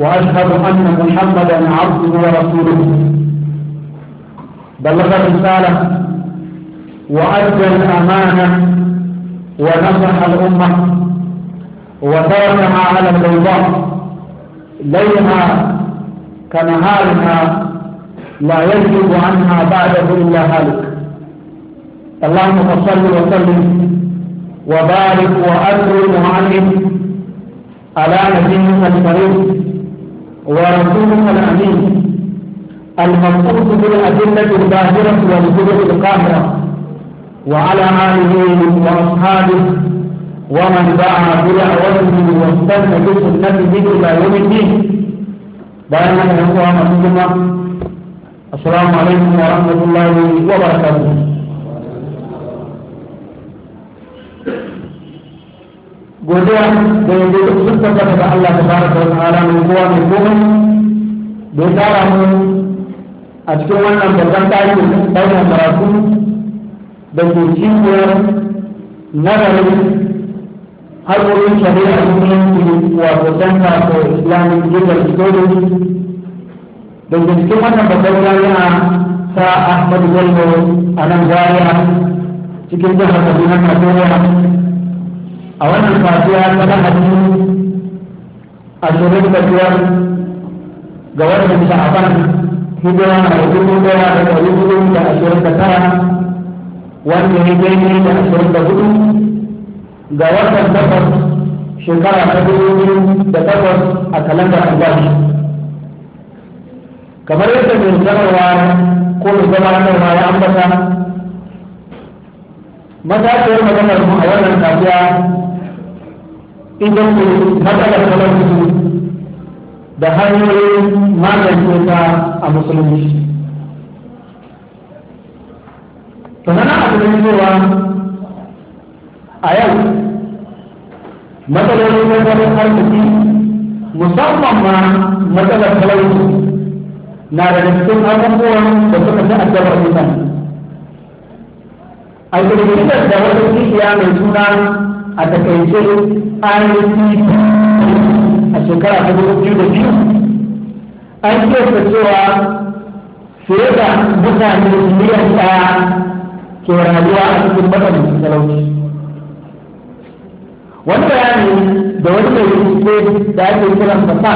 وأشهد أن محمدا عبده ورسوله بلغ الرسالة وأدى الأمانة ونصح الأمة وتركها على البيضاء ليلها كنهارها لا يجلب عنها بعده إلا هالك اللهم صل وسلم وبارك وأكرم وعنهم على نبينا الكريم ورسولك الأمين المنصوص بالأدلة الباهرة والجبل القاهرة وعلى آله وأصحابه ومن دعا بدعوته واستنى بسنته إلى يوم الدين بارك الله فيكم السلام عليكم ورحمة الله وبركاته kemudian dengan duduk serta kepada Allah Subhanahu wa taala mengkuat mengkuat bicara mengkuat Asyikuman yang berkata itu Baik yang meraku Dan disimpulkan Nabi Hadir syariah mungkin Ini kuat bersangka ke Islam Ini juga disitu Dan disimpulkan yang berjaya, Ya Sa Ahmad Zalmo Anam Zaya Sikirnya Hasabinan Masyariah a wannan fasuwa ta lahadi ashirin da biyar ga wannan sha'aban hijira a dubu daya da ɗari hudu da ashirin da tara wanda ya daidai da ashirin da hudu ga watan takwas shekara ta dubu biyu da takwas a kalandar albashi kamar yadda mai sanarwa ko mai gabatarwa ya ambata matashiyar maganar mu a wannan tafiya idan ku matsalar talauci da hanyoyin magance ta a musulunci to na abu da cewa a yau matsalolin tattalin arziki musamman ma matsalar talauci na da cikin abubuwan da suka fi addabar mutane a kirkirar da wata kishiya mai suna a takaice ayoyi a shekara ta dubu biyu da biyu an kesa cewa fiye da mutane miliyan ɗaya ke rayuwa a cikin matsalin talauci wani bayani da wani mai bincike da ake kiran fasa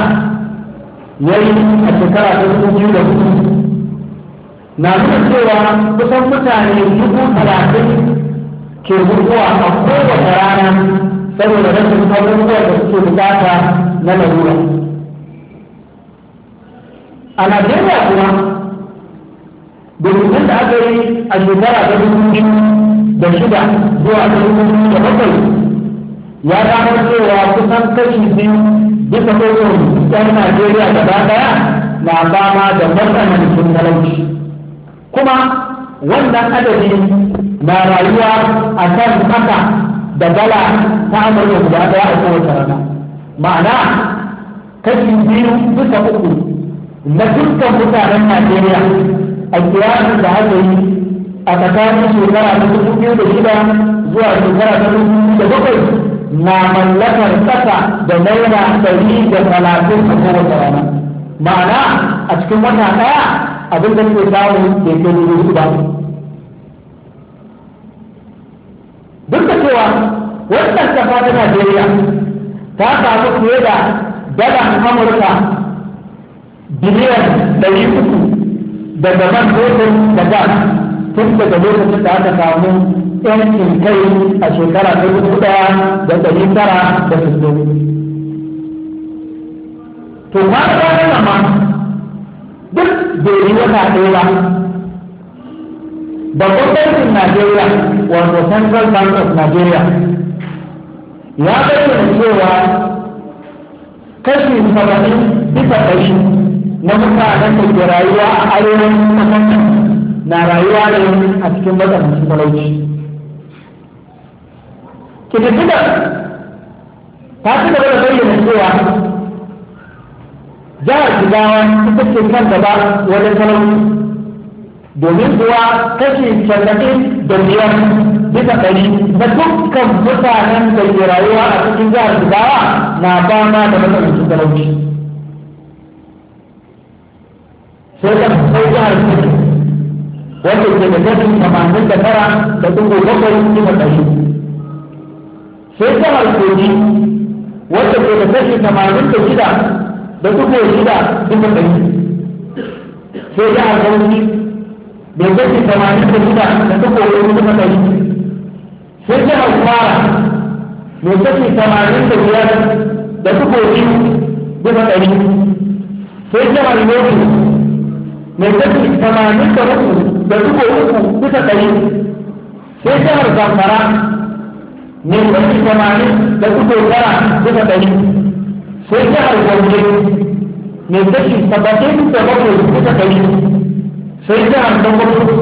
ya yi a shekara ta dubu biyu da hudu na nuna cewa kusan mutane dubu talatin ke mutuwa a kowace rana saboda rashin abubuwa da suke bukata na larura a najeriya kuma domin da aka yi a shekara ta dubu da shida zuwa ta dubu biyu da bakwai ya gano cewa kusan kashi biyu bisa kokon yan najeriya gaba daya na fama da matsanancin talauci kuma wannan adadi na rayuwa a kan haka da dala ta amurka guda daya a kowace rana ma'ana kashi biyu bisa uku na dukkan mutanen najeriya a kiranin da haka yi a tsakanin shekara ta dubu biyu da shida zuwa shekara ta dubu biyu da bakwai na mallakar ƙasa da naira dari da talatin a kowace rana ma'ana a cikin wata ɗaya abin da ke samu ke dubu ba duk da cewa wannan kafa ta najeriya ta samu fiye da dalar amurka biliyan ɗari uku da gaban fetur da gas tun daga lokacin da aka samu yancin kai a shekara ta dubu ɗaya da ɗari tara da sittin to ma da ma duk bai yi wata ɗaya The government in Nigeria was the Central Bank of Nigeria. Ya bayyana cewa kashi saba'in bisa kashi na mutanen da ke rayuwa a arewacin kasar na rayuwa da yin a cikin matsanancin talauci. Kididdigar ta ci gaba da bayyana cewa jihar Jigawa ita ce kan gaba wajen talauci domin kuwa kashi talatin da biyar bisa ɗari na dukkan mutanen da ke rayuwa a cikin jihar Jigawa na fama da matsalancin talauci. Sai da sai jihar Kudu wanda ke da kashi tamanin da tara da dubu bakwai bisa ɗari. Sai jihar Kogi wanda ke da kashi tamanin da shida da dubu shida bisa ɗari. Sai jihar Bauchi bai gaji tamanin da shida da ta koyo wani kuma ɗari sai jihar kwara mai gaji tamanin da biyar da ta koyo ɗari sai jihar yobe mai gaji tamanin da uku da ta koyo uku kusa ɗari sai jihar zamfara mai gaji tamanin da ta da tara kusa ɗari sai jihar gombe mai gaji saba'in da bakwai kusa sai jihar sokoto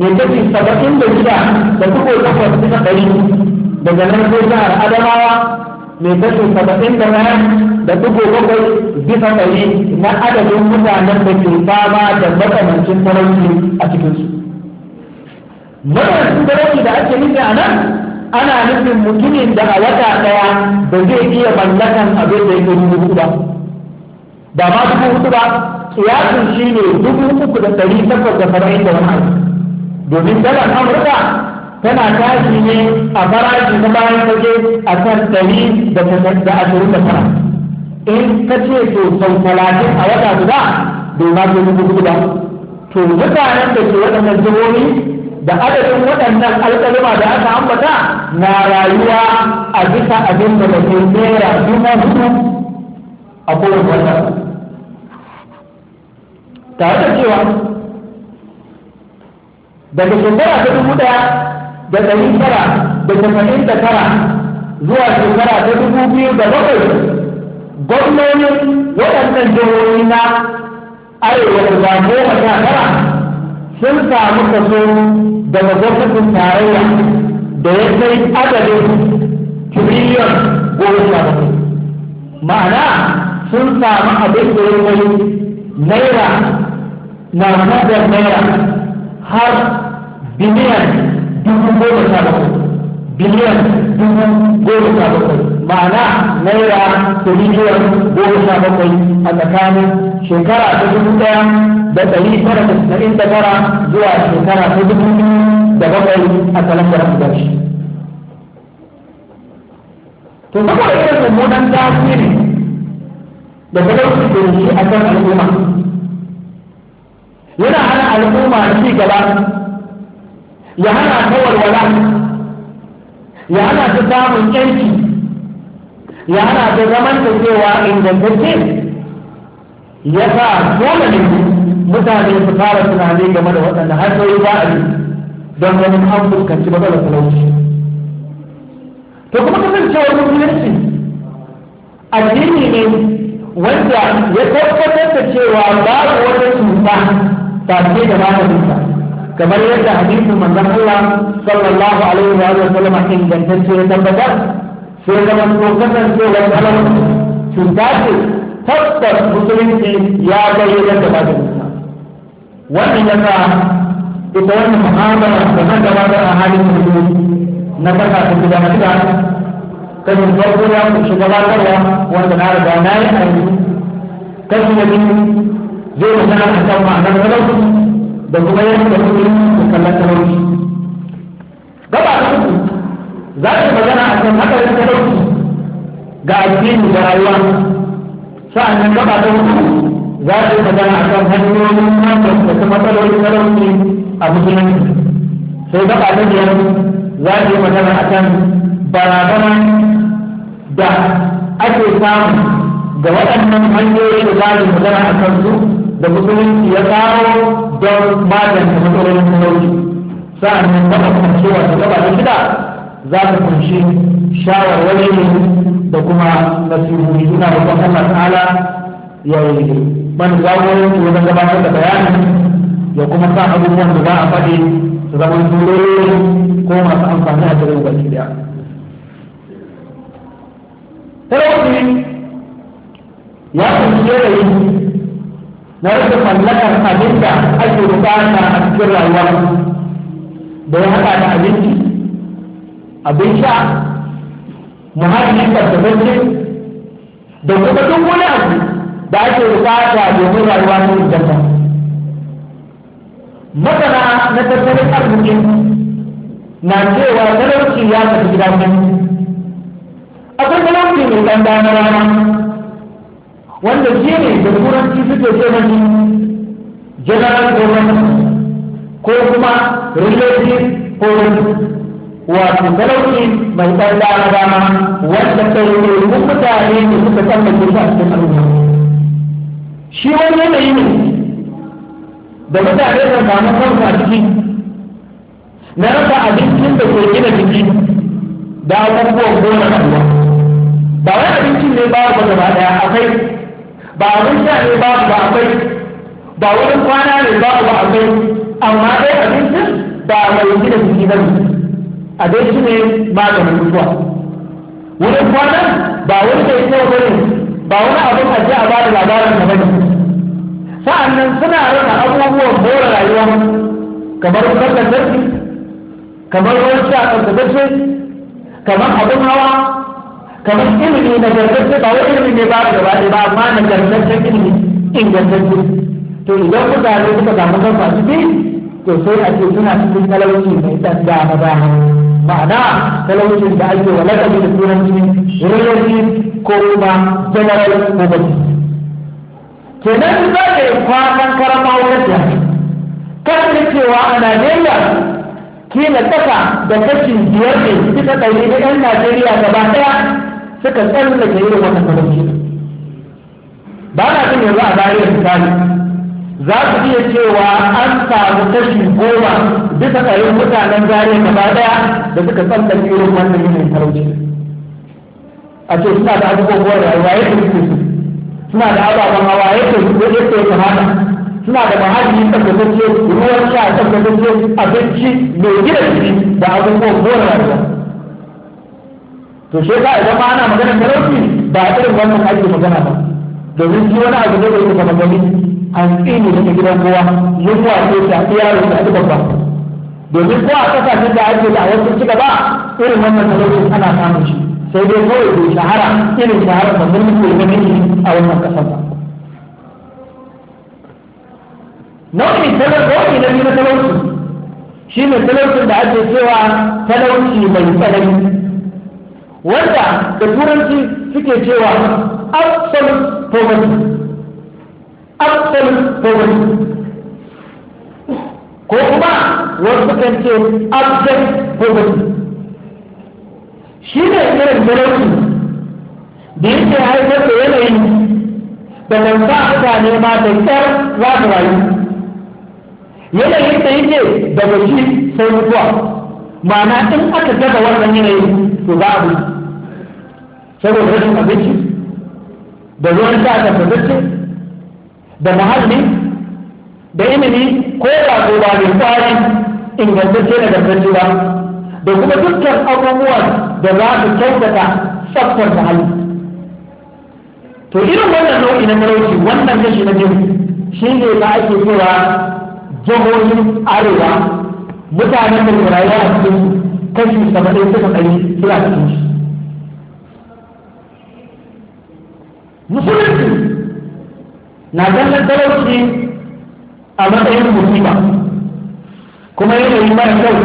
mai kashi saba'in da shida da dubu da bisa ɗari daga nan sai jihar adamawa mai kashi saba'in da ɗaya da dubu da bisa ɗari na adadin mutanen da ke fama da matsanancin talauci a cikinsu matsanancin talauci da ake nufi a nan ana nufin mutumin da a wata ɗaya ba zai iya mallakan abin da yake dubu ba ba ma dubu hudu ba kiyasin shi ne dubu uku da ɗari takwas da saba'in da wani abu domin dalar amurka tana tashi ne a farashi na bayan fage a kan ɗari da ashirin da tara in ka ce to sau talatin a wata guda bai ma ce dubu hudu ba to mutanen da ke waɗannan jihohi da adadin waɗannan alƙalima da aka ambata na rayuwa a bisa abin da ke naira dubu hudu a kowace wata tare da cewa daga shekara ta dubu daya da ɗari tara da tamanin da tara zuwa shekara ta dubu biyu da bakwai gwamnonin waɗannan jihohi na arewa da goma a tara sun samu kaso daga gwamnatin tarayya da ya kai adadin tiriliyon goma sha ma'ana sun samu abin da ya kai naira na hajar naira har biliyan dubu goma sha bakwai biliyan dubu goma sha bakwai ma'ana naira tiriliyan goma sha bakwai a tsakanin shekara ta dubu daya da ɗari tara da tasirin da tara zuwa shekara ta dubu da bakwai a kalandar kudanci. To saboda irin mummunan tasiri da talauci da shi a kan al'umma yana hana al'umma ci gaba ya hana ta walwala ya hana ta samun yanki ya hana ta zaman da cewa ingantacce ya sa dole ne mutane su fara tunani game da waɗanda har sai ba a yi don ganin an fuskanci matsalar talauci to kuma kasancewar musulunci addini ne wanda ya tabbatar da cewa babu wata cuta face da malaminsa kamar yadda hadisin manzon Allah sallallahu alaihi wa sallam ingantacce ya tabbatar sai zama ko kasancewar talauci cuta ce tabbas musulunci ya bayyana da malaminsa wannan ya sa ita wannan mu'amala da nan gabatar a halin musulunci na kasa ta gudanar da kashin farko ya kunshi gabatarwa wanda na riga na yi aiki kashi na biyu zai magana a kan ma'anar da kuma da kuɗi da kallon talauci gaba ta za magana a kan hatsarin talauci ga addini da rayuwa sa'annan gaba ta uku za ta magana a kan hanyoyin matan da kuma matsalolin talauci a musulunci sai gaba da biyar za yi magana a kan barazana da ake samu da waɗannan hanyoyi da za mu magana a kansu da musulunci ya kawo don magance matsalolin talauci sa'annan gaba kuma cewa ta gaba ta shida za ta kunshi shawarwari da kuma nasihohi suna da kwan Allah ta'ala ya yi man zagoyin wajen gabatar da bayanin ya kuma sa abubuwan da za a faɗi su zama turori ko masu amfani a cikin baki daya. ya da yi na rasa mallakar abin da ake bukata a cikin rayuwa da ya haɗa da abinci abin sha muhalli tabbatacce da kuma duk wani abu da ake bukata domin rayuwa ta inganta masana na tattalin arziki na cewa talauci ya tafi gidan abin talauci mai ɗan dama rana wanda shi ne da turanci suke ce mashi general government ko kuma relative poverty wato talauci mai ɗan na dama wanda mun mutane da suka da shi a cikin al'umma shi wani yanayi ne da mutane da samu kansu a ciki na rasa abincin da ke gina jiki da abubuwan gona rayuwa ba wani abincin ne ba ba gaba ɗaya akwai ba abin sha ne ba ba akwai ba wani kwana ne ba ba akwai amma dai abincin ba mai gina jiki ba ne abinci ne maganin mutuwa wani kwana ba wani da ya ba ne ba wani abin a a ba da labarin da bane sa'annan suna rana abubuwan bora rayuwa kamar sallar sarki kamar wani sha a kamar abin hawa kamar ilimi na gargajiya ba wani ilimi ne ba gaba ɗaya ba amma na gargajiya ilimi ingantacce to idan ku mutane suka zama kan fasu ciki to sai a ce suna cikin talauci mai ɗan dama ba, ma'ana talaucin da ake wa lakabi da turanci rarrafi ko kuma general poverty kenan za ka yi kwanan karama wajen kan cewa a najeriya kila tsaka da kashi biyar ne bisa ɗari na 'yan najeriya gaba ɗaya suka tsallake irin wata talauci ba na jin yanzu a zariyar misali za su iya cewa an samu kashi goma bisa ɗarin mutanen zariyar gaba ɗaya da suka tsallake irin wannan yanayin talauci a ce suna da abubuwan rayuwa ya ke su suna da ababen hawa ya ke su ya ke kamata suna da mahalli tsaftatacce ruwan sha tsaftatacce abinci mai gina jiki da abubuwan more rayuwa to shi ka idan ba ana magana talauci ba a irin wannan ake magana ba domin shi wani abu da yake kama gani an tsini daga gidan kowa yunwa ce ta yaro ta ake babba domin ko a kasashen da ake da wasu ci gaba irin wannan talauci ana samun shi sai dai kawai bai shahara irin shahara da mun ke ne a wannan kasar ba nau'in talauci na biyu na talauci shi ne talaucin da ake cewa talauci mai tsanani wanda da turanci suke cewa absolute poverty absolute poverty ko kuma wasu kan ce abject poverty shi ne irin talauci da yake haifar da yanayi da ban sa ta nema da kyar za su rayu yanayin da yake da shi sai mutuwa ma'ana in aka daga wannan yanayi to za a mutu saboda rashin abinci da ruwan sha tabbatacce da muhalli da ilimi ko da ko ba mai tsari ingantacce da tabbatacce ba da kuma dukkan abubuwan da za su kyautata tsaftar muhalli to irin wannan nau'i na talauci wannan kashi na jin shi ne ba ake cewa jihohin arewa mutanen da ke rayuwa a cikin kashi saba'in suka ɗari suna da shi musulunci na ganin talauci a matsayin musiba kuma yanayi mara kyau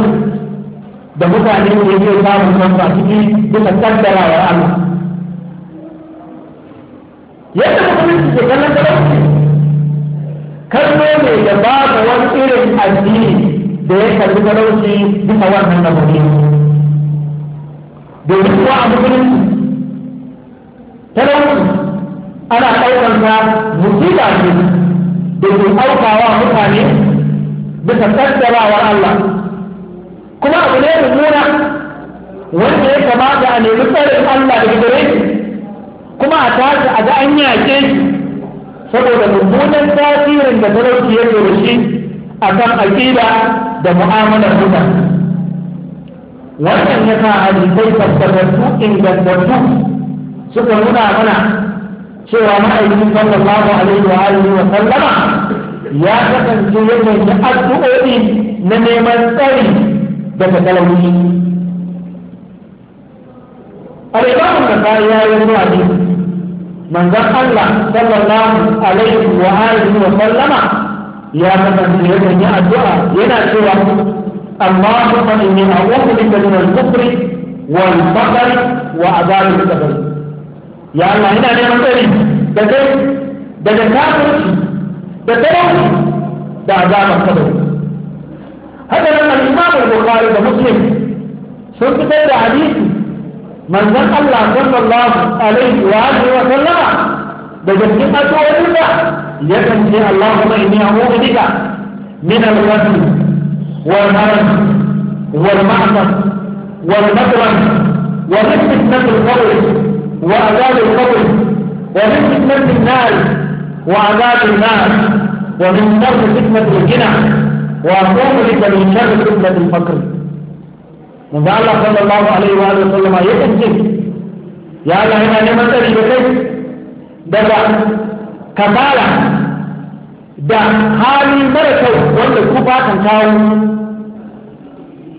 da mutane ne ke samun kansa ciki bisa kaddara wa Allah yadda musulunci ke ganin talauci kalmo ne da babu wani irin addini da ya karbi talauci duka wannan lamari domin kuwa a musulunci talauci ana ɗaukar ta musiba ce da ke aukawa mutane bisa tattarawa Allah kuma abu ne mummuna wanda ya kamata a nemi tsarin Allah da gare shi kuma a tashi a ga an yake shi saboda mummunan tasirin da talauci ya da shi a kan aƙida da mu'amalar mutane wannan ya sa a jikai tabbatattu ingantattu suka nuna mana cewa ma'aikin sallallahu alaihi wa alihi wa sallama ya kasance yake da addu'o'i na neman tsari daga talauci al-imam an-nasa'i ya yi ruwa ne manzon Allah sallallahu alaihi wa alihi wa sallama ya kasance yake da addu'a yana cewa اللهم إني أعوذ بك من الكفر والفقر وعذاب القبر ya Allah ina neman tsari da kai daga kafirci da talauci da azabar kabari haka nan al-Imam al-Bukhari da Muslim sun fitar da hadisi manzon Allah sallallahu alaihi wa alihi wa sallama daga cikin addu'o'in da ya kance Allahumma inni a'udhu bika min al-ghadab wal haraj wal ma'sam wal madrab wa fitnat al-qabr وعذاب القبر ومن فتنة النار وعذاب النار ومن شر فتنة الجنة وأقوم لك من شر فتنة الفقر manzo Allah sallallahu alaihi wa alihi sallama ya kace ya Allah ina neman tsari da kai daga kabala da hali mara kyau wanda ku fatan kawo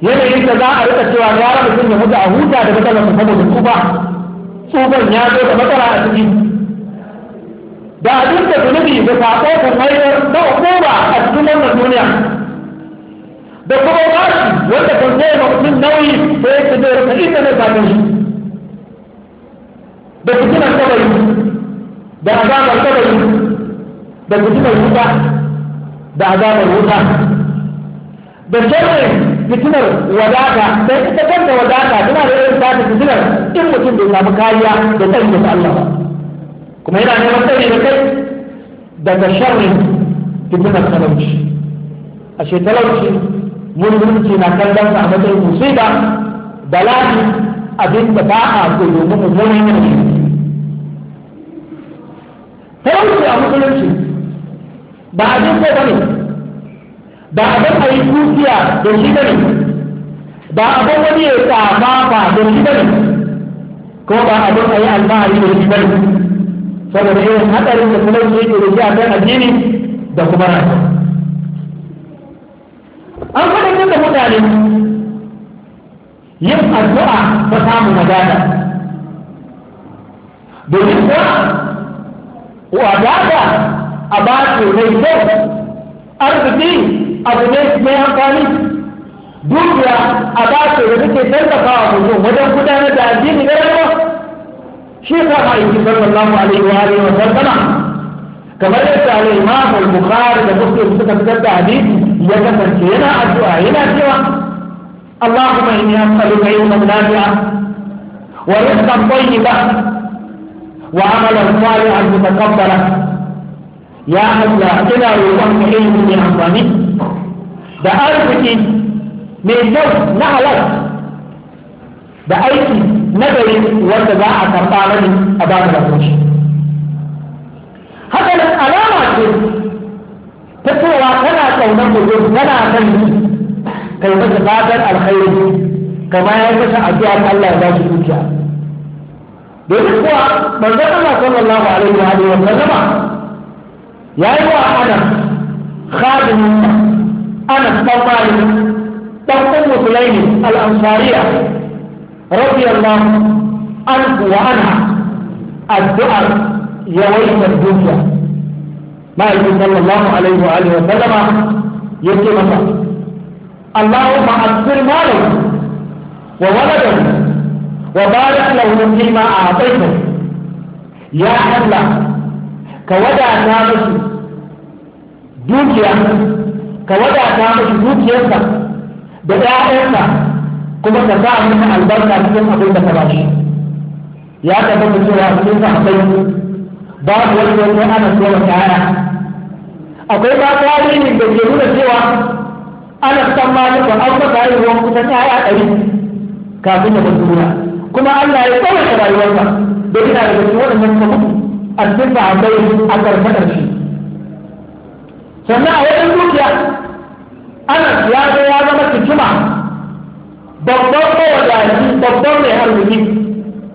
yanayin da za a rika cewa ya rabu sun ya mutu a huta da matsalar saboda ku ba tsogon ya zo da matsala a ciki da abin da zunubi da sako ka mayar da hukuma a cikin wannan duniya da kuma bashi wanda kan zai ma mutum nauyi da ya ce zai rasa inda zai sami shi da fitinar kabari da azabar kabari da fitinar wuta da azabar wuta da shirin fitinar wadata sai ita kanta wadata tana da irin sata fitinar in mutum bai samu kariya da tsari da Allah ba kuma yana neman tsari da kai daga sharrin fitinar talauci ashe talauci mulmunci na kallon sa a matsayin musiba bala'i abin da ba a so domin mummunan yanayi talauci a musulunci ba abin ko bane ba abin a yi dukiya da shi ba ne ba abin wani ya tsama ba da shi ba ne ko ba abin a yi alfahari da shi ba ne saboda yawan hatsarin da kuma yake da shi a kan addini da kuma rayuwa an faɗin da mutane yin addu'a ta samu magana domin kuwa wadata a ba su mai kyau arziki abu ne mai amfani dukiya a bace da take tallafa wa mutum wajen gudanar da addini da rayuwa shi ka ma'aiki sallallahu alaihi wa alihi wa sallama kamar yadda al-imam al-bukhari da muslim suka fitar da hadisi ya kasance yana addu'a yana cewa اللهم إني أسألك علما نافعا ورزقا طيبا وعملا صالحا متقبلا ya Allah ina roƙon ka ilimi mai amfani da arziki mai kyau na halal da aiki na gari wanda za a karɓa mani a ba da rahoci haka nan alama ce ta cewa kana ƙaunar mutum kana son kai masa fatan alkhairi kamar ya masa addu'a Allah ya ba shi dukiya domin kuwa manzon Allah sallallahu alaihi wa sallama ya yi wa anas khadiminsa anas ɗan malik ɗan ummu sulaimi al'ansariya radiyallahu anhu wa anha addu'ar yawaitar dukiya ma'aikin sallallahu alaihi wa alihi wa sallama yake masa اللهم أكثر ماله وولده وبارك له فيما أعطيته يا الله ka wadata musu dukiya ka wadata musu dukiyarsa da ƴaƴansa kuma ka sa musu albarka cikin abin da ka ba shi ya tabbata cewa cikin Ba babu wani wani ana tsoron kaya akwai ba tarihi da ke nuna cewa ana san malikun an masa haihuwar kusan ƴaƴa ɗari kafin da ba su kuma Allah ya tsawaita rayuwarsa da ina da cikin waɗannan kuma a cikin sahabbai a karkatar shi sannan a wajen dukiya ana ya ga ya zama cikima babban mawadaci babban mai arziki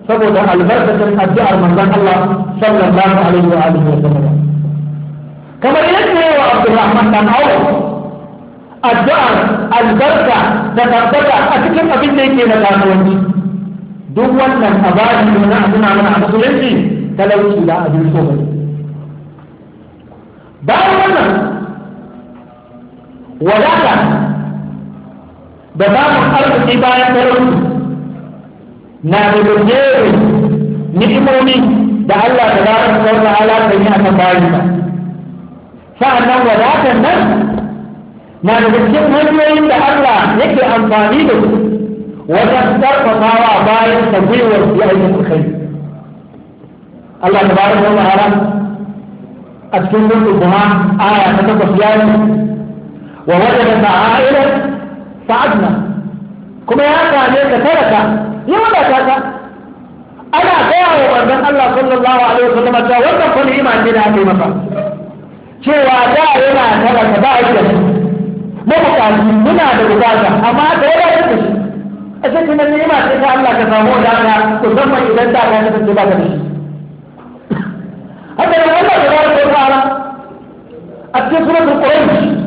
saboda albarkacin addu'ar manzon Allah sallallahu alaihi wa alihi wa sallam kamar yadda yawa Abdulrahman dan Auf addu'ar albarka da tabbata a cikin abin da yake na kasuwanci duk wannan abadi da na abuna mana a musulunci talauci ba abin so bane bayan wannan wadata da samun arziki bayan talauci na da gajere ni'imomi da Allah da zarar sauran ala kan yi a kan bayan ba sa'annan wadatar nan na da cikin hanyoyin da Allah yake amfani da su wajen karfafawa bayan sa gwiwar su aikin kai Allah tabaraka wa ta'ala a cikin suratul duha aya ta takwas ya yi wa wajada ta'ila fa'adna kuma ya same ka taraka yi wadata ka ana gaya wa wannan Allah sallallahu alaihi wasallam cewa wannan fa ni'ima ce da aka yi masa cewa da yana taraka ba shi da mabukaci muna da bukata amma da yana da shi a cikin ni'ima ce ta Allah ka samu da ka musamman idan da ka kasance ba ka da shi هذا لما الله تبارك وتعالى التسرة قريش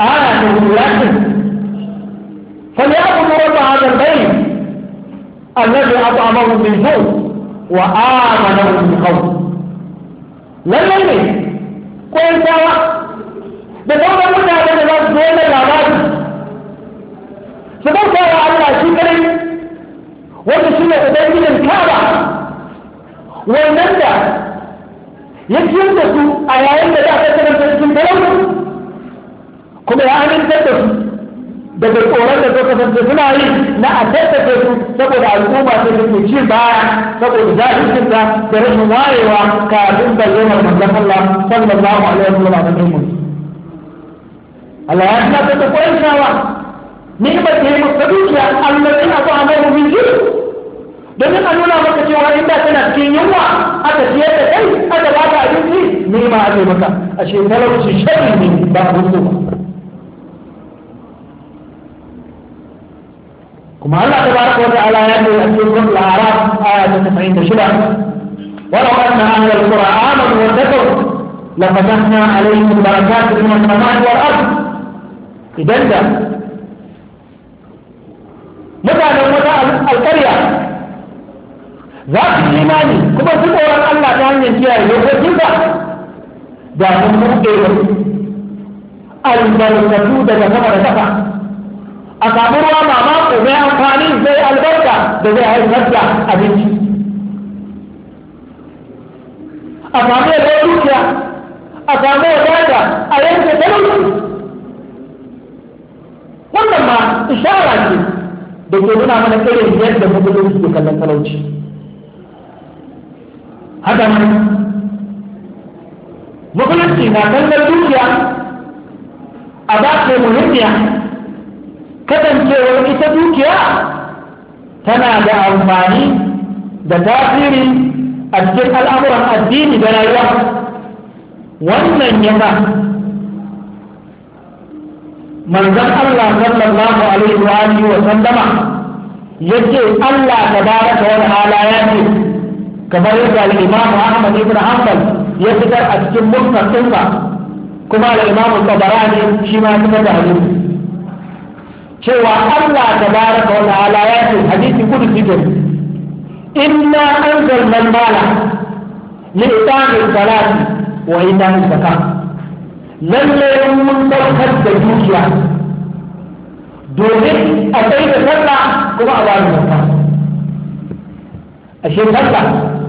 آه من لكن فليأخذوا رب هذا البيت الذي أطعمهم من جوع وآمنهم من خوف lallai ne kwantawa da sauran mutanen da za su zo da labari su bauta wa Allah shi kadai wanda shi ne ubangijin kaba wannan da ya ciyar da su a yayin da za a tattara cikin talauci kuma ya amintar da su daga tsoron da suka kasance suna yi na a tattace su saboda al'umma ta take ci baya saboda jahilcin da da rashin wayewa kafin bayyana manzon Allah sallallahu alaihi wasallam da mu Allah ya tsaka ta koyarwa ni ba ta yi mutsabiya Allah ya ba mu bijiri domin a nuna maka cewa in da tana cikin yunwa aka ciye da kai aka ba ka abinci ne ma ake maka a shekarar shi shari ne ba a gusto ba kuma Allah ta baraka wata ala ya ce a cikin suratul araf aya ta 96 walau anna ahlal qura amanu wa taqaw la fatahna alaihim barakatun min as-samai wal ard idan da mutanen wata alƙarya za su yi imani kuma su tsoron Allah ta hanyar kiyaye ba da mun buɗe albarkatu daga sama da kafa a samu ruwa ko mai amfani zai albarka da zai haifar da abinci a samu yadda dukiya a samu wadata a yanke talauci wannan ma ishara ce da ke nuna mana irin yadda mutum suke kallon talauci haka nan na kallon dukiya a ba ke muhimmiya kasancewar ita dukiya tana da amfani da tasiri a cikin al'amuran addini da rayuwa wannan yana manzan Allah sallallahu alaihi wa sallama yake Allah ta wa ta'ala ya ce kamar yadda al-imam Ahmad ibn Hanbal ya fitar a cikin musnadinsa kuma al Bara Tabarani shi ma ya da hadisi cewa Allah tabaraka wa ta'ala ya ce hadisi kudusi ne inna anzalna al-mala li'tani salati wa itani zakat lalle mun saukar da dukiya domin a tsaye da sallah kuma a bani zakka a shi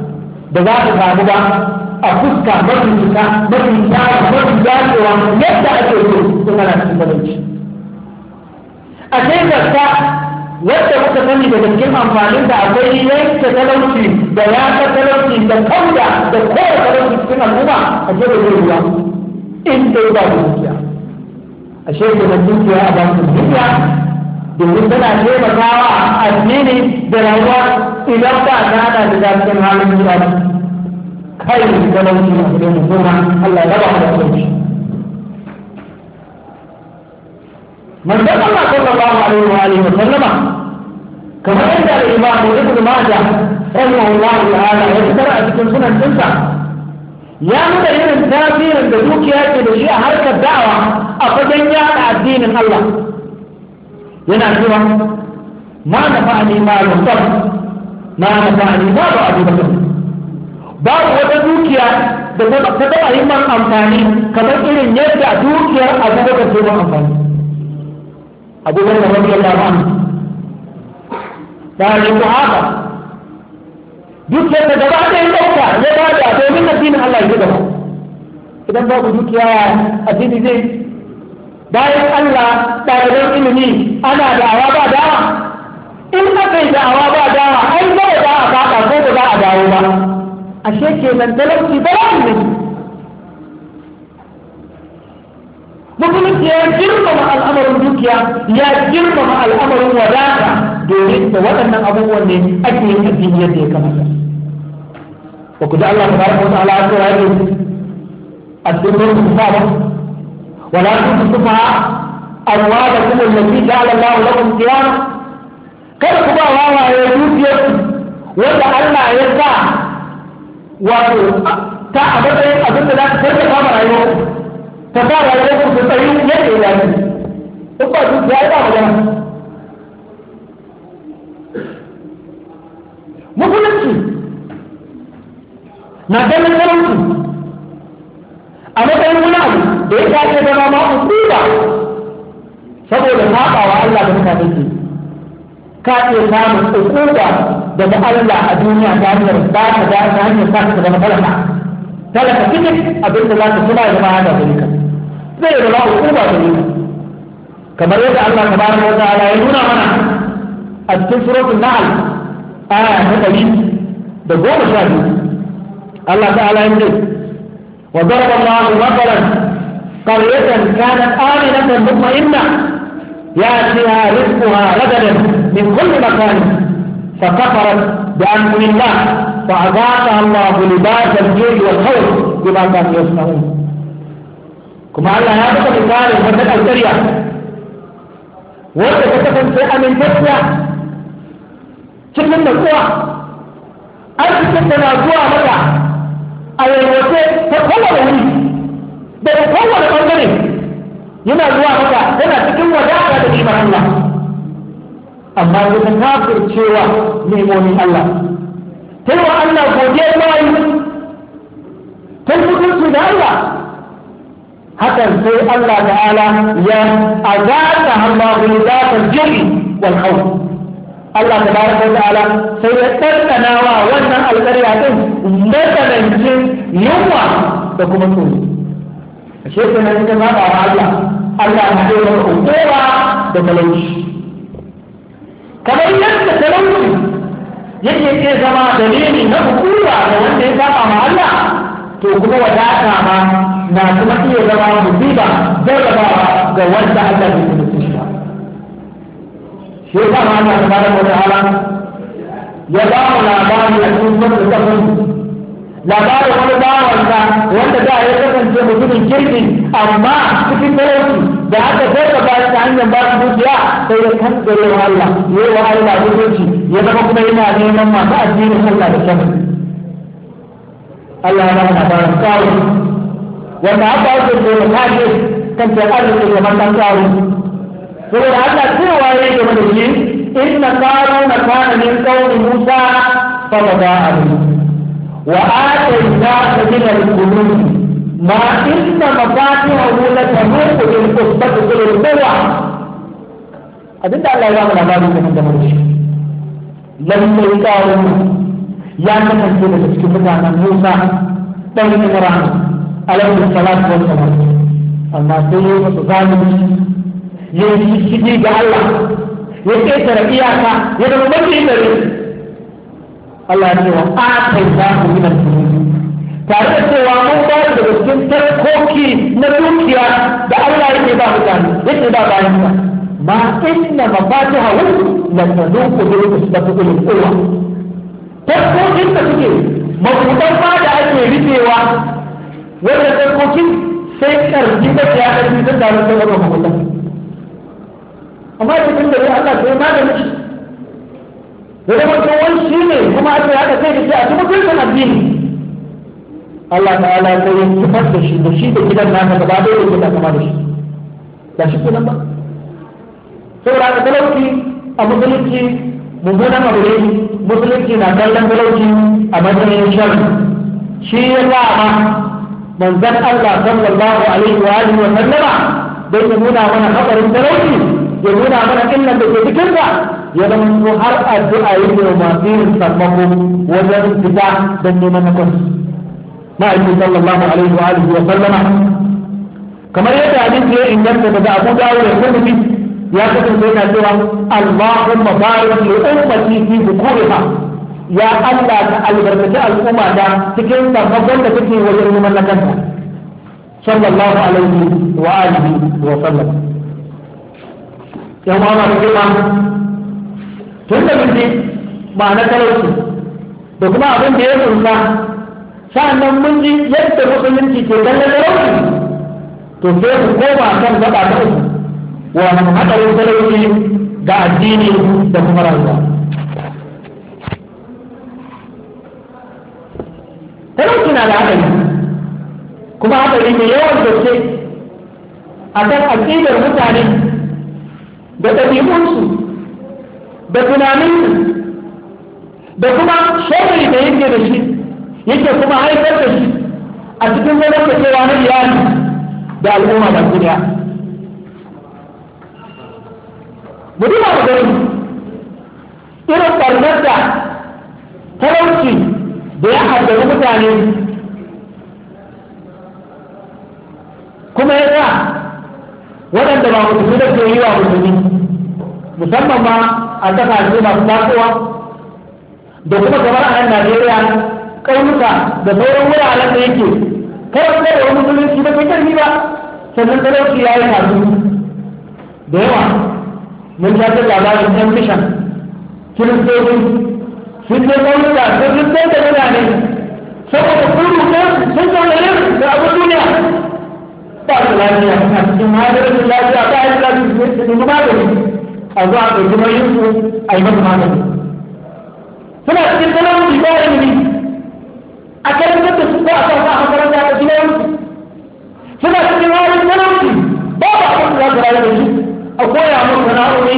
da za ta samu ba a fuska mafi fita mafi tsara mafi dacewa yadda ake so ko ana cikin talauci a sai gaska wadda muka sani da cikin amfanin da akwai yanke talauci da ya ta talauci da kauda da kowa talauci cikin al'umma a ce da zai ruwa in dai ba dukiya a shekarar dukiya a bakin dukiya domin tana taimakawa addini da rayuwa idan ba ta hada da zafin halin zuwa kai da talauci a cikin hukuma Allah ya raba da talauci manzon Allah sallallahu alaihi wa alihi wa sallama kamar yadda al-Imam Ibn Majah rahimahullahu ta'ala ya fitar a cikin sunan dinsa ya nuna irin tasirin da dukiya ke da shi a harkar da'awa a fagen yada addinin Allah yana cewa ma na fa'ani ma al-muhtar ma na fa'ani ma ba abu ba babu wata dukiya da ta taɓa yi ma amfani kamar irin yadda dukiyar abu bakar ce ba amfani abu bakar wani yadda ba da yi ku haka dukiyar da gaba ɗaya ɗauka ya ba da domin na dinin Allah ya gaba idan babu dukiya addini zai bayan Allah ɗaliban ilimi ana da'awa ba dawa in aka yi da'awa ba dawa ai ba da za a faɗa ko ba za a dawo ba ashe kenan talauci ba ne musulunci ya girmama al'amarin dukiya ya girmama al'amarin wadata domin da waɗannan abubuwan ne ake yin addini yadda ya kamata ba ku ji Allah ta baraka wa ta'ala ya ce a cikin lokacin sa ba ولا تؤتوا السفهاء أموالكم التي جعل الله لكم قياما kar ku ba wa waye dukiyarku wanda Allah ya sa wato ta a matsayin abin da za ta sarka ta rayuwa ta sa rayuwar ku ta tsayi yadda ya yi in ba su ya yi ba magana musulunci na ganin talauci da ya tashi zama ma musiba saboda sabawa Allah da mutane ke ka ce samun ukuba daga Allah a duniya ta hanyar ba ka da ta hanyar ba ka zama talaka talaka cikin abin da za ka suna zama hada da nika zai zama ukuba da nika kamar yadda Allah tabaraka wa ta'ala ya nuna mana a cikin suratul nahl aya ta ɗari da goma sha biyu Allah ta'ala ya ce wa daraba Allahu mathalan قرية كانت آمنة مطمئنة يأتيها رزقها رجلا من كل مكان فكفرت بأمر الله فأذاقها الله لباس الجوع والخوف بما كانوا يصنعون كما أن هذا مثال المثل القرية وأنت تكفن في أمن تسلع cikin nutsuwa أنت da na zuwa mata a yalwace ta daga kowane ɓangare yana zuwa maka yana cikin wadata da neman Allah amma ya ta cewa nemomin Allah ta yi wa Allah godiya bayi ta yi su da Allah hakan sai Allah ta'ala ya azata hamma bil zatal jari wal khawf Allah tabaraka wa ta'ala sai ya tantana wa wannan alƙarya din matsanancin yunwa da kuma tsoro ashe nan ita zaɓa wa Allah Allah na iya maka hukuma da talauci kamar yadda talauci yake iya zama dalili na hukuma ga wanda ya saba ma Allah to kuma wadata ma na kuma iya zama musiba jarrabawa ga wanda Allah ya kuma shi ba shi ya sa ma Allah subhanahu wa ta'ala ya ba mu a cikin wannan labarin wani bawan da wanda da ya kasance mutumin kirki amma cikin talauci da aka zaka ba ta hanyar ba su dukiya sai ya kankare wa Allah ya yi wa Allah mutunci ya zama kuma yana neman masu addinin Allah da kyan Allah ya ba da kawo wanda aka ake da ya kaje kan ta arziki kamar ta kawo da Allah cewa ya yi game da shi inna qaruna kana min qaumi Musa fa bada'a وآتيناك من القلوب ما إن مفاتحه لتموت بالقصة كل القوة أبدا الله يرام الأمام من دمرش لم يقارن يا من تنزل تسكت عن موسى بين إمران عليه الصلاة والسلام أما سيد الظالم يجي سيدي الله يكسر إياك يدعو مجلس Allah ya wa atai za ku min al-fulki tare da cewa mun ba su daga cikin tarkoki na dukiya da Allah yake ba mutane yake ba bayan sa ma inna mafatihahu la taduqu bil usbati ul quwwa tarkokin da suke mabudan ba da ake rikewa wannan tarkokin sai karfi da ya kafi da tsarin da wannan mabudan amma da ya da Allah sai maganin shi ya zama wani shi ne kuma aka yaka sai da shi a cikin kirkin addini Allah ta'ala ta ya kifar da shi da shi da gidan nasa gaba da yake da kama da shi da shi kenan ba saboda haka talauci a musulunci mummunan abu ne musulunci na kallon talauci a matsayin shan shi ya sa ma manzan Allah sallallahu alaihi wa alihi wa sallama don ya nuna mana haɓarin talauci ya nuna mana nan da ke cikinsa ya zama su har addu'a yi ne masu yin sakamako wajen fita don neman na kansu ma'aikin sallallahu alaihi wa alihi wa sallama kamar yadda hadisi ya inganta daga Abu Dawud da Tirmidhi ya kasance yana cewa Allahumma barik li ummati fi bukuriha ya Allah ka albarkaci al'umma da cikin sakamako da take wajen neman na kanta. sallallahu alaihi wa alihi wa sallama yan uwa masu girma tun da mutum ba na talauci da kuma abin da ya kunsa sa'annan mun ji yadda musulunci ke ganin talauci to sai ku koma kan gaba ta uku wani haɗarin talauci ga addini da kuma rayuwa talauci na da haɗari kuma haɗari mai yawan gaske a kan aƙidar mutane da ɗabi'unsu da tunaninsu da kuma shari da yake da shi yake kuma haifar da shi a cikin da zamantakewa na iyali da al'umma da duniya da duba gani irin ɓarnar da talauci da ya addabi mutane kuma ya sa waɗanda ba musulmi da ke yi wa musulmi musamman ma a ƙasashe masu tasowa da kuma kamar a nan najeriya ƙaunuka da sauran wuraren da yake kawai da wani musulunci da kai karfi ba sannan talauci ya yi kasu da yawa mun sha ta labarin ɗan fishan kiristoci sun je ƙaunuka sun sun da mutane saboda sun rufe sun kawo da abin duniya tak selagi yang semangat itu lagi apa yang telah disebut itu kemarin. Azab itu cuma itu ayat kemarin. Sebab kita dalam di bawah ini akan kita semua apa apa yang ada di dalam. Sebab kita dalam di dalam ini bawa apa yang ada di dalam ini. Aku yang mau kenal ini,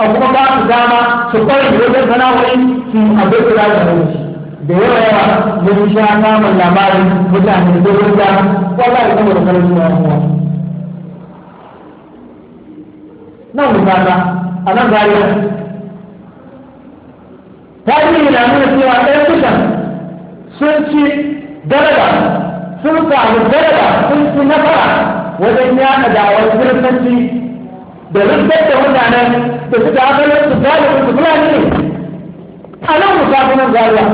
aku mau kenal sama supaya kita kenal ini si abdul kenal ini. da yawa yawa mun sha samun labarin mutane da wanda wallahi kuma da karfi na kuma nan misala a nan gariya tarihi na nuna cewa ɗaya kusan sun ci daraja sun samu daraja sun ci nasara wajen yaɗa dawar kiristanci da rubbar da mutanen da suka hakalar su galibin su fulani ne a nan musafinan zariya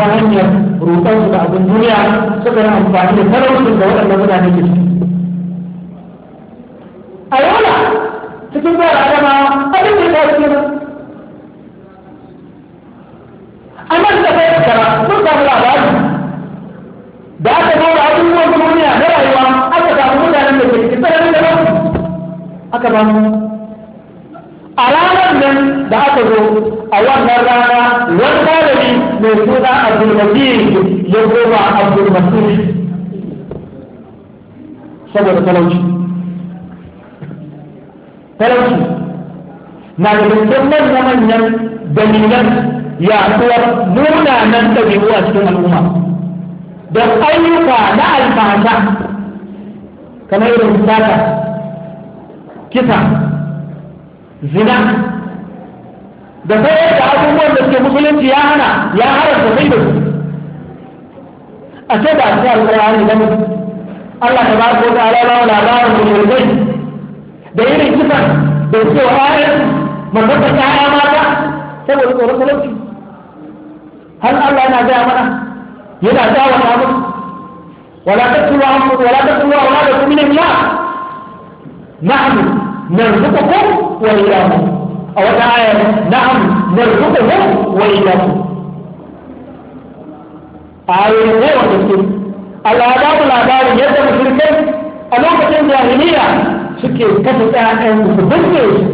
ta hanyar roƙon su da abin duniya suka yi amfani da talaucin da waɗanda mutane ke su a yola cikin zuwa adama abin da ya kawo a nan da kai kara sun samu labari da aka zo nuna abubuwan duniya na rayuwa aka samu mutanen da ke cikin tsananin da aka ba mu a ranar nan da aka zo a wannan rana wani malami mai suna abdulmasir ya koma abdulmasir saboda talauci talauci na da cikin manya-manyan dalilan yaduwar munanan ɗabi'u a cikin al'umma da ayyuka na alfahata kamar irin sata kisa zina da sai da abubuwan da suke musulunci ya hana ya haramta sai da su a ce da su ne ba Allah ta ba wata alama wa labarin musulmai da irin kisan da suke wa ayyar mazanta ta haya mata saboda tsoron talauci har Allah yana gaya mana yana jawo ta musu wa تقتلوا ولا تقتلوا أولادكم من na نحن نرزقكم وإياهم أو تعالى نعم نرزقهم وإياكم آية هو مسلم الآداب الآداب يد مشركا الوقت الجاهلية شكي كفتا أن تفضلني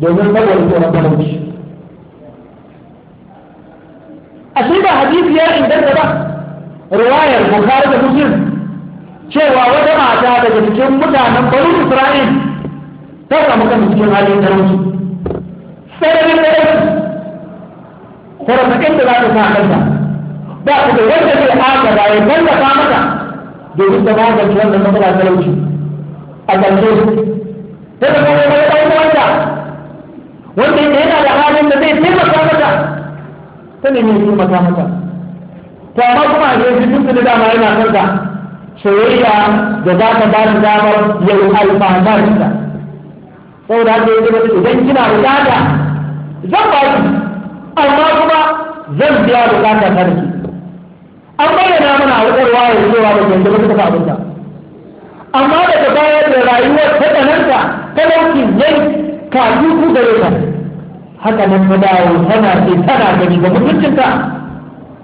دون الله ولكن ربنا مش أصيب حديث يا إن دربا رواية مخارج مسلم cewa wata mata daga cikin mutanen bari isra'il ta samu kan cikin halin da rasu tsananin talauci ta rasa da za ta sa kanta ba ku da wanda zai aka da ya tallafa mata domin ta magance wannan matsala talauci a ƙarshe ta da kuma wani ɗan uwanta wanda yake yana da halin da zai taimaka mata ta nemi ya taimaka mata to amma kuma a yanzu duk da dama yana kanta soyayya da za ta ba shi damar yau alfahamarsa saboda haka yanzu idan kina buƙata. zan ba ki amma kuma zan biya bukata ta da ki an bayyana mana a wutarwa ya cewa ba yanzu ba ta ta amma daga baya da rayuwar ta tsananta talaucin yai yi ku gare ta haka nan ta dawo tana ce tana gani ga mutuncin ta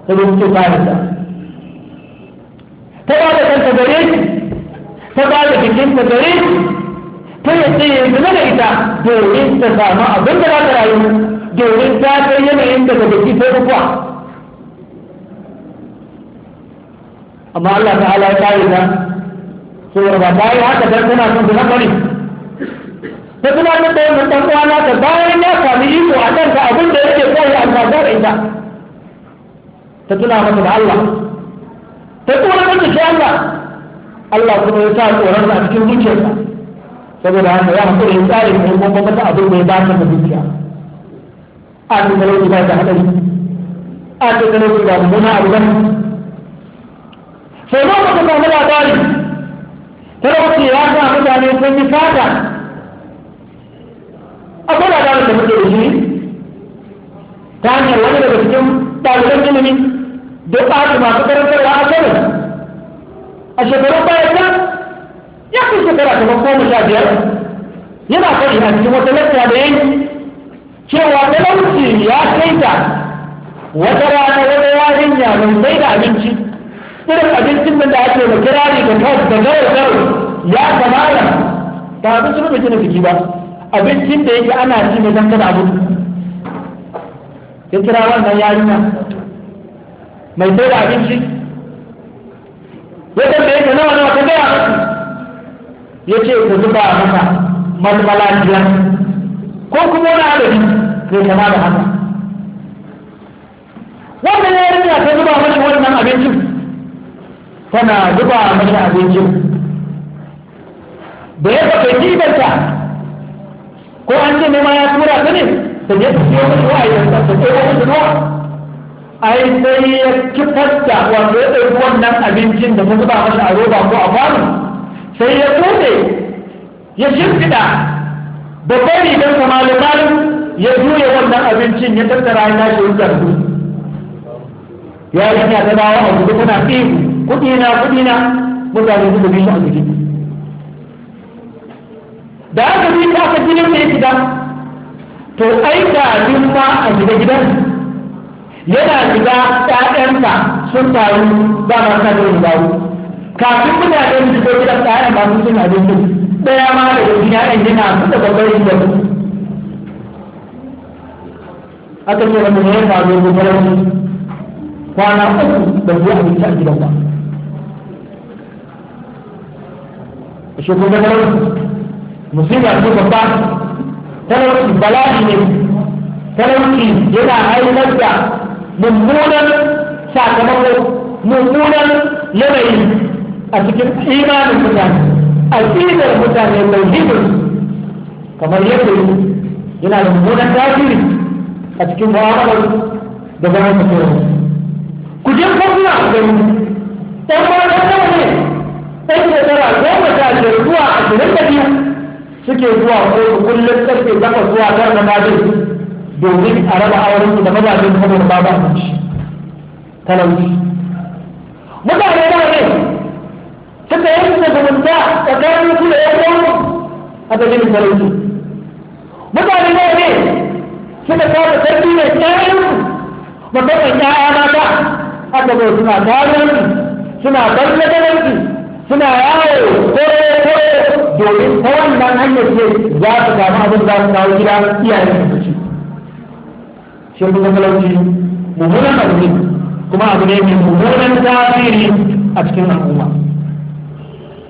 zo ce bayan ta ta ba da kanta gare shi ta ba da ta gare shi ta yadda ya zama da ita domin ta samu abin da za ta rayu domin ta kai yanayin da ba ji ko kuwa amma Allah ta'ala ya kare ta saboda ba ta yi haka dan tana son ta bane ta kuma ta da mun dan uwa na ta bayan ya sami iko a kanta abin da yake koyi a da ita ta tuna masa da Allah ta tuna masa da Allah Allah kuma ya sa tsoron a cikin zuciyarsa saboda haka ya hakuri ya tsare mu kuma ba ta abin da ya ba ta zuciya a ce talauci ba da haɗari a ce talauci ba mummuna abu ba sai ma ka samu labari talauci ya sa mutane sun yi fata akwai labarin da muke da shi ta hanyar wani daga cikin ɗaliban ilimi duk ɓata masu karantarwa a sanin a shekarun bayan nan ya kai shekara kamar goma sha biyar yana faɗi a cikin wata lafiya da yanki cewa talauci ya kai ta wata rana wani yarinya mai sai da abinci irin abincin da ake da kirari da kawai da gawar ya kamala ba abincin da gina jiki ba abincin da yake ana ci ne don kada abin ya kira wannan yarinya mai sai da abinci ya tambaye ka nawa nawa ka gaya ya ce ku zuba maka malmala biyar ko kuma wani adadi mai kama da haka wannan ya yi ta zuba mashi wannan abincin tana zuba mashi abincin da ya kai kibanta ko an ce nema ya tura su ne ta je ta siyo mashi wa'ayyar ta ta kai wani zuwa ai sai ya kifar da wato ya ɗauki wannan abincin da ta zuba mashi a roba ko a kwano sai ya tsote ya shimfiɗa babbar rigar sa malin ya juya wannan abincin ya tattara ya su ya yi yarinya ta dawo a gudu kuna fi kuɗi na kuɗi na mutane suka bi shi a jiki da aka bi ta aka jinin mai gida to ai da ma a gida gidan yana shiga ƴaƴanka sun taru ba ma sa da dawo kafin mutane su shigo gidan ƴaƴan ba sun cin abincin ɗaya ma da yanzu ƴaƴan yana kusa babbar su aka ce wanda ya faru ko faransu kwana uku da zuwa abinci a gidan ba shi kuma faransu musiba ce babba talauci bala'i ne talauci yana haifar da mummunan sakamako mummunan yanayi a cikin imanin mutane A cikin mutane mai kamar yadda yana da mummunan tasiri a cikin mu'amalar da za ka tsoro ku je kwamfuna ku gani ɗan mata nawa ne ɗan shekara goma sha biyar zuwa ashirin da biyu suke zuwa kotu kullum ƙarfe takwas zuwa tara na majin domin a raba auren su da mazajen saboda babu abinci talauci mutane nawa ne suka yanke zumunta tsakanin su da ƴan uwansu a dalilin talauci mutane nawa ne suka kama tarbiyyar ƴaƴansu musamman ƴaƴa mata aka zo suna karuwanci suna ballagaranci suna yawo kore kore domin ta wannan hanyar ce za su samu abin za su kawo gida iyayen su ci shi kuma talauci mummunan abu ne kuma abu ne mai mummunan tasiri a cikin al'umma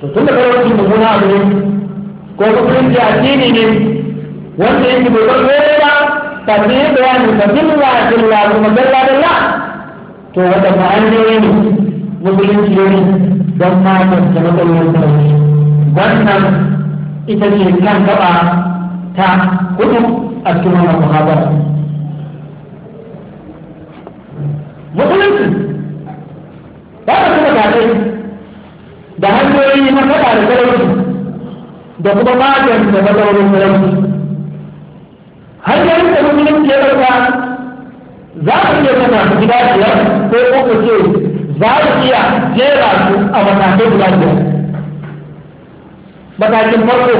to tun da talauci mummunan abu ne ko kuma yin addini ne wanda yake bai bar kafin yi bayani ka billa billa kuma billa billa to wata ma'aure ne musulunci ne don matan da matsalolin sarari wannan ita ce kan gaba ta hudu a cikin wannan muhabbar musulunci ba ta kuma kaɗai da hanyoyi na faɗa da talauci da kuma matan da matsalolin sarari har da musulunci ya ɗauka za ka iya zama su gida biyar ko uku ce za ka iya jera su a matakai guda biyar matakin farko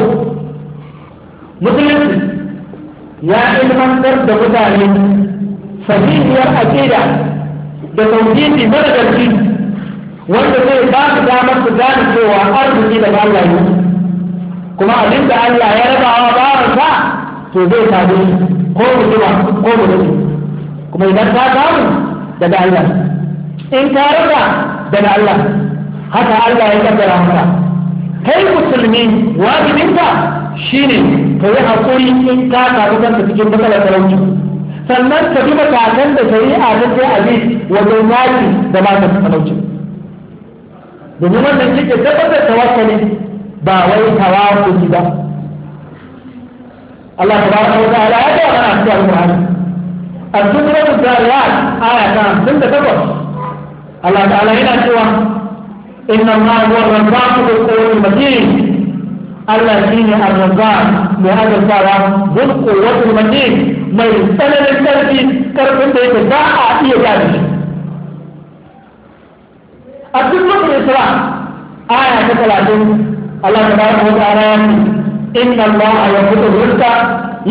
musulunci ya ilmantar da mutane sahihiyar aƙida da tauhidi mara garfi wanda zai ba su damar su gane cewa arziki da Allah ne kuma abinda da Allah ya raba rabawa bawansa to zai sami ko mutuwa ko mutuwa kuma idan ka samu daga Allah in ka rasa daga Allah haka Allah ya kaddara maka kai musulmi wajibinka shine ka yi hakuri in ka samu kanka cikin matsalar talauci sannan ka duba matakan da shari'a ta sai aziz wajen yaki da masu talauci domin wannan shi ke tabbatar tawakkali ba wai tawakkali ba الله تبارك وتعالى يا جماعة أحسن القرآن الزمرة الزاريات آية كان سنة تبص الله تعالى هنا سوى إن الله هو الرزاق بالقوة المتين الذين الرزاق بهذا الزارة بالقوة المتين ما يستلم التربي كرب بيت الزاعة إيه جانب الزمرة الإسلام آية 30 الله تبارك وتعالى inna allaha yafutu rizqa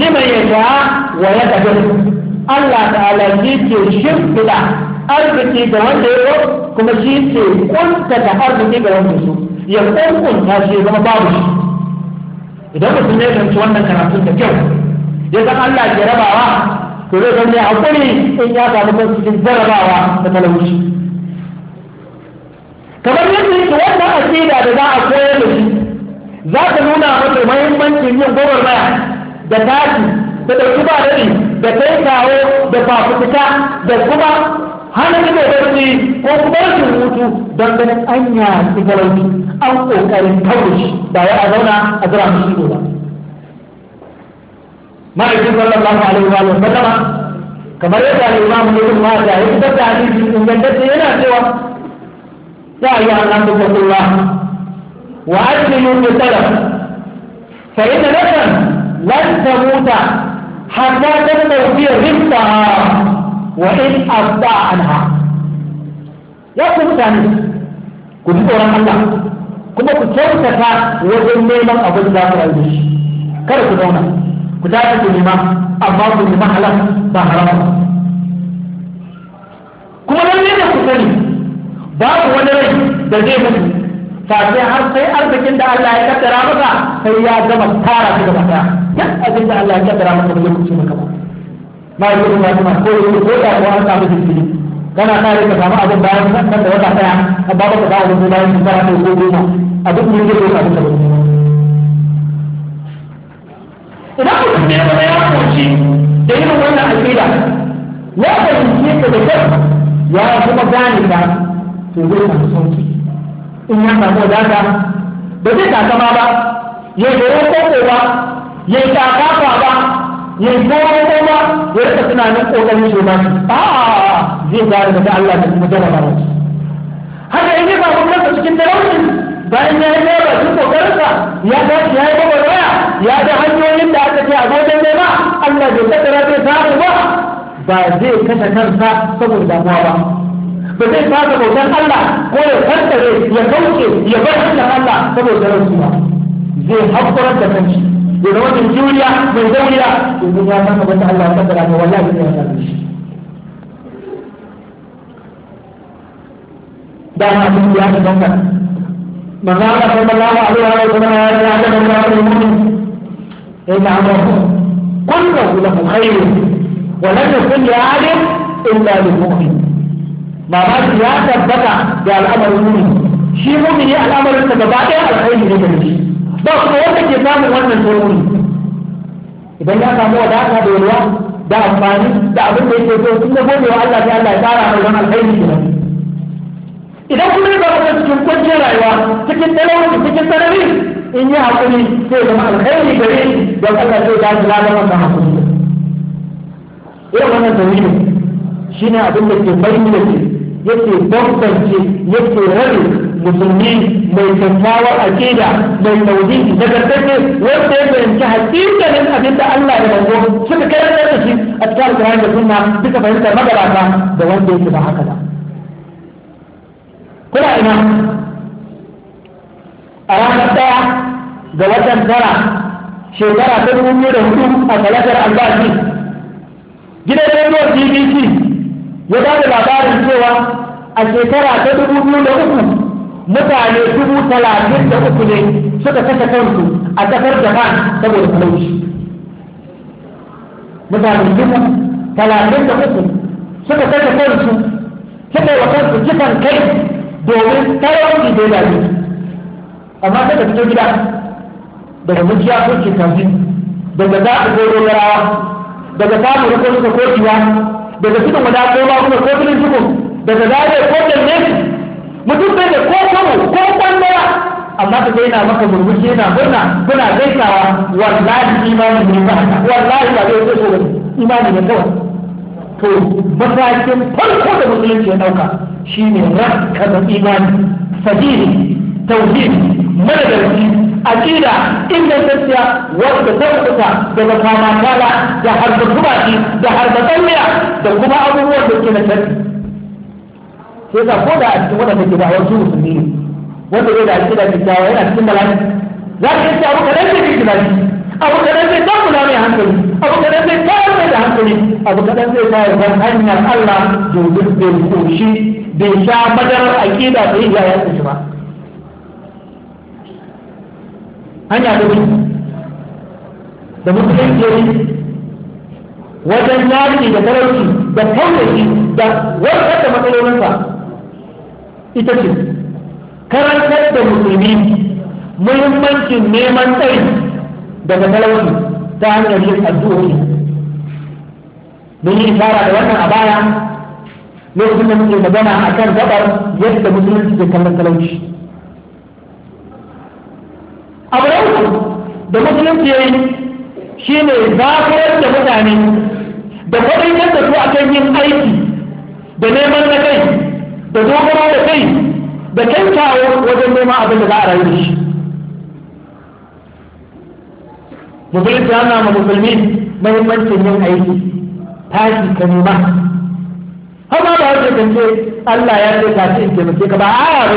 liman yasha wa yaqdir Allah ta'ala shi ke shimfiɗa arziki ga wanda ya yi kuma shi ke kunta da arziki ga wanda su ya kunkunta shi zama babu shi idan mutum ya fahimci wannan karatu da kyau ya san Allah ke rabawa to zai zama ya haƙuri in ya samu kan cikin jarabawa da talauci kamar yadda yake wannan asida da za a koyar da shi za ka nuna masa mahimmancin yin gwagwarmaya da tashi da ɗauki ba daɗi da kai kawo da fafutuka da kuma hana ido barci ko kuma rashin hutu don ganin an yaƙi garauci an ƙoƙarin tauri ba ya a zauna a jira mu shi ba. Ma'aikin sallallahu alaihi wa sallama kamar yadda al'imamu ne kuma da ya fitar da hadisi ingantacce yana cewa ta yi an nan da وأسلموا بالطلب فإن نفسا لن تموت حتى تبقوا في رزقها وإن أبدع عنها يقول ya ku ji tsoron Allah kuma ku kyautata wajen neman abin da ku rayu shi kada ku zauna ku dace ku nema amma ku nema halal ba haram kuma nan ne da ku sani babu wani rai da zai mutu face har sai arzikin da Allah ya kaddara maka sai ya gama tara shi gaba daya duk abin da Allah ya kaddara masa bai kuce maka ba ma yi kuma kuma ko ya yi ko ya ko an samu jinkiri kana kare ka samu abin bayan nan da wata daya a ba ka bayan da bayan shekara ko ko goma a duk mun yi da ka duka idan mutum ne ba ya koci da yin wannan aqida ya fahimce ka da kyau ya kuma gane ka to zai samu sauki in ya samu wadata ba zai takama ba ya goro koko ba ya takafa ba ya goro ko ba ya rika tunanin kokarin shi ba a zai gara daga Allah da kuma ba wasu haka in ya samu kansa cikin talauci bayan ya yi naira cikin kokarinsa ya shi ya yi babar waya ya ta hanyoyin da aka ce a gojen nema Allah bai tattara zai samu ba ba zai kashe kansa saboda damuwa ba ba zai fasa bautan Allah ko ya tattare ya kauce ya bar hannun Allah saboda rasu ba zai haƙurar da kanci ya zama mai juriya mai zauriya domin ya san abin da Allah ya tattara ga wallahi zai wata da shi da ma sun ya ta banka manzo Allah sallallahu alaihi wa sallam ya ce ya ta banka mu'min ya ta amara kullu lahu khairun wa lam yakun li 'abdin illa lil mu'min mamaki ya tabbata da al'amarin mumini shi mumini al'amarin sa gaba ɗaya alkhairi ne da shi ba kuma wanda ke samun wannan sauri idan ya samu wadata da yalwa da amfani da abin da yake so in ya gode wa Allah sai Allah ya tsara mai wannan alkhairi ne idan kuma ya zama cikin kwanciyar rayuwa cikin talauci cikin sarari in yi hakuri sai zama alkhairi gare shi don Allah sai ya ji lalata masa hakuri irin wannan tauhidi shine abin da ke bayyana shi yake bambance yake rabe musulmi mai a keda mai tauhidi da gaske wanda ya fahimci hakikanin abin da Allah ya bango suka kai da shi a cikin alƙur'ani da sunna duka fahimtar magabata da wanda yake ba haka ba kuna ina a ranar ɗaya ga watan tara shekara ta dubu biyu da hudu a talatar albashi gidan rediyon bbc ya ba da labarin cewa a shekara ta dubu biyu da uku mutane dubu talatin da uku ne suka kashe kansu a kasar japan saboda talauci mutane dubu talatin da uku suka kashe kansu suka wa kansu kisan kai domin talauci da yana amma suka fito gida daga mujiya ko ke kafin daga za a goro garawa daga samun rikon suka kokiwa daga cikin wada ko ba kuma ko cikin cikin daga zare ko danne mutum bai da ko kawo ko kwandara amma ka na maka murmushi yana murna kuna gaisawa wallahi imani ne ba wallahi ba zai so ba imani ne kawai to matakin farko da musulunci ya dauka shine rakka da imani sahihi tauhid madadarci aqida ingantacciya wadda ta kusa daga kama kala da harba gubaki da harba tsalliya da kuma abubuwan da ke na sharri sai ka koda a cikin wadanda ke da wasu musulmi ne wanda zai da aqida kyakkyawa yana cikin bala'i za ka yi abu kadan zai cikin bala'i abu kadan zai takula mai hankali abu kadan zai tayar mai da hankali abu kadan zai tayar da hanyar Allah domin bai koshi bai sha madarar aqida bai iya yanzu shi ba hanya da wuri da musulunci wuri wajen yari da talauci da kawai da warkar da matsalolinsa ita ce karantar da musulmi muhimmancin neman tsayi daga talauci ta hanyar yin addu'o'i mun yi fara da wannan a baya lokacin da muke magana kan gabar yadda musulunci ke kallon talauci abu na uku da musulunci ya yi shi ne zafirar da mutane da kwaɗaikar da su a kan yin aiki da neman na kai da dogaro da kai da kyautawa wajen neman abin da za a rayu da shi musulunci yana ma musulmi mahimmancin yin aiki tashi ka nema har ma ba wajen kance Allah ya ce ka ce in taimake ka ba a yaro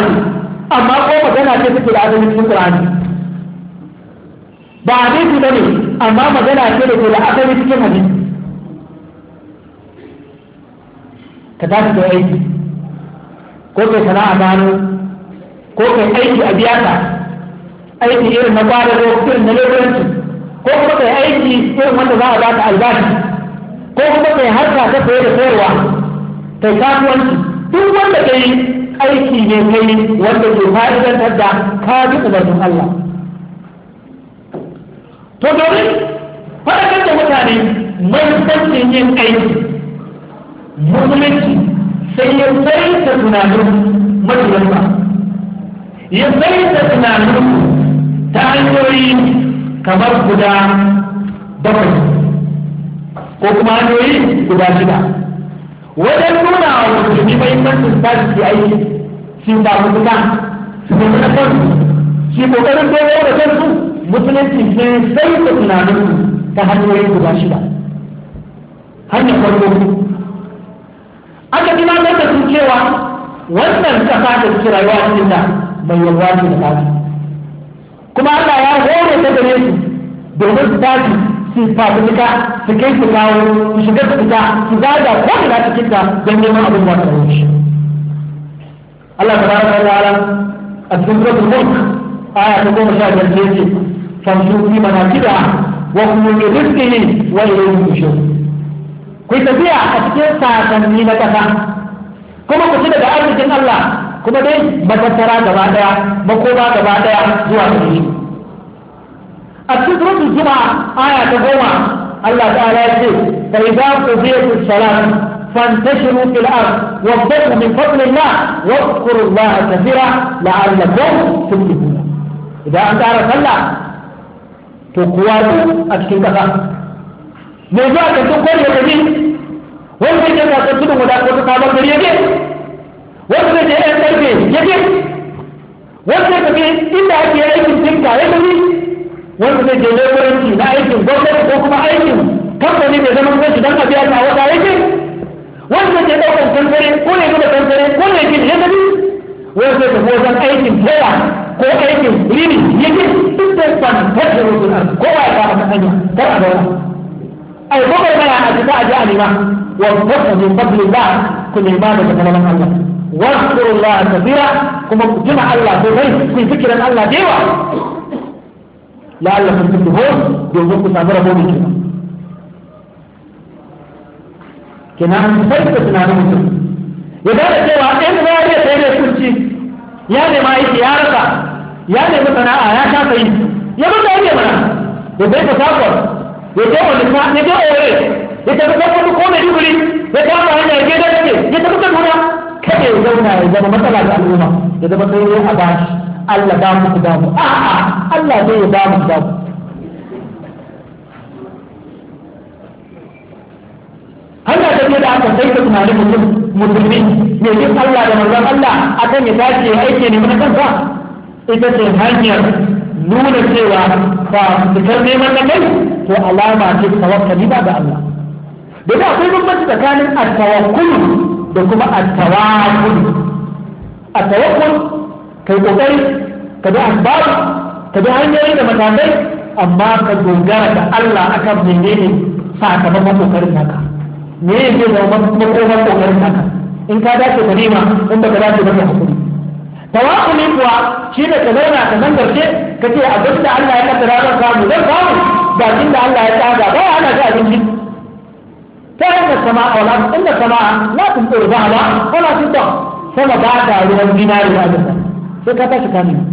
amma ko magana ce take da adalci cikin Qur'ani ba a daidai ba ne amma magana ce da ke la'akari cikin hadisi ka tashi kai aiki ko kai sana'a gano ko kai aiki a biya ka aiki irin na kwararo irin na leburanci ko kuma kai aiki irin wanda za a ba ka albashi ko kuma kai harka ta saye da sayarwa kai kasuwanci duk wanda kai aiki ne kai wanda ke fa'idantar da ka bi umarnin Allah to domin faɗakar da mutane manufan yin aiki musulunci sai ya zai da tunanin matulunsa ya zai da tunanin ta hanyoyi kamar guda bakwai ko kuma hanyoyi guda shida wajen nuna wa musulmi mahimmancin ba su aiki shi ba su fita su fita kansu shi kokarin dogon da kansu musulunci ne sai da tunanin ta hanyoyin guda shida hanyar farko aka tunatar da su cewa wannan kasa da suke rayuwa a cikin ta mai yalwa ce da tafi kuma Allah ya hore ta gare su domin su tafi su fafutuka su kai su kawo su shiga su fita su zaga ko ina cikin ta don neman abin da ta shi. Allah ta fara wa a cikin suratul mulk aya ta goma sha فانشوا في مناكبها وكلوا من رزقه واليه النشور ku tafiya a cikin sasanni na ƙasa kuma ku ci daga arzikin Allah kuma dai matattara gaba daya makoma gaba daya zuwa gare shi a cikin suratul juma'a aya ta goma Allah ta'ala ya ce fa idza qudiyat as-salat فانتشروا في الأرض وابتغوا من فضل الله واذكروا الله كثيرا لعلكم تفلحون إذا أنت على صلى to kuwa ne a cikin ƙasa me za ka tun kwarya da ne wani zai ka kasar tudun wadata wata sabon gari yake zai ce yan ƙarfe yake zai ke inda ake aikin ka ya tafi wani zai je lokaci na aikin gwamnati ko kuma aikin kamfani mai zaman kanshi don a biya ta wata yake zai ce ɗaukar kankare ko ne gaba kankare ko ne ke ya tafi wanda ke wajen aikin tela ko aikin rini yake duk da kwantar da wasu nan ko ba ya kama ta hanya kar a zauna ai ko bai mana a fita a ji a nema wa wata min fadlillah ku nema daga falalan Allah واذكروا الله كثيرا كما جمع الله في ذكر الله ديوا la'allakum tuflihun domin ku samu rabo mai kenan kenan an farka tunanin mutum ya gane cewa in ruwa ya sai da kunci ya nema aiki ya rasa ya nemi sana'a ya kasa yi ya bar da ya mana da zai fasakwar ya je wani ya je ore ya tafi kan wani kome duburi ya kama hanya ya je da ke ya tafi kan wani kada ya zauna ya zama matsala ga al'umma ya zama sai ya shi Allah ba mu da mu a'a Allah zai ya ba mu damu. mu hanya ta ce da aka sai ka tunanin mutum mutumin ne yin Allah da manzon Allah akan ya tashi ya aike ne mana kansa ita ce hanyar nuna cewa ba fitar neman na kai ko alama ce ni ba ga Allah da domin akwai bambanci tsakanin at-tawakkul da kuma at-tawakkul at kai kokari ka bi asbab ka bi hanyoyi da matakai amma ka dogara da Allah akan menene sakamakon kokarin naka me yake zama makomar kokarin naka in ka dace ka nema in baka dace ba ka hakuri tawakuli kuwa shi ne ka zauna ka zangarce ka ce abin da Allah ya kaddara zan samu zan samu ba abin da Allah ya tsaga ba ana ga abinci ta hanyar sama'a wala inda sama'a la tumtur ba'da wala tumtur sama ba ta ruwan dinari a abin sai ka tashi ka nemi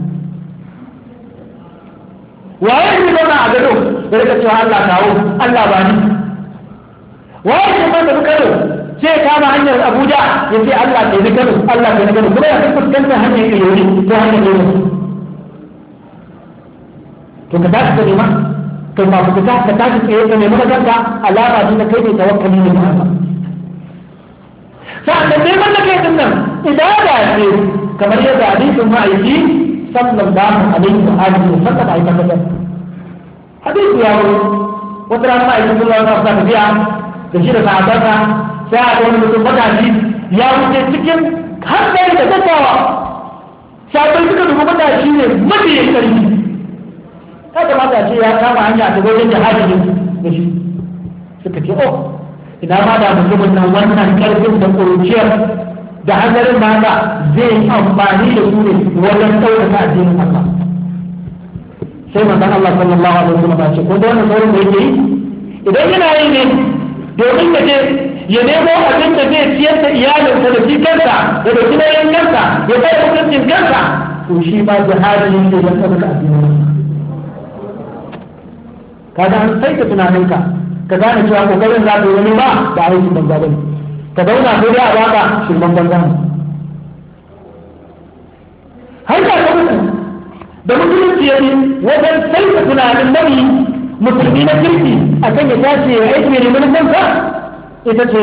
waye ne zauna a gado da rika cewa Allah kawo Allah ba ni waye ne zauna a gado sai kama hanyar abuja ya ce allah ke nika musu allah ke nika musu kuma ya fuskantar hanyar ilimi ko hanyar ilimi to ka tashi ka nema ka ba ka tashi ka tashi tsaye ka nema kanka alama ce ta kai ne tawakkali ne ba sa'an neman da kai din nan ibada ce kamar yadda hadisin ma'aiki sallallahu alaihi wa alihi wa sallam a ita kadar hadisi ya wuri wata rana ma'aiki sallallahu alaihi wa sallam da shi da sahabansa sai a ga wani mutum matashi ya wuce cikin hankali da tattawa sabon suka dubu matashi ne mafi yin karfi kada matashi ya kama hanya da wajen da ne da shi suka ce o oh, ina ma da mutumin nan wannan karfin da ƙuruciyar da hanzarin mata zai amfani da su ne wajen ɗaukaka addinin Allah sai manzon Allah sallallahu alaihi wasallam ya ce ko da wannan sauran da yake yi idan yana yin ne domin da je ya nemo abin da zai ciyar da iyalinsa da shi kansa da da kuma yan kansa ya kai hukuncin kansa to shi ma jihadi ne da ya saba addini kaga an saita tunaninka ka gane cewa kokarin za ka yi wani ba da aiki banza ne. ka zauna ko da waka shirman banza ne Har ta uku da musulunci ya yi wajen saita tunanin mabiyi musulmi na kirki a kan ya tashi ya aiki ne manufansa ita ce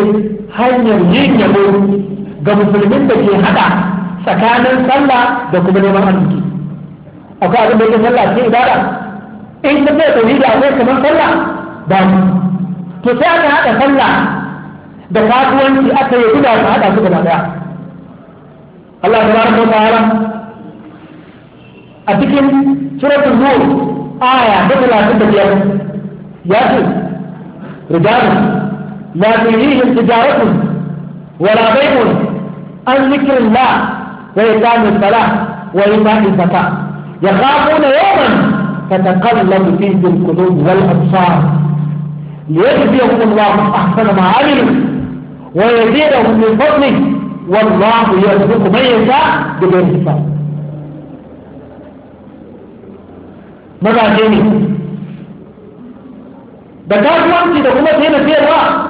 hanyar yin yabo ga musulmin da ke haɗa tsakanin sallah da kuma neman arziki akwai abin da yake sallah ce ibada in ka ce da akwai kamar sallah ba mu to sai aka haɗa sallah da kasuwanci aka yi guda ka haɗa su gaba daya Allah tabaraka wa ta'ala a cikin suratul nur آية مثل عندك يا ياسر رجال لا تريهم تجاركم ولا بيع عن ذكر الله وإقام الصلاة وإيتاء الزكاة يخافون يوما تتقلب فيه القلوب والأبصار ليجزيهم الله أحسن ما عملوا ويزيدهم من فضله والله يرزق من يشاء بغير حساب mazaje ne da kasuwanci da kuma sai da sayarwa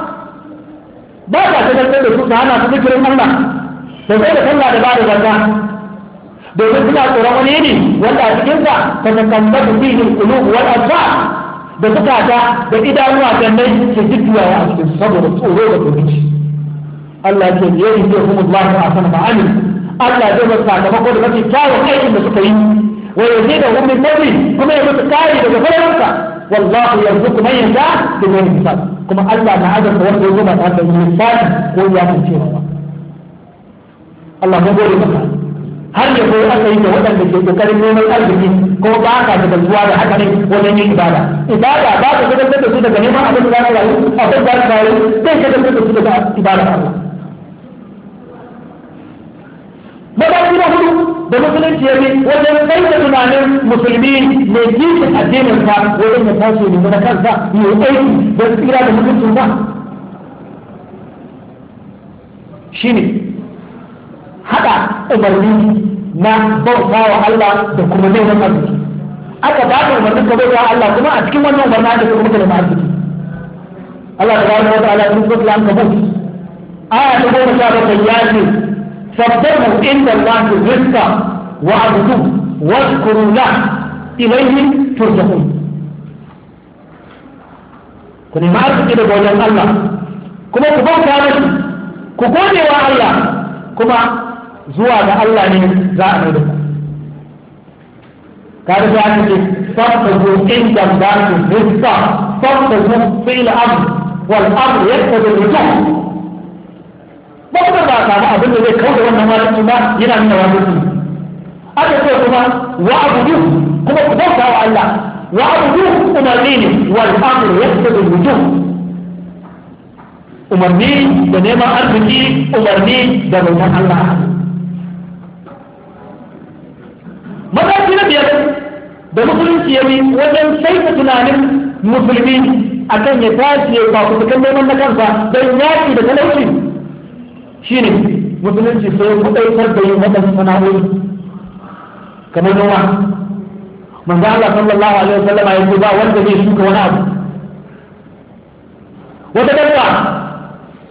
ba ta ta tattar da su ta hana su zikirin Allah da sai da sallah da ba da zarga domin suna tsoron wani ne wanda a cikin sa ta takambar da fihin kulubu wal azza da suka ta da idanuwa gannai ke jidduwa ya cikin saboda tsoro da tsoronci Allah ke yi yi zai kuma Allah ta asana ba'ani Allah zai wasu sakamako da mafi kyawun aikin da suka yi ويزيدهم من فضله كما يرزق عائلة فلنفع والله يرزق من يشاء بغير حساب كما ألا ما عاد التوكل يوم بعد الإنسان قل يا من شاء الله الله يقول لك هل يقول أن أنت وزن من شيء تكرم من القلب فيه كو باقا تبزوا على حكمه وزن من إبادة إبادة باقا تبزوا على سيدة جنيمة أبدا لا تبزوا سيدة أبدا لا تبزوا سيدة كيف تبزوا على سيدة إبادة الله ماذا تبزوا da musulunci ya bi wajen kai da tunanin musulmi mai kishin addinin sa wajen ya tashi ne na kansa yi aiki don tsira da mutuncin sa shine haɗa umarni na bauta wa Allah da kuma zai na arziki aka ba ka umarnin ka bauta Allah kuma a cikin wannan umarni da kuma da arziki Allah ta bada wata ala sun zuwa an kabut aya ta goma sha bakwai ya ce فاضطره إن الله الرزق وعبدوه واذكروا له إليه ترزقون كن معرفة إلى بولان الله كما تبوك عليك كقولي وعلى الله كما زوال الله من زعنه لكم قال في عدد إيه؟ فاقضوا إن الله الرزق فاقضوا في الأرض والأرض يقتضي الرزق ba kuma ba samu abin da zai kau da wannan wajibci ba yana nuna wajibci aka ce kuma wa abudu kuma ku bauta wa Allah wa abudu umarni ne wal amru yaqtadu wujub umarni da neman arziki umarni da bautan Allah mataki na biyar da musulunci ya bi wajen saita tunanin musulmi akan ya tashi ya ba su neman na kansa don yaki da talauci shine musulunci sai kudaitar da yin waɗansu sana'o'i kamar noma manzo Allah sallallahu alaihi wasallam ya ce ba wanda zai shuka wani abu wata dabba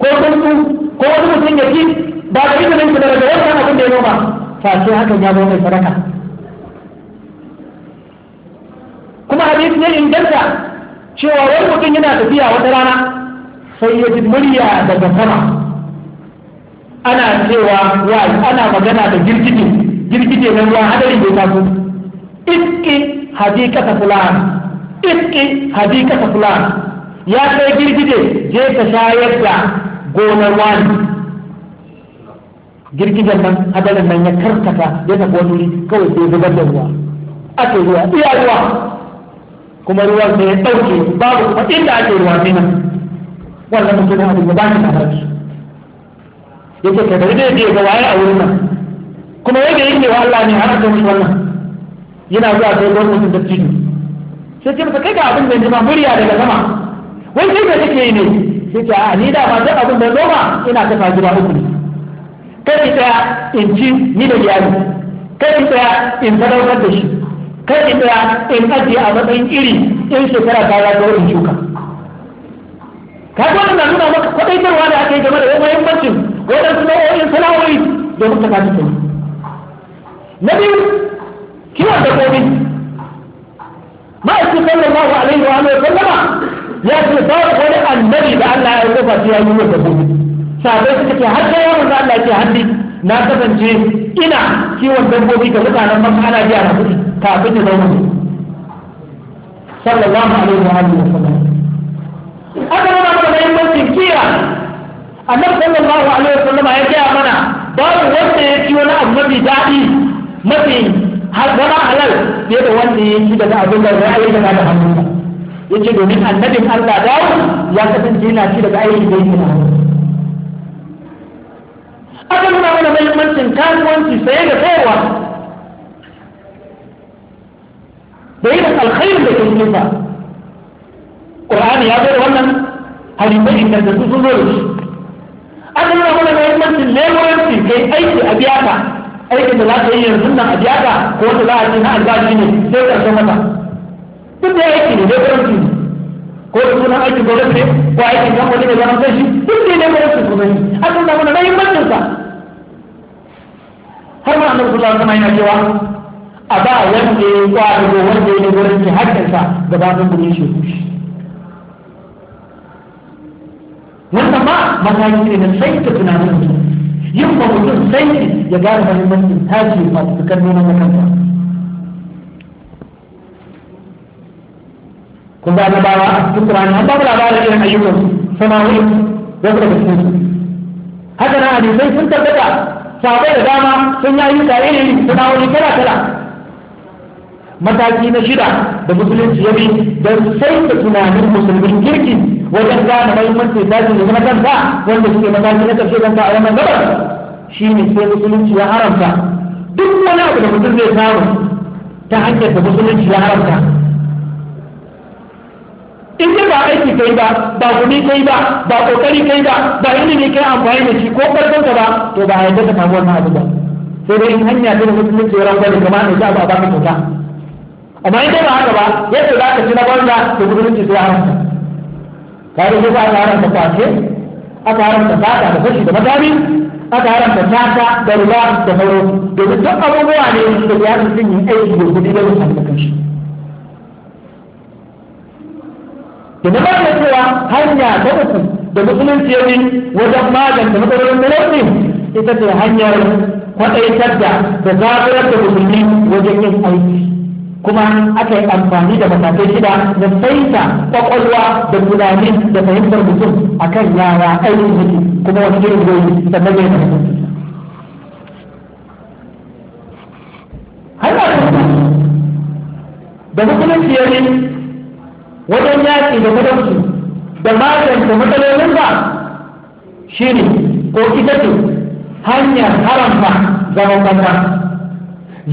ko tsuntsu ko wani mutum ya ci ba da izinin ku daga wannan abin da ya noma ce hakan ya zo mai sadaka kuma hadisi ne inganta cewa wani mutum yana tafiya wata rana sai ya ji murya daga sama ana cewa wa ana magana da girgije girgije na ruwa hadari bai taso iski hadikata fulan iski hadikata fulan ya kai girgije je ka shayar da gonar wani girgijen nan hadarin nan ya karkata ya tafi wani wuri kawai sai zubar da ruwa ake ruwa iya ruwa kuma ruwan sai ya ɗauke babu kuma inda ake ruwa ne nan wannan mutum abin da ba shi na yake ka bari zai je ga waye a wurin nan kuma yadda yake wa Allah ne har ka mutu wannan yana zuwa sai don mutum da tidu sai ce masa kai ga abin da ya ma murya daga sama wai kai da kake yi ne sai ce a ni da ba duk abin da zoma ina kafa gida uku ne kai ta in ci ni da iyali kai ta in sadaukar da shi kai ta in ajiye a matsayin iri in shekara ta ya in shuka ka ga wannan nuna maka kwadaitarwa da ake game da mahimmancin waɗansu nau'o'in sana'o'i da ta kaji kuma na biyu kiwon dabbobi ma'aikin sallallahu alaihi wa alihi sallama ya ce babu wani annabi da Allah ya kofa shi ya yi wa dabbobi sabai suka ce har kai wanda Allah ke ce na kasance ina kiwon dabbobi ga mutanen maka ana biya na kuɗi kafin ya zama su sallallahu alaihi wa alihi wa sallam aka nuna mana mahimmancin kira annabi sallallahu alaihi wasallam ya gaya mana babu wanda ya ci wani abu mafi daɗi mafi har wani halal fiye da wanda ya ci daga abin da ya aikata da hannunsa yace domin annabin Allah dawo ya kasance yana ci daga aiki da yake na aka nuna mana mahimmancin kasuwanci saye da sayarwa da yi da alkhairin da ke cikinsa Qur'ani ya zo da wannan hadisai ingantattu sun zo da shi an nuna mana muhimmancin kai aiki a biya ka aikin da za ka yi yanzu nan a biya ka ko wata za a ce na albashi ne sai ƙarshen mata duk da aiki ne leburanci ne ko da sunan aikin gwamnati ko aiki kan wani da zaman kanshi duk da ne kuma yi ko nuna mana muhimmancin sa har ma annabi sallallahu alaihi wasallam yana cewa a ba wanda ya yi kwadugo wanda ya yi leburanci hakkinsa gabanin gudun shi wannan ba mataki ne na saita tunanin mutum yin ba mutum sai ya gane mahimmancin tashi fafutukar neman nuna makanta kun ba na bawa a cikin kurani an babu labarin irin ayyukan samawi wasu daga cikin su haka na hadisai sun tabbata sabai da dama sun yi ayyuka iri sana'o'i kala kala mataki na shida da musulunci ya bi don sai da tunanin musulmin girki. wajen gane mahimmancin tashin da na kanta wanda suke mataki na karshe kanta a wannan gaba shi ne sai musulunci ya haramta duk wani abu da mutum zai samu ta hanyar da musulunci ya haramta in ba aiki kai ba ba kuɗi kai ba ba kokari kai ba ba ilimi kai amfani da shi ko karfin ba to ba a yadda ka samu wannan abu ba sai dai in hanya ta da musulunci ya rangwame kamar da za a ba ka kyauta amma in ba haka ba yadda za ka ci na banza da musulunci sai haramta ka da kuka aka haramta kwace aka haramta sata da fashi da makami aka haramta sata da ruwa da sauran domin duk abubuwa ne da ya fi sun yi aiki da kuɗi da ruwa da kanshi da na bada cewa hanya ta uku da musulunci ya wajen magance matsalolin talauci ita ce hanyar kwaɗaitar da da zaburar da musulmi wajen yin aiki kuma aka yi amfani da matakai shida na saita kwakwalwa da tunanin da fahimtar mutum a kan yara ainihin yake kuma wani irin goyi sannan da yi hanya da musulunci ya yi wajen yaƙi da mutunci da magance matsalolin ba shi ne ko ita ce hanyar haramta zaman banza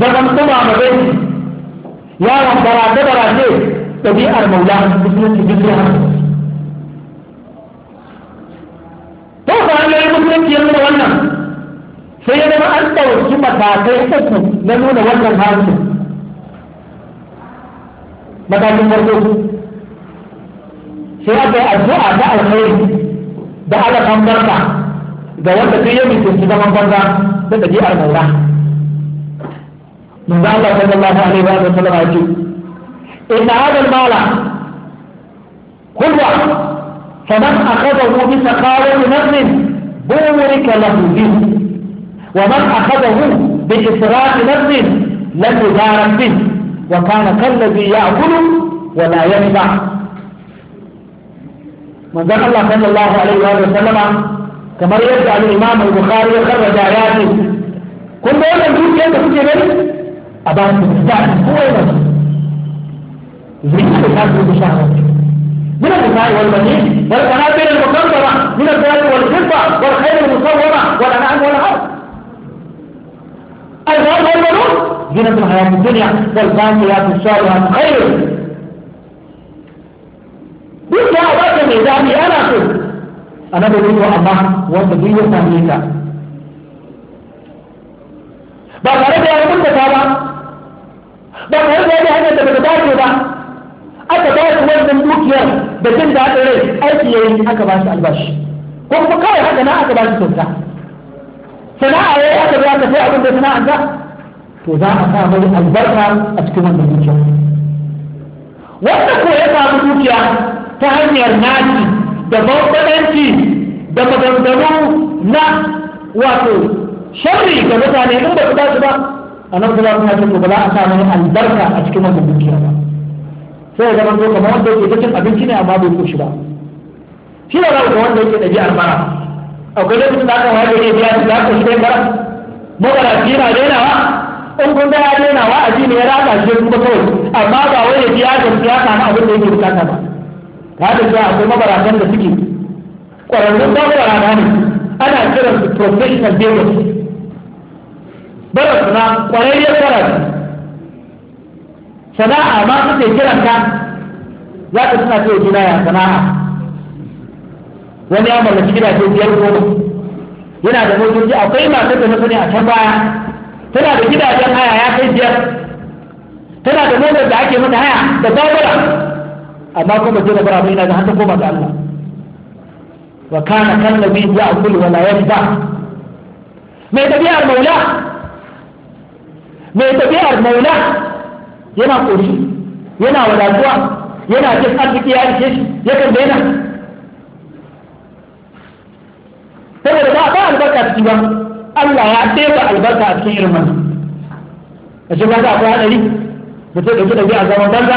zaman kuma zai yaron barace barace ɗabi'ar maula musulunci duk ya hana to ba hanyoyin musulunci ya nuna wannan sai ya zama an shi ɗauki matakai uku na nuna wannan harshe matakin farko sai aka yi a ta alkhairi da alaƙan barka da wanda sai ya mutunci zaman banza da ɗabi'ar maula manzo Allah sallallahu alaihi wa sallam ya ce inna hada al-mala kulwa faman akhadahu bi saqawati nafsin burika lahu bihi wa man akhadahu bi israfi nafsin lam yubarak bihi wa kana kalladhi ya'kulu wa la yashba manzo Allah sallallahu alaihi wa sallama kamar yadda al-Imam al-Bukhari ya karraja ya ce kun ga wannan dukiyar da kuke gani أبان ba su da kowai ba zai da kasu da shahara من النساء من الذهب والفضة والخيل المصورة نعم والأنعام والأرض المال والبنون زينة الحياة الدنيا والباقيات الصالحات خير duk ya wata mai daɗi ana so annabi ne ko amma wanda duk ya same ba ka yanzu wani hanyar da ba ta dace ba aka ba shi wannan dukiyar da jin daɗin rai aiki ya yi aka ba shi albashi ko kuma kawai haka na aka ba shi kyauta sana'a ya yi aka zo aka sai abin da sana'ar da to za a sa mai albarka a cikin wannan dukiyar wanda ko ya samu dukiya ta hanyar naci da bambadanci da maganganu na wato sharri ga mutane in ba su ba su ba annabi sallallahu alaihi wasallam ba za a samu albarka a cikin wannan dukiya ba sai ya zama to kamar wanda yake ta cin abinci ne amma bai koshi ba shi ne zaka wanda yake ɗabi'ar mara akwai lokacin da aka waye gari biya shi za ka shi kai mara mabara shi na dainawa in kun ga ya dainawa a ne ya raka shi ba kawai amma ba wai ya biya da ya samu abin da yake bukata ba ta da cewa akwai mabaratan da suke ƙwararrun mabarata ne ana su professional builders barasuna ƙwararriyar karatu sana'a ma kiran ka za ka suna ce juna ya sana'a wani ya mallaki ke biyar goma yana da motoci akwai masu da na ne a can baya tana da gidajen haya ya kai biyar tana da motar da ake mata haya da babura amma kuma da bara mai yana da hannun koma ga Allah wa kana kallabi ya akulu wala yadda mai tabi'ar maula mai tafiyar maula yana kori yana wadatuwa yana cin arziki ya ishe shi kan daina saboda ba ba albarka ciki ba Allah ya ɗeba albarka a cikin irin wannan a shi ba za a kwa haɗari da ɗauki ɗabi'a zaman banza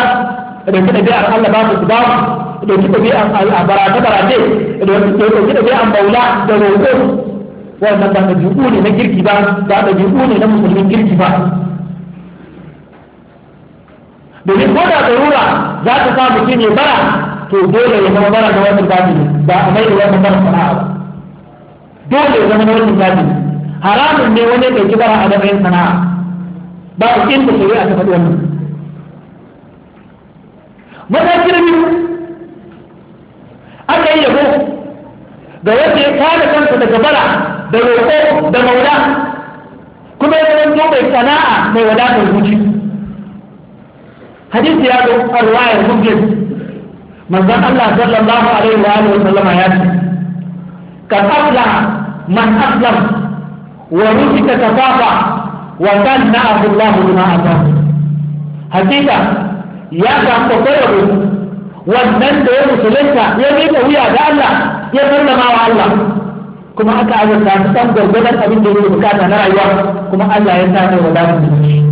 ɗauki ɗabi'ar Allah ba su ba ɗauki ɗabi'ar barace da ɗauki ɗabi'ar maula da roƙo wannan ba ɗabi'u ne na girki ba ba ɗabi'u ne na musulmin girki ba domin ko da tsarura za ta sa mutum ya bara to dole ya zama bara da wannan zafi ba a mai da wannan bara sana'a ba dole ya zama na wannan zafi haramun ne wani ɗauki bara a yin sana'a ba a inda shari'a ta faɗi wannan matakin na biyu aka yi yabo ga wanda ya kare kansa daga bara da roƙo da maula kuma ya zama bai sana'a mai wadatar zuci hadisi ya zo a ruwayar muslim manzon Allah sallallahu alaihi wa alihi wasallama ya ce ka afla man aslam wa rufika kafafa wa sanna Allah bima atahu hakika ya ga kokoro wannan da ya musulunta ya miƙa wuya ga Allah ya sallama wa Allah kuma aka azurta su san gwargwadon abin da ya bukata na rayuwa kuma Allah ya sa mai wadatar da shi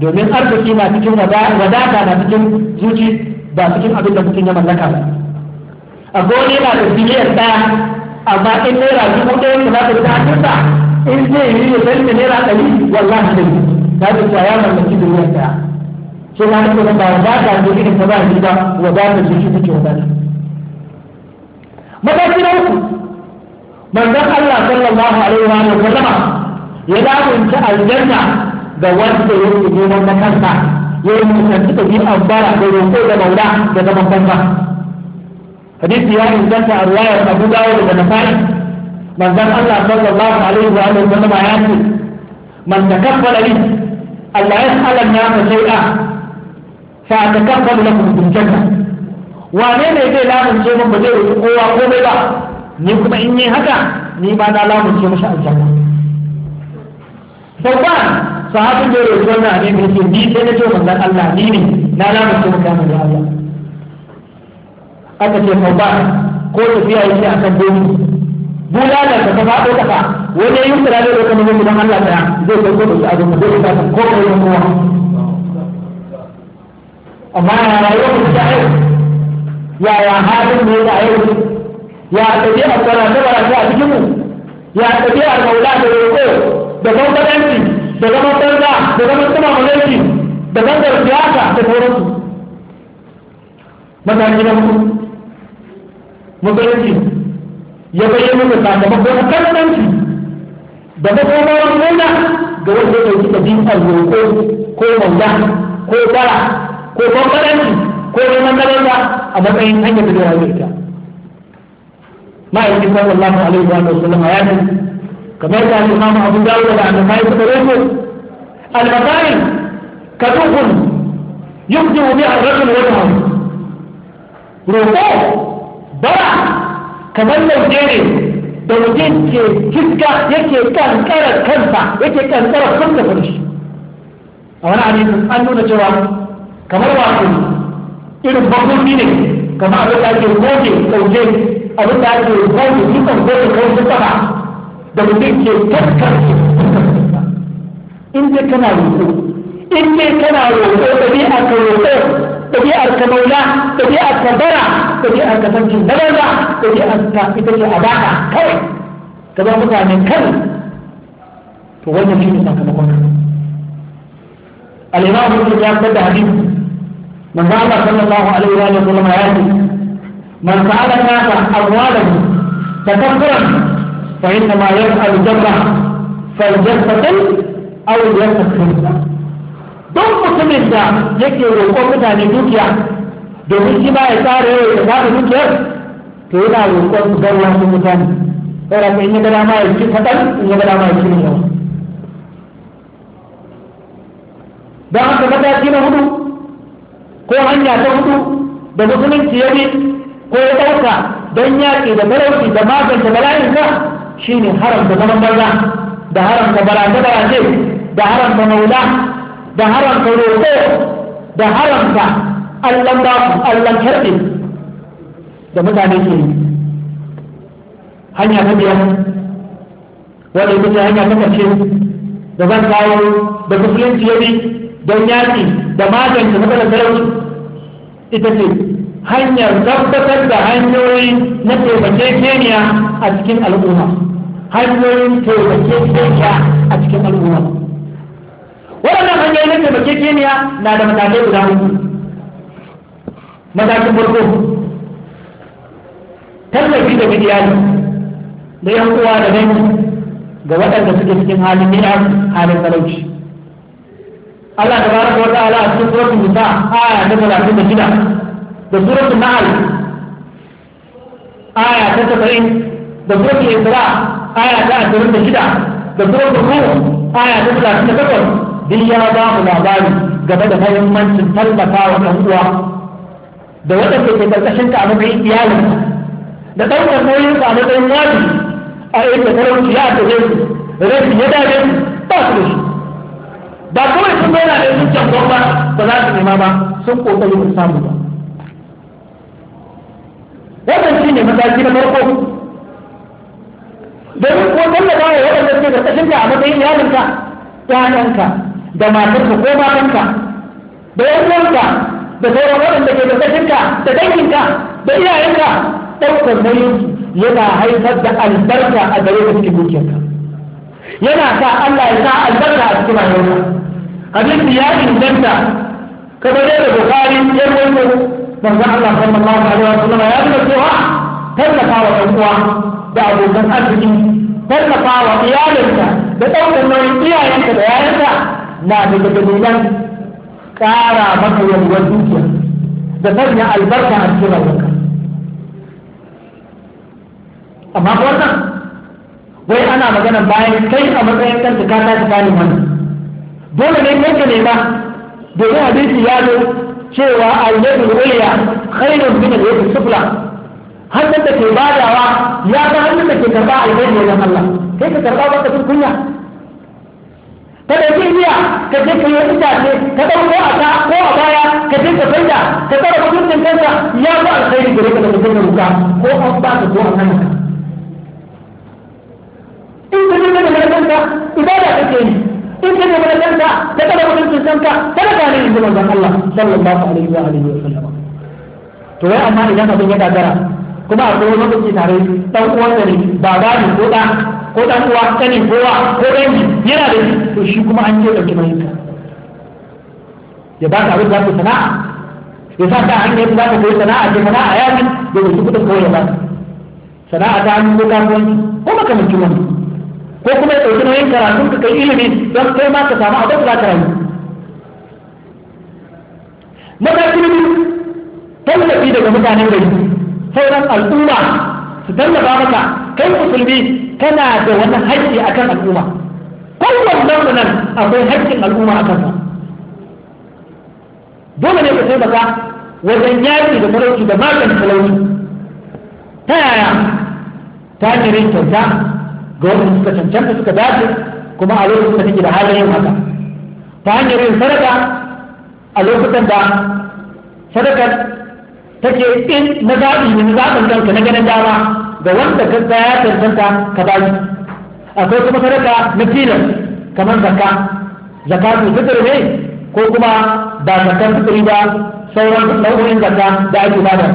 domin arziki na cikin wadata na cikin zuci ba cikin abin da mutum ya mallaka ba a gole na da biliyan ɗaya amma in naira dubu ɗaya da za ta ta hannunsa in zai yi ya zai da naira ɗari wallahi da ta ce ta ya mallaki biliyan ɗaya sai na da kuma ba wadata ne irin ta ba ni ba wadata zuci take wadata mataki na uku manzon Allah sallallahu alaihi wa sallam ya dawo in aljanna da wanda yake neman na kansa ya yi mutanci da an ambara da roƙo da maula da zaman banza hadisi ya inganta a ruwayar abu dawo da nasari manzon Allah sallallahu alaihi wa alihi wa ya ce man takaffala li Allah ya halan na ka shay'a fa na lakum bil janna wane ne zai lamunce mun ba zai roƙi kowa komai ba ni kuma in yi haka ni ba na lamunce sha'an aljanna babba sahabin da ya rubuta na abin da yake ni sai na ce manzon Allah ni ne na lamun ce maka manzon Allah aka ce babba ko tafiya yake akan doki bulala ta ta faɗo ta fa wani yin tsira da lokacin da manzon Allah ta zai kai ko da abin da zai ta ko kai da kowa amma ya rayuwar da yau ya halin da yau ya ɗabi'ar a ta bara ta a cikinmu ya a maula da roƙo da gwamnatanci da zaman banza da zaman sama magarki da zangar siyasa da sauransu mataki na hudu musulunci ya bayyana da sakamakon kasance da kuma wani nuna ga wanda ya ɗauki ɗabi'ar roƙo ko wanda ko bara ko bambaranci ko neman garanta a matsayin hanyar da zai ita ma'aikin sallallahu alaihi wa sallam ya ce كما قال الإمام أبو داود بعد ما يتبعه المسائل كتوف يقدم بها الرجل وجهه روحه برع كمان لو جاري دوجين كتكا يكي كان كارا كنسا يكي كان كارا خمسة فرش وانا عليم أنه نجوان كما هو عقل إنه بقول مينك كما أبدا يجي الموجي أبدا يجي الموجي يكون بقول خمسة فرش da mutum ke taskar in dai kana roƙo in dai kana roƙo ɗabi'ar ka roƙo ɗabi'ar ka maula ɗabi'ar ka bara ɗabi'ar ka san cin daraja ɗabi'ar ka ita ce abaka kawai ka zama mutanen kan to wannan shi ne sakamakon ka al-imam muslim ya fitar da hadisi manzo Allah sallallahu alaihi wa sallam ya ce man sa'ala nasa amwalahu takabburan Fa'in nama ayat al-jabah Fa'l-jabatun Awliyat al-jabah Tung muslimin dah Jika rukun kita ni dukia Demi siapa yang tarik Tidak ada dukia Kena rukun Zerlah sumutan Orang ini berama Iki fatal Ini berama Iki ni Dan kita kata Kina hudu Ko hanya Tung hudu Dan muslimin Siyadid Ko yata Dan nyaki Dan merauki Dan maafin Dan malayin ne haramta zaman banza da haramta barace-barace da haramta maula da haramta roƙo da haramta allon baku allon karfe da mutane ke yi hanya ta biyar wadda ita ce hanya ta da zan kawo da musulunci ya bi don yaƙi da magance matsalar talauci ita ce hanyar tabbatar da hanyoyi na taimakekeniya a cikin al'umma hanyoyin taimakekeniya a cikin al'umma waɗannan hanyoyin taimakekeniya na da matakai guda hudu matakin farko tallafi daga iyali da yan uwa da dangi ga waɗanda suke cikin halin nira halin talauci Allah da baraka ko ta'ala a cikin suratul nisa aya ta 36 da suratul nahl aya ta 70 da suratul isra aya ta ashirin da shida da suratul ruh aya ta talatin da takwas duk ya ba mu labari game da muhimmancin tallafa wa ɗan uwa da waɗanda ke ƙarƙashin ka a matsayin iyalin da ɗaukar nauyin ka a matsayin wajibi a inda talauci ya tafe su rashi ya dame su ba su da shi ba kawai sun zauna da sun can ba ba za su nema ba sun ƙoƙari ba samu ba wannan shi ne mataki na farko domin ko tallafa wa waɗanda suke karkashin ka a matsayin yalinka ƴaƴanka da matarka ko matanka da ƴan da sauran waɗanda ke karkashin ka da danginka da iyayenka ɗaukar nauyinsu yana haifar da albarka a gare ka cikin dukiyarka yana sa Allah ya sa albarka a cikin rayuwarka hadisi ya inganta kamar yadda Bukhari ya rawaito manzo Allah sallallahu alaihi wa ya nuna cewa tallafa wa ɗan uwa da abokan arziki tallafa wa iyalinka da ɗaukar nauyin iyayenka da yayanka na daga dalilan ƙara maka yalwar dukiya da sanya albarka a cikin rayuwarka amma wannan wai ana magana bayan kai a matsayin kanka ka tashi kanin wannan dole ne kanka ne ba domin hadisi ya zo cewa al-yadu al-ulya khairun min al-yadu sufla hannun da ke badawa ya ga hannun da ke karba alkhairi wajen Allah kai ka karba baka cikin kunya ka ɗauki iya ka je ka yi itace ka ɗauko a ta ko a baya ka je ka saida ka tsara mutuncin kanka ya ga alkhairi gare ka da mutum da ruka ko an ba ka ko an hana ka in ka je ka da kanka ibada kake yi in ka je ka da kanka ka tsara mutuncin kanka kada ka ne inda manzon Allah sallallahu alaihi wa alihi wa sallam to wai amma idan abin ya gagara kuma a kowa mafi tare dan uwansa ne baba ne ko ɗan ko ɗan uwa sani kowa ko dangi yana da shi to shi kuma an ce ɗauki mai ya ba ka abin da ku sana'a ya sa ta hanyar da za ka koyi sana'a ke sana'a ya fi da wasu kudin kawai ya ba sana'a ta hannu ko kasuwanci ko makamancin wani ko kuma ya ɗauki nauyin karatun ka kai ilimi don kai ma ka samu abin da za ka rayu mataki na biyu tallafi daga mutanen gari sauran al'umma su tallaba maka kai musulmi kana da wani haƙƙi akan al'umma kowanne nan akwai haƙƙin al'umma akan sa dole ne ka taimaka wajen yaƙi da talauci da magance talauci ta yaya ta hanyar kyauta ga wanda suka cancanta suka dace kuma a lokacin da take da halin yin haka ta hanyar yin sadaka a lokutan da sadakar take in na zaɓi ne na zaɓin kanka na ganin dama ga wanda ka ya tantanta ka bayi akwai kuma sadaka na tilas kamar zakka zakka su fitar ne ko kuma ba zakkan fitar ba sauran nau'o'in zakka da ake bada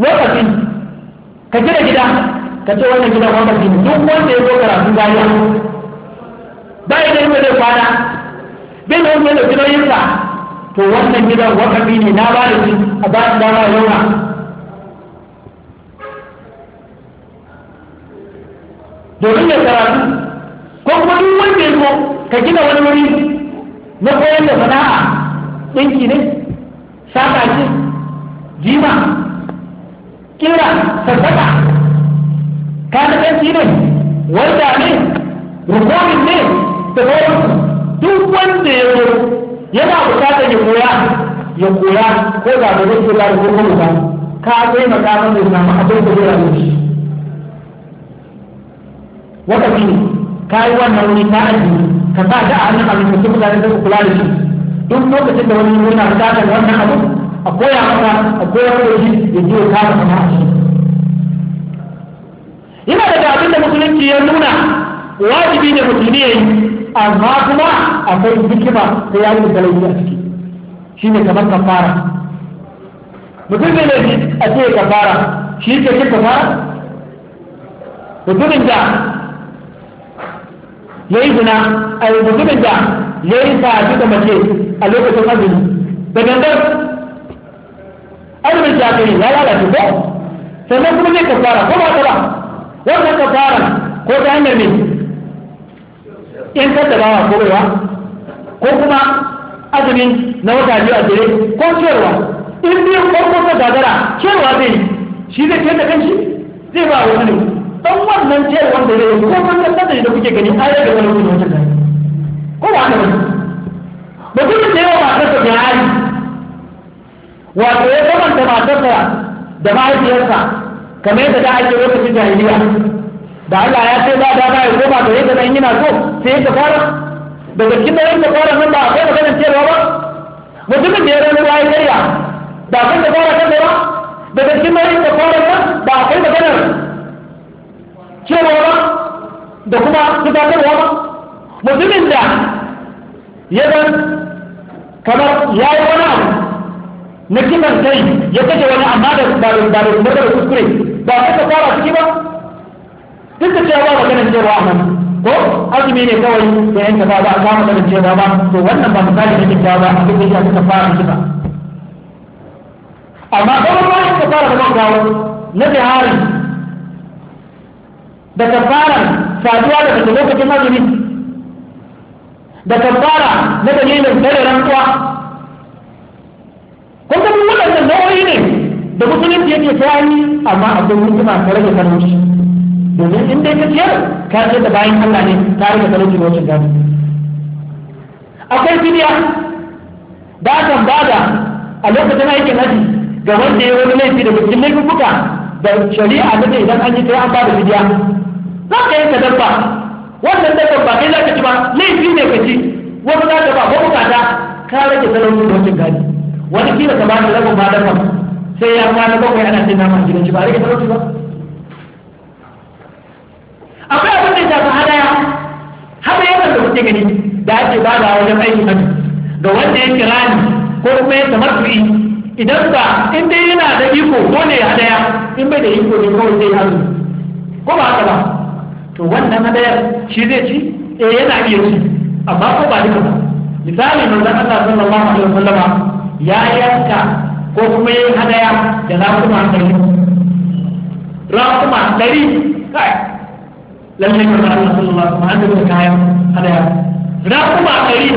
lokacin ka gina gida ka ce wannan gidan wannan gini duk wanda ya zo karatu bayan bayan da zai kwana bai da wani da gidan yinsa to wannan gidan wakafi ne na ba da shi a ba dama domin da karatu ko kuma duk wanda ya zo ka gina wani wuri na koyar da sana'a ɗinki ne saƙa ce jima kira sassaka kanakanci ne wanda ne rukunin ne da wani duk wanda ya zo yana bukatar ya koya ya koya ko da da zai kula da kuma ba ka kai maka mun ma samu abin da zai shi wata ne ka yi wannan wani ka aji ka sa da a nan abin da mutane da kula da shi duk lokacin da wani yana bukatar wannan abu a koya maka a koya maka shi ya je ka kama shi yana daga abin da musulunci ya nuna wajibi ne musulmi ya yi amma kuma akwai hikima da ya yi talauci a ciki shi ne kamar kafara mutum ne ne a ce kafara shi ke cin kafara mutumin da ya yi zina a yi mutumin da ya yi sa da mace a lokacin azumi da gangar azumin jami'i ya lalace ko sannan kuma zai kafara ko ba ta ba wannan kafara ko ta hanyar ne in ka da bawa korewa ko kuma azumin na wata biyu a jere ko cewa in biyu farko ta gagara cewa zai yi shi zai ce da kanshi zai ba wani don wannan cewa da zai ko kuma ka sadari da kuke gani ayar da wani wajen wata ko ba haka ba ba kuma da yawa matarsa da hali wato ya kamanta matarsa da mahaifiyarsa kamar yadda da ake lokacin jahiliya da Allah ya ce ba dama ya koma gare ta nan yana so sai ya fara daga cikin da ya fara nan ba akwai maganar cewa ba mutumin da ya rana ya yi karya Da akwai da fara kan ba daga cikin da ya fara nan ba akwai maganar cewa ba da kuma gudanarwa ba mutumin da ya zan kamar ya yi wani abu na kisan kai ya kashe wani amma da ba da kuskure Da akwai da fara ciki ba duk da cewa ba maganar cewa a nan ko azumi ne kawai da yanka ba ba a kama maganar cewa ba to wannan ba misali na kyakkyawa ba a da ya suka fara ba. amma kawai ba suka fara da gawo na bihari da kafaran saduwa daga lokacin azumi da kafara na dalilin tare rantsuwa kun ga waɗannan nau'o'i ne da musulunci yake tsari amma akwai hikima tare da talauci domin in dai ka ciyar ka ce da bayan Allah ne ka rika talauci wancan gani akwai fidiya da aka bada a lokacin aikin haji ga wanda ya wani laifi da laifin buka da shari'a ta ce idan an yi sai an bada fidiya za ka ka dabba wannan dabba ba kai za ka ci ba laifi ne ka ci wani za ka ba ko bukata ka rage talauci wancan gani wani kila ka ba da ba ma dabba sai ya kwana bakwai ana cin nama a gidan ci ba rage talauci ba akwai abin da shafi hadaya ya yana da mutum gani da ake ba da wajen aiki hajji ga wanda ya kira ni ko kuma ya yi idan ba in dai yana da iko ko ne hadaya in bai da iko ne kawai zai hazu ko ba haka ba to wannan hadaya shi zai ci eh yana iya ci amma ko ba duka ba misali manzon Allah sallallahu alaihi wasallama ya yanka ko kuma yin hadaya da rakuma ɗari rakuma ɗari kai lalle ka ba Allah sallallahu alaihi wasallam kayan hadaya da kuma kai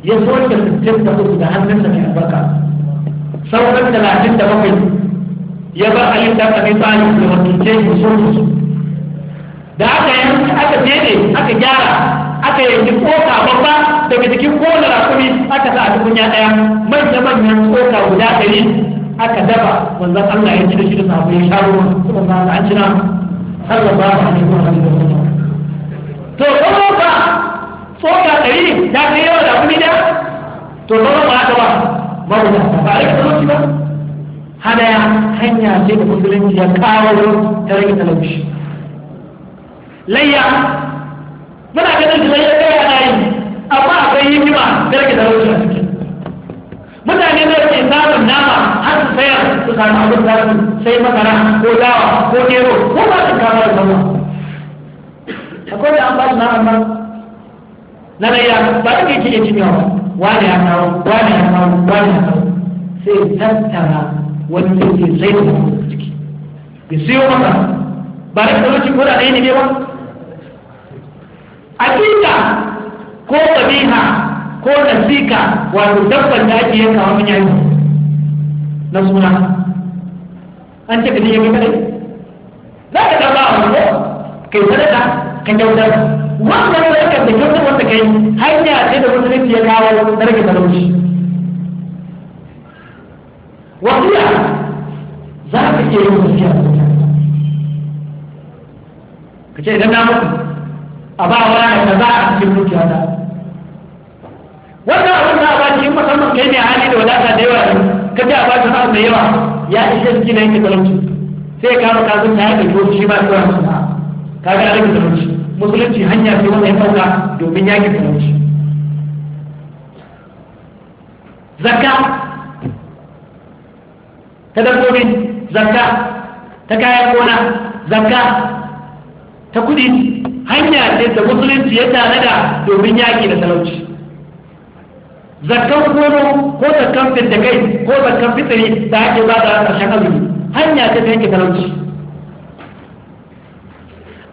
ya so da sittin da uku da hannun da mai albarka sauran talatin da bakwai ya ba Ali da Abi Talib da wakilce ke so su da aka yi aka jede aka gyara aka yanki koka babba daga jikin kowane rakumi aka sa a tukunya daya manya manyan koka guda ɗari aka dafa wanzan Allah ya ci da shi da sabu ya sha ruwa suka ba an ci ba sallallahu alaihi wa sallam to kuma ba tsoka ɗari ne ya kai yawa da kuma da to kuma ba ta ba mawuta ba a rike ba hadaya hanya ce da musulunci ya kawo ta rage talauci layya muna ganin da layya kai ana yi amma akwai hikima da rage talauci a ciki mutane zai ce samun nama har su sayar su samu abin da su sai masara ko dawa ko gero ko ba su kama da sama akwai da an ba su nama ba na rayya ba da yake cin yawa wani ya kawo wani ya kawo wani ya kawo sai tattara wani zai zai da ciki ya siyo masa ba da talauci ko da ɗaya ne ba a ko ƙabiha ko sika wato dabban da ake yanka wa manya na suna an ce ka ne yanka kadai za ka taba a wanda kai sadaka ka kyautar wannan sadakar da kyautar wanda kai hanya ce da musulunci ya kawo na rage talauci wasiya za ka iya yin wasiya ka ce idan na mutu a ba wa da za a cikin dukiya ta wanda abin da ba shi musamman kai ne hali da wadata da yawa ka ce a ba shi da yawa ya ishe jiki na yake talauci sai ka ba kazin ta yaka ko shi ma tsora su ka ga rage talauci musulunci hanya ce wanda ya fauka domin ke talauci zakka ta dabbobi zakka ta kayan gona zakka ta kudi hanya ce da musulunci ya tare da domin yaƙi da talauci zakkan kono ko zakkan fitakai ko zakkan fitari da ake ba da ƙarshen azumi hanya ta ta yake talauci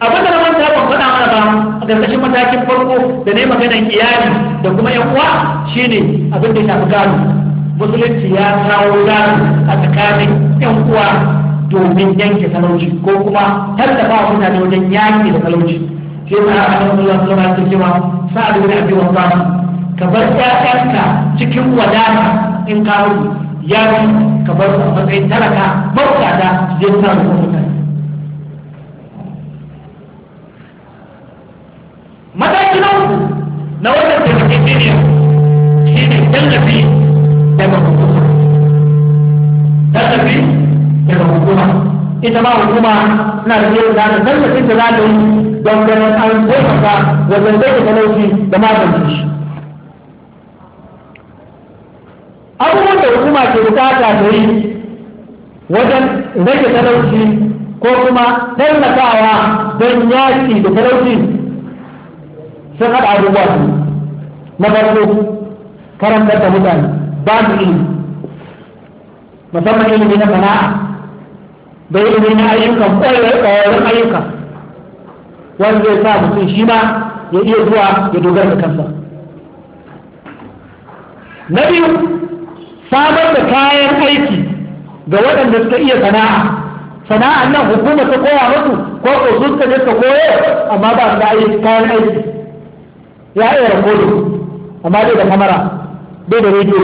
abin da ta ban faɗa mana ba a ƙarƙashin matakin farko da ne maganan iyali da kuma yan uwa shine abin da ya shafi gano. musulunci ya kawo gano a tsakanin yan uwa domin yanke talauci ko kuma tallafa mutane wajen yaƙi da talauci sai ma a kan sallallahu alaihi wasallam cewa ka bar ƴaƴanka cikin wadata in ka ya yaro ka bar a matsayin talaka bauta da je sa ruwa mutane mataki na uku na wannan taimakekeniya shi ne tallafi daga hukuma tallafi daga hukuma ita ma hukuma na da yau da tallafin da za ta yi don ganin an taimaka wajen zai talauci da magance shi abubuwan da hukuma ke bukata ta yi wajen rage talauci ko kuma taimakawa don yaki da talauci sun haɗa abubuwa su na farko karantar da mutane ba su yi musamman ilimi na sana'a da ilimi na ayyukan ƙwararrun ayyuka wanda zai sa mutum shi ma ya iya zuwa ya dogara da kansa na biyu samar da kayan aiki ga waɗanda suka iya sana'a sana'a nan hukuma ta koya musu ko ko sun ta ka koyo amma ba su da yi kayan aiki ya iya rakodo amma dai da kamara dai da rediyo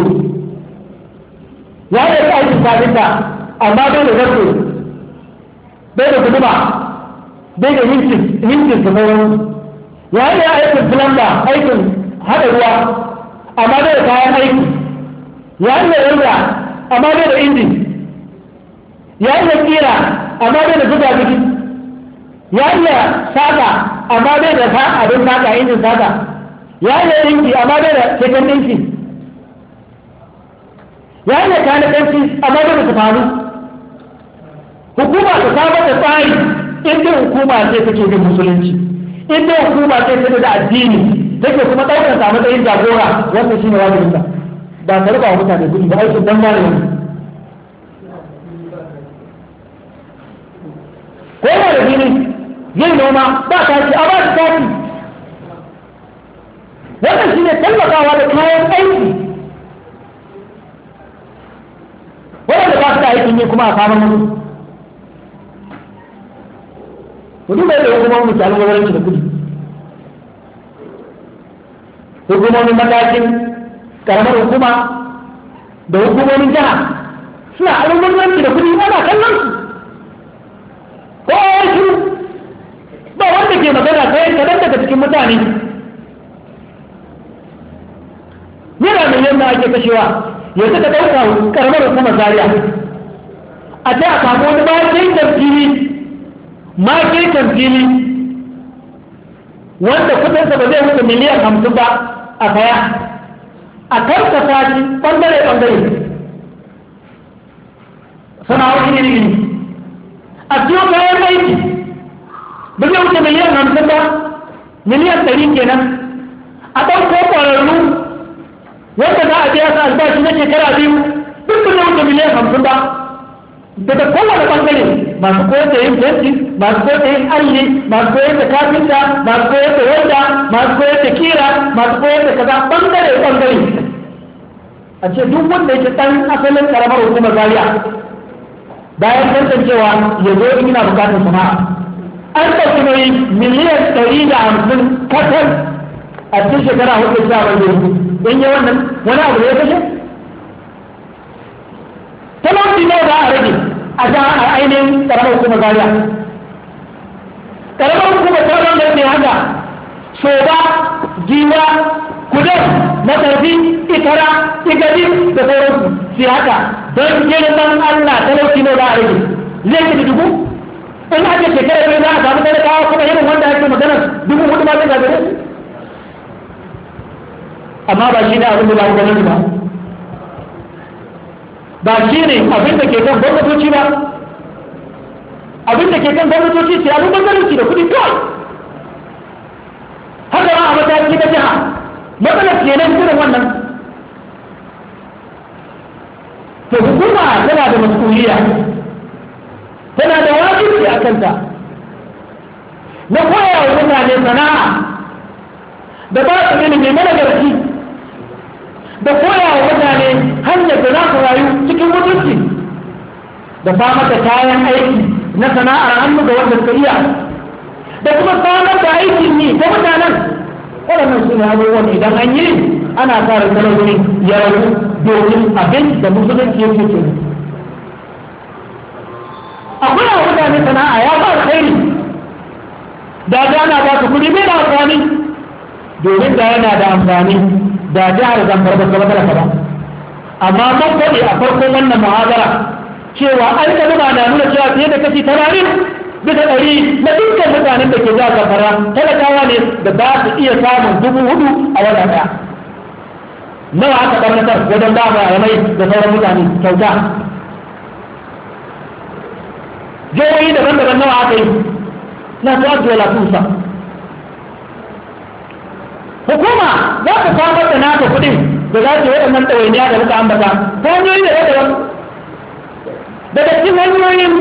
ya iya aikin kafinta amma dai da zarto dai da kuduma dai da hinkin su wani, ya iya aikin blanda aikin haɗa ruwa amma dai da kayan aiki ya iya yarda amma bai da injin ya iya tsira amma bai da zuba jiki ya iya saka amma bai da abin saka injin saka ya iya dinki amma bai da cikin dinki ya iya kanakanci amma bai da tufaru hukuma ta samar da tsari inda hukuma ce take da musulunci inda hukuma ce take da addini take kuma ɗaukar sa matsayin jagora wannan shine wajibinta ba ta raba mutane gudu ba aikin dan mara yanzu ko yana da fili zai noma ba taki a ba shi taki wannan shi ne tallafawa da kayan aiki waɗanda ba su da aikin ne kuma a kamar musu mutum bai da ya misalin wajen da kudi hukumomin matakin karamar hukuma da hukumomin jiha suna alumurmanci da kudi ana kallon su ko shiru ba wanda ke magana yi kadan daga cikin mutane yana da yadda ake kashewa ya suka ɗauka karamar hukuma zariya a ce a samu wani makin fili makin fili wanda kudinsa ba zai wuce miliyan hamsin ba a kaya. a karkata shi ɓangare ɓangare sana'o'i iri iri a siyo kayan aiki ba zai wuce miliyan hamsin ba miliyan ɗari kenan a ɗauko ƙwararru wanda za a biya sa albashi na shekara biyu duk ba zai wuce miliyan hamsin ba daga kowane bangare masu koyar da yin fenti masu koyar da yin alli masu koyar da kafinta masu koyar da wanda masu koyar da kira masu koyar da kaza bangare bangare a ce duk wanda yake dan asalin karamar hukumar zaria bayan tantancewa ya zo ina yana bukatar sana'a an ɗauki mai miliyan ɗari da hamsin kasar a cikin shekara hudu sha a in yi wannan wani abu da ya kashe talauci ne za a rage a ja a ainihin karamar hukumar zariya karamar hukumar ta zama mai hanga shoba giwa na matarfi ikara igadi da sauransu sai haka don girman allah talauci ne za a rage zai fi dubu in ake shekara bai za a samu talakawa kuma yin wanda ake magana dubu hudu ma zai gagare amma ba shi ne abin da ba ku ganin ba ba shi ne abin da ke kan gwamnatoci ba abin da ke kan gwamnatoci sai abin gwamnatoci da kuɗi kawai haka ma a mataki na jiha matsalar nan irin wannan to hukuma tana da masuliya tana da wajibi a kanta na koya wa mutane sana'a da ba su ilimi mana garki da koya wa mutane hanyar da za su rayu cikin mutunci da samar da kayan aiki na sana'ar hannu ga wanda suka iya da kuma samar da aikin ne ta mutanen waɗannan su ne abubuwan idan an yi ana fara ran ya rabu domin abin da musulunci ya ce A mutane sana'a ya ba alkhairi da gana ba su kuɗi mai da amfani domin da yana da amfani da jihar zamfara ba zama talaka ba amma mun faɗi a farkon wannan muhazara cewa an kalma na nuna cewa fiye da kashi tamanin bisa ɗari na dukkan mutanen da ke za zamfara talakawa ne da ba su iya samun dubu hudu a wata ɗaya nawa aka ɓarnatar wajen ba malamai da sauran mutane kyauta jihohi daban-daban nawa aka yi na tuwa tuwa latusa. hukuma za ta samar da naka kuɗin da za ta yi waɗannan ɗawainiya da muka ambata ta hanyoyi da yadda daga cikin hanyoyin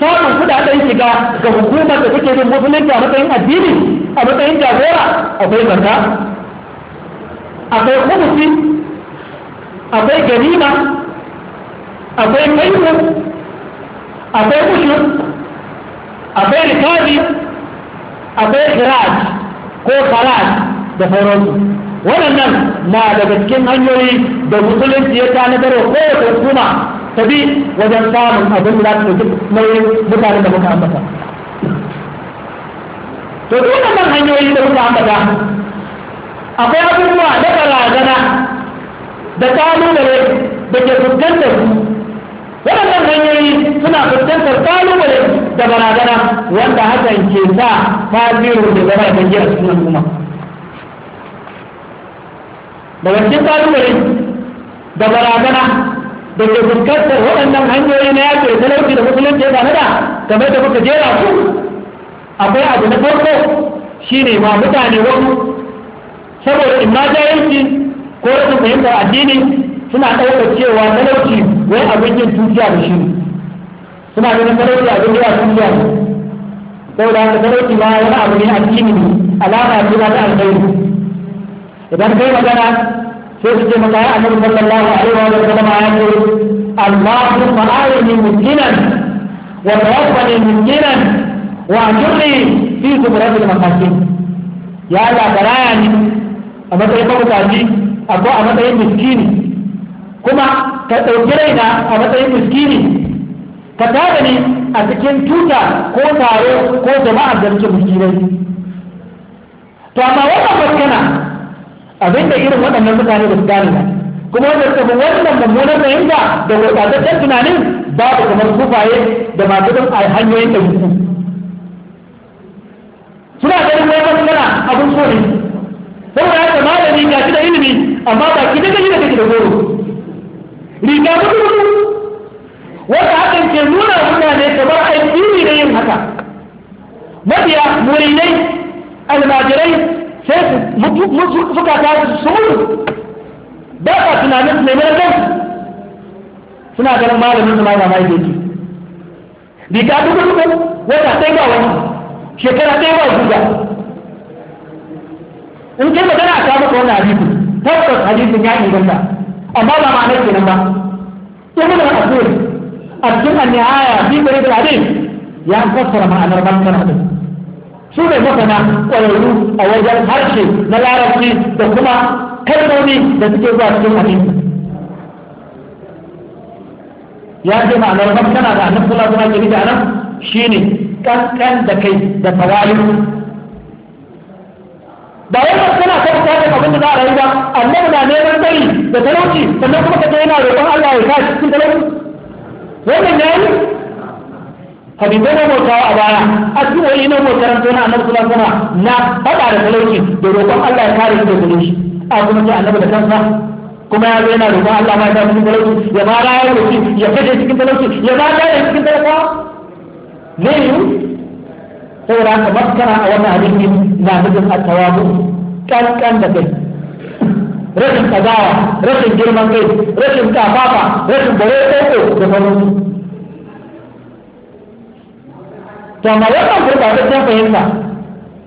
samun kuɗaɗen shiga ga hukumar da take bin musulunci a matsayin addini a matsayin jagora akwai zakka akwai kubusi akwai ganima akwai maimu akwai kushu akwai rikabi akwai kiraj ko faraj da sauransu waɗannan na daga cikin hanyoyi da musulunci ya tanadar wa kowace hukuma ta bi wajen samun abin da ta ta nauyin mutanen da muka ambata to duk wannan hanyoyi da muka ambata akwai abubuwa da barazana da kalubale da ke fuskantar su waɗannan hanyoyi suna fuskantar kalubale da barazana wanda hakan ke sa tasirin da zama da a cikin al'umma daga cikin kalubale da barazana da ke fuskantar waɗannan hanyoyi na yaƙi da talauci da musulunci ya zane da kamar da muka jera su akwai abu na farko shine ma mutane wasu saboda in ma ko wasu fahimtar addini suna ɗaukar cewa talauci wai abin yin tukiya da shi suna ganin talauci abin yin tukiya saboda haka talauci ma wani abu ne addini ne alama ce ta alkhairi idan kai magana sai su ce maka ya annabi sallallahu alaihi wa sallam ya ce Allahumma arini muskinan wa tawaffani muskinan wa ajurni fi kubratil masakin ya la karaya ni a matsayin mabukaci akwai a matsayin miskini kuma ka ɗauki raina a matsayin miskini ka tada ni a cikin tuta ko taro ko jama'a da muke miskinai to amma wannan maskana abinda irin waɗannan mutane da su gane ba kuma wanda suka fi wannan mummunan fahimta da gurɓataccen tunanin babu kamar kufaye da masu bin hanyoyin da suna ganin wai matsala abin so ne saboda haka malami ga shi da ilimi amma ba ki da gani da kake da goro riga mutu mutu wanda hakan ke nuna mutane kamar aiki ne yin haka mabiya murinai almajirai sai mutu suka kawo su sulu ba sa tunanin mai mai kan suna ganin malamin su mai mai yake bi ka duka duka wata sai ba wani shekara sai ba duka in kai magana a kawo maka wannan hadisi tabbas hadisin ya inganta amma ba ma'anar kenan ba ibn al-asir a cikin an-nihaya fi qarib al ya fassara ma'anar bakar hadisi su ne masana ƙwararru a wajen harshe na larabci da kuma kalmomi da suke zuwa cikin hadisi ya ce ma'anar maskana da annabi sallallahu alaihi wasallam da nan shine kankan da kai da tawali ba wai maskana ta ta da abin da za a rayu ba amma na neman bari da talauci sannan kuma ka yana roƙon Allah ya kashi cikin talauci wannan yayi hadisai na bautawa a baya addu'o'i na makarantar na tona a nasu lantana na faɗa da talauci da roƙon Allah ya kare shi da talauci a kuma ce annabi da kansa kuma ya zo yana roƙon Allah ma ya cikin talauci ya ma rayar da shi ya kaje cikin talauci ya ma rayar cikin talauci ne sai da aka maskara a wannan hadisi na nufin a tawabu kankan da kai rashin kazawa rashin girman kai rashin kafafa rashin bare ɗauko da sauransu to amma wannan gurɓataccen fahimta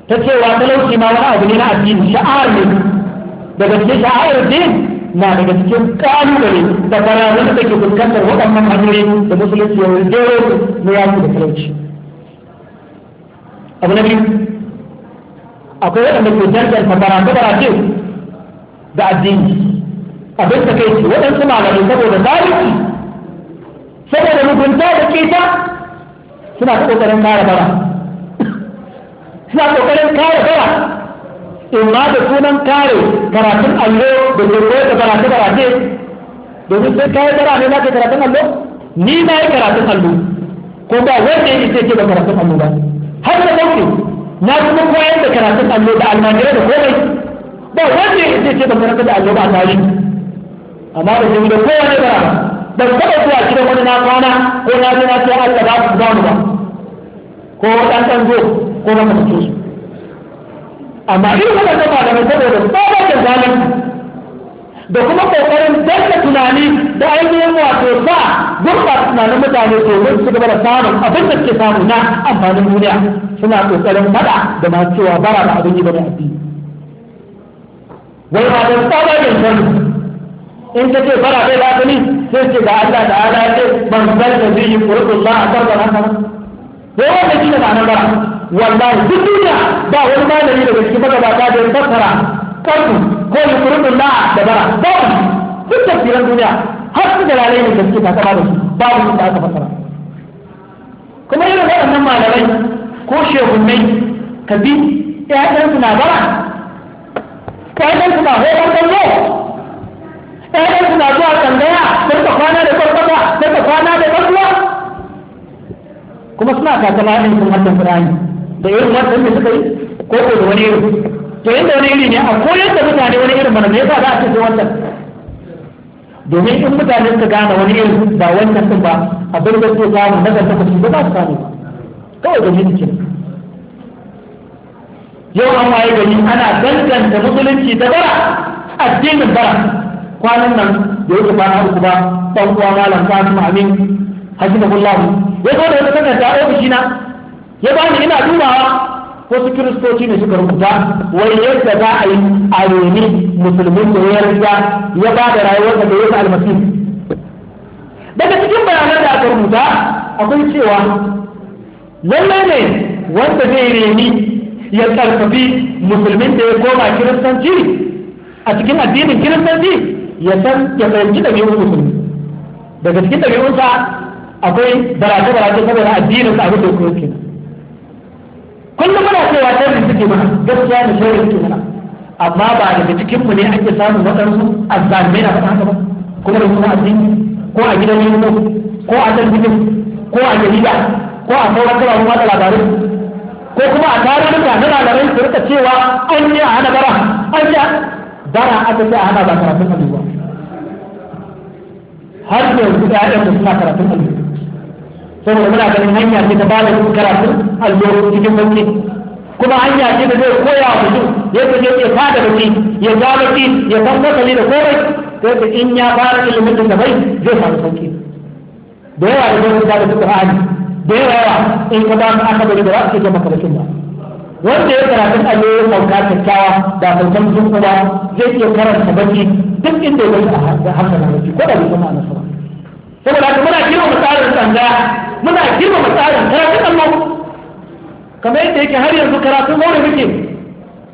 ta ce wa talauci ma wani abu ne na addini sha'ar ne daga cikin sha'ar din na daga cikin kalubale da barazan da take fuskantar waɗannan hanyoyi da musulunci ya wuce na yaku da talauci abu na biyu akwai waɗanda ke danganta barace barace da addini abin da kai waɗansu malamai saboda zalunci saboda mugunta da ke suna ta kokarin kare bara suna kokarin kare bara ma da sunan kare karatun allo da ke koyar da karatu karate domin sai kare bara ne na ke karatun allo ni ma yi karatun allo ko ba wanda ya ce ke da karatun allo ba har da ɗauke na kuma koyar da karatun allo da almajirai da komai ba wanda ya ce da karatun allo ba a tashi? amma da shi kowane bara ban taɓa zuwa cikin wani na kwana ko na je na ce Allah ba su ba mu ba ko ɗan ɗango ko makamancinsu amma irin da malamai saboda tsabagen zalunci da kuma ƙoƙarin danna tunani da ainihin wato sa gurɓata tunanin mutane domin su gaba da samun abin da suke samu na amfanin duniya suna kokarin fada da masu cewa bara da abin yi bane addini wai ma da tsabagen sani in ka ce fara bai latini sai ce ga Allah ta'ala ya ce ban zai da zai yi ƙurƙulla a karɓar haka ko wanda shi ne ma'anar bara wallahi duk duniya ba wani malami daga cikin magabata da ya fassara kanku ko yukurudun la'a da bara ba wani duk tafsiran duniya har su da lalai ne da suke takama da su babu inda aka fassara kuma irin waɗannan malamai ko shehunai ka bi ƴaƴansu na bara ƴaƴansu na horon kallo ƴaƴansu na zuwa tsangaya sun kwana da kuma suna takama ɗin sun hatta Qur'ani da irin wannan da suka yi ko ko da wani irin to yadda wani iri ne a koyar da mutane wani irin mana me yasa za a ce wannan domin in mutane suka gane wani irin ba wannan sun ba abin da suke samu na gaba ba ba su samu kawai domin ke yau an waye gani ana danganta musulunci da bara addinin bara kwanan nan da yake na uku ba ɗan uwa malam fatima amin hajjimahullahu ya kawo da wata takarda a ofishina ya ba ni ina dubawa wasu kiristoci ne suka rubuta wai yadda za a yi a reni musulmin da ya riga ya ba da rayuwarsa da yasa almasi. daga cikin bayanan da aka rubuta akwai cewa lallai ne wanda zai reni ya karfafi musulmin da ya koma kiristanci a cikin addinin kiristanci ya san ya fahimci ɗabi'un musulmi daga cikin ɗabi'unsa akwai barace barace saboda addinin sa abin da kuma ke kullum muna cewa sharri suke mana gaskiya da sharri suke mana amma ba daga cikin mu ne ake samun waɗansu azzalmai na faɗa haka ba kuma da kuma addini ko a gidan yanzu ko a talbijin ko a jarida ko a sauran kabarun watsa labarai ko kuma a tarurruka na labarai su rika cewa an yi a hana bara an yi bara aka ce a hana ba karatun ba. har yanzu ɗayan mu suna karatun alluwa saboda muna ganin hanya ce ta bada karatu allo cikin bacci kuma hanya ce da zai koya wa mutum yadda zai iya fada shi ya ga bacci ya san fasali da komai ko da in ya fara ilimin da bai zai samu sauki da yawa da zai fita da su Qur'ani da yawa in ka ba mu aka bari da wasu ke maka bacin ba wanda ya karatu allo ya sauka kyakkyawa da sun kuma zai iya karanta bacci duk inda ya bai a hankali bacci ko da bai zama a nasara saboda haka muna girma tsarin sanda muna girma tsarin karatun Allah kamar yadda yake har yanzu karatun zaune muke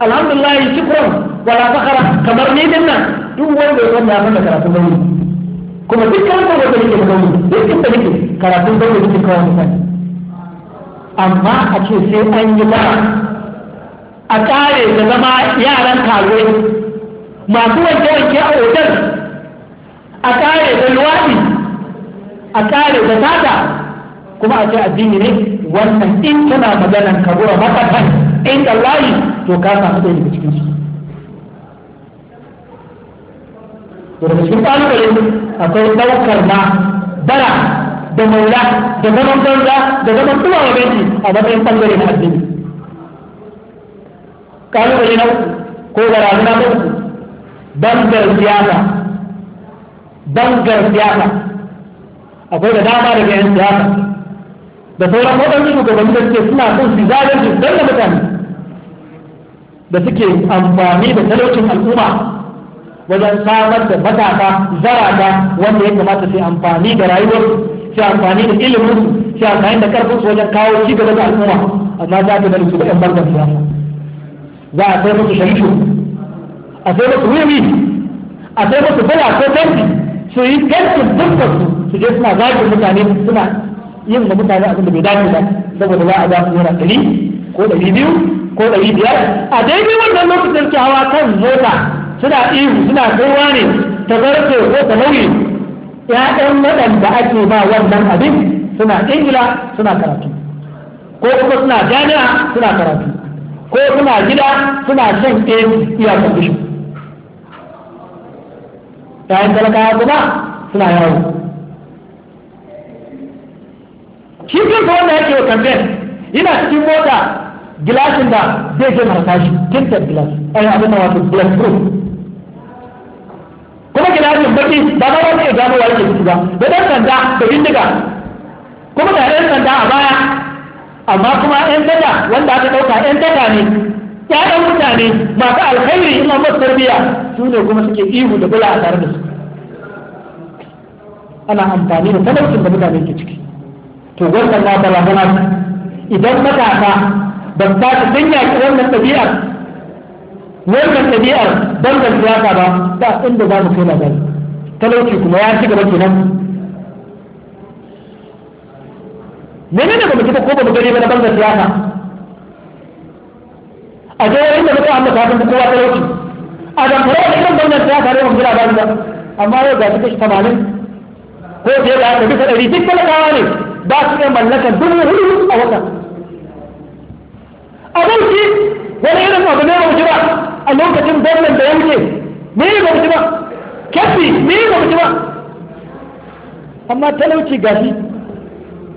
alhamdulillah shukran wala fakara kamar ni din nan duk wanda ya wanda mana fara karatun zaure kuma duk ko wanda yake zaure duk da yake karatun zaure yake kawo sai amma a ce sai an yi ba a kare da zama yaran kawo masu wanke-wanke a otal a kare da luwaɗi a kare da tata kuma a ce addini ne wannan in kana magana kabura kan in layi to ka samu da daga cikin su to daga cikin ƙalubale akwai ɗaukar ma bara da maula da zaman banza da zaman tuwa wa benci a matsayin ɓangare na addini ne na ko barazana na bangar siyasa bangar siyasa akwai da dama daga yan siyasa da sauran waɗansu shugabanni da suke suna son su zalunci don da mutane da suke amfani da talaucin al'umma wajen samar da matasa zarata wanda ya kamata su amfani da rayuwarsu su amfani da iliminsu su amfani da karfinsu wajen kawo ci gaba da al'umma amma za ta gani su da yan bangar siyasa za a sai musu shari'u a sai musu wuri a sai musu bala ko tanti su yi gantin dukkan su su je suna zagin mutane suna yin da mutane abin da bai dace ba saboda za a za su yana ɗari ko ɗari biyu ko ɗari biyar a daidai wannan lokacin ke hawa kan mota suna ihu suna kowa ne ta zarce ko ta nauyi ‘ya'yan waɗanda ake ba wannan abin suna ingila suna karatu ko kuma suna jami'a suna karatu ko suna gida suna shan ɗaya iya kwamfishin yayin talakawa kuma suna yawo shi kansa wanda yake wa campaign yana cikin mota gilashin da zai je marasa shi tinted glass ayi abin da wato glass proof kuma gilashin baki ba ma wani ya gano wa yake ciki ba da ɗan sanda da bindiga kuma da ɗan sanda a baya amma kuma 'yan daga wanda aka ɗauka 'yan daga ne ƴaƴan mutane masu alkhairi ina masu tarbiyya su ne kuma suke ihu da bula a tare da su ana amfani da talaucin da mutane ke ciki to wannan na barazana idan matasa ba ta ta sanya ki wannan ɗabi'ar wannan ɗabi'ar bangar siyasa ba ba inda za mu kai labari talauci kuma ya ci gaba kenan menene ba mu kita ko ba mu gani ba na bangar siyasa a jihohin da suka amma ta kowa talauci a zamfara wani irin gwamnati ya tare mun gida ba ba amma yau ga kashi tamanin ko fiye da haka bisa ɗari duk talakawa ne ba su iya mallakar dubu hudu a wata abinci wani irin abu ne mu ji ba a lokacin gwamnan da ya wuce me ne ba ba kefi me ne ji ba amma talauci gashi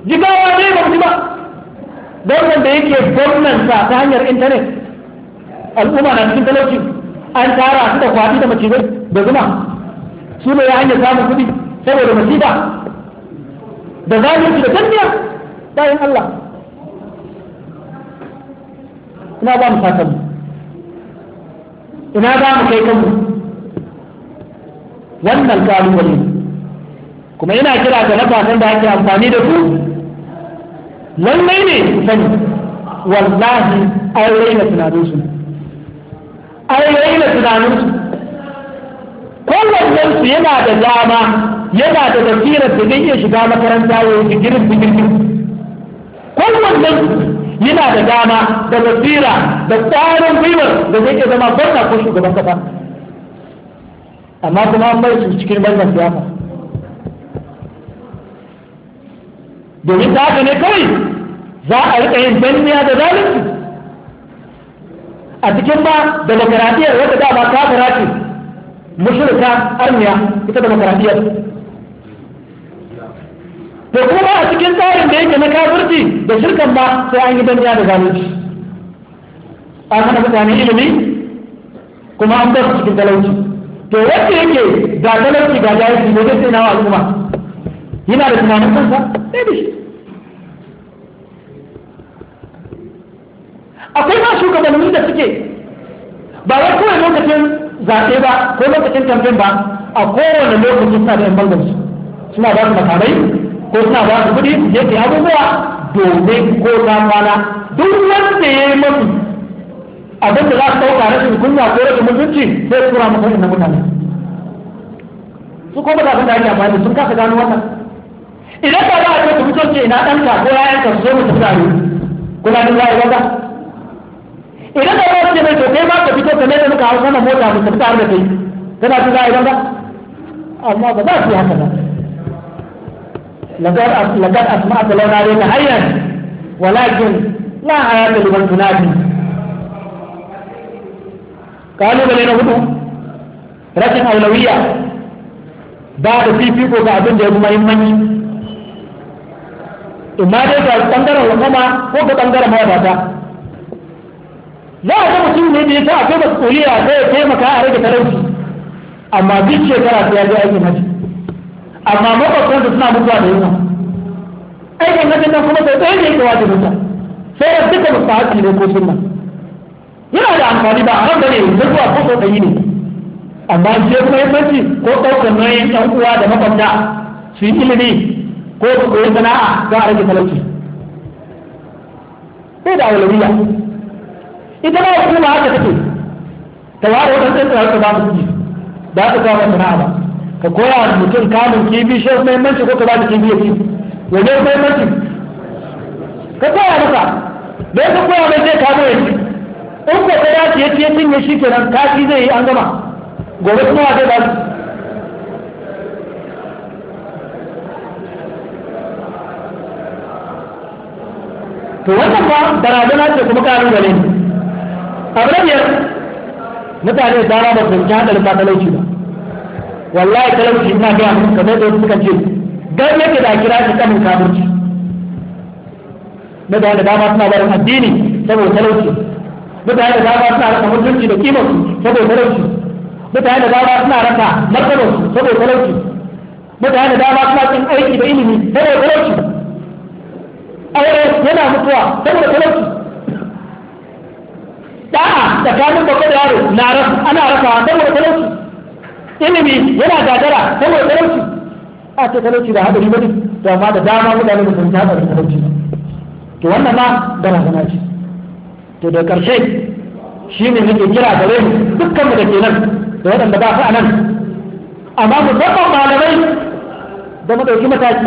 jigawa ne mu ji ba gwamnan da yake gwamnan sa ta hanyar intanet al'umma na cikin talauci an tara su da kwati da macizai da zuma su ne ya hanyar samun kuɗi saboda masifa da zalunci da tanniya bayan Allah ina ba mu fata mu ina za mu kai kanmu wannan kalubale kuma ina kira ga matasan da ake amfani da su lallai ne sani wallahi an raina tunaninsu an na tunaninsu kowannen su yana da dama yana da basirar da zai iya shiga makaranta ya yi digirin digirin kowannen yana da dama da basira da tsarin gwiwar da zai iya zama gwamna ko shugaban kasa amma kuma an bai su cikin wannan siyasa domin ta haka ne kawai za a riƙa yin danniya da zalunci a cikin ba demokaradiyar wata dama ta karatu mushrika armiya ita demokaradiyar da kuma a cikin tsarin da yake na kafirci da shirkan ba sai an yi danja da zalunci an hana mutane ilimi kuma an bar cikin talauci to wacce yake ga talauci ga jahilci ne zai sai nawa al'umma yana da tunanin kansa sai da shi akwai ma shugabannin da suke ba wai kawai lokacin zaɓe ba ko lokacin kamfen ba a kowane lokaci suna da 'yan bangarsu suna ba su makamai ko suna ba su kuɗi su je su abubuwa domin ko ta kwana duk wanda ya yi masu abin da za su ɗauka rashin kunya ko rashin mutunci sai tura masa inda mutane su ko matakan da ake amfani sun kasa gano wannan idan ba za a ce ku mutunci ina ɗanka ko ya yanka su zo mu tafi da ku kuna jin za a yi wata idan da yawan ce mai to kai ba ka fito ka mai da muka hausa na mota mu tafi tare da kai kana ci za a idan ba amma ba za su yi haka ba لقد أسمعت لو ناديت حيا ولكن لا حياة لمن تنادي قالوا بل هدو rashin aulawiya ba da fifiko ga abin da ya kuma yin manyi imma dai ga ɓangaren hukuma ko ga ɓangaren mawabata za a ga mutum ne da ya sa akwai masuliya zai ya taimaka a rage talauci amma duk shekara ta ya je aikin haji amma makwabtan da suna mutuwa da yunwa aikin haji nan kuma sai tsaye ne yake wajen mutuwa sai da duka haji ne ko sunna yana da amfani ba a ran bane zuwa ko sau tsayi ne amma shi ya muhimmanci ko ɗaukar nauyin ɗan uwa da makwabta su yi ilimi ko su koyi sana'a za a rage talauci sai da aulawiya ita ba hukuma haka take ta ware wata tsaye tsara ta ba su ji ba ta kawo sana'a ba ka koya wa mutum kamun kibi shi muhimmanci ko ka ba da kibi ya kifi wajen muhimmanci ka koya masa don ka koya mai zai kamo ya ci in ko ka dace ya ci ya cinye shi kenan ka ci zai yi an gama gobe kuma zai ba su to wannan ba barazana ce kuma ƙalubale ne abu na biyar mutane da dama ba su fahimci hadarin ba talauci ba wallahi talauci ina gaya musu kamar da suka ce dan yake da kira shi kamun kafirci mutane da dama suna barin addini saboda talauci mutane da dama suna rasa mutunci da kimar saboda talauci mutane da dama suna rasa martabar saboda talauci mutane da dama suna cin aiki da ilimi saboda talauci aure yana mutuwa saboda talauci da'a tsakanin babba da yaro na rasa ana rasawa saboda talauci ilimi yana gagara saboda talauci a ce talauci da hadari bane to amma da dama mutane da sun ta da talauci ba to wannan ma da razana ce to da ƙarshe shi ne nake kira gare dukkan mu da ke nan da waɗanda ba su a nan amma musamman malamai da mu ɗauki mataki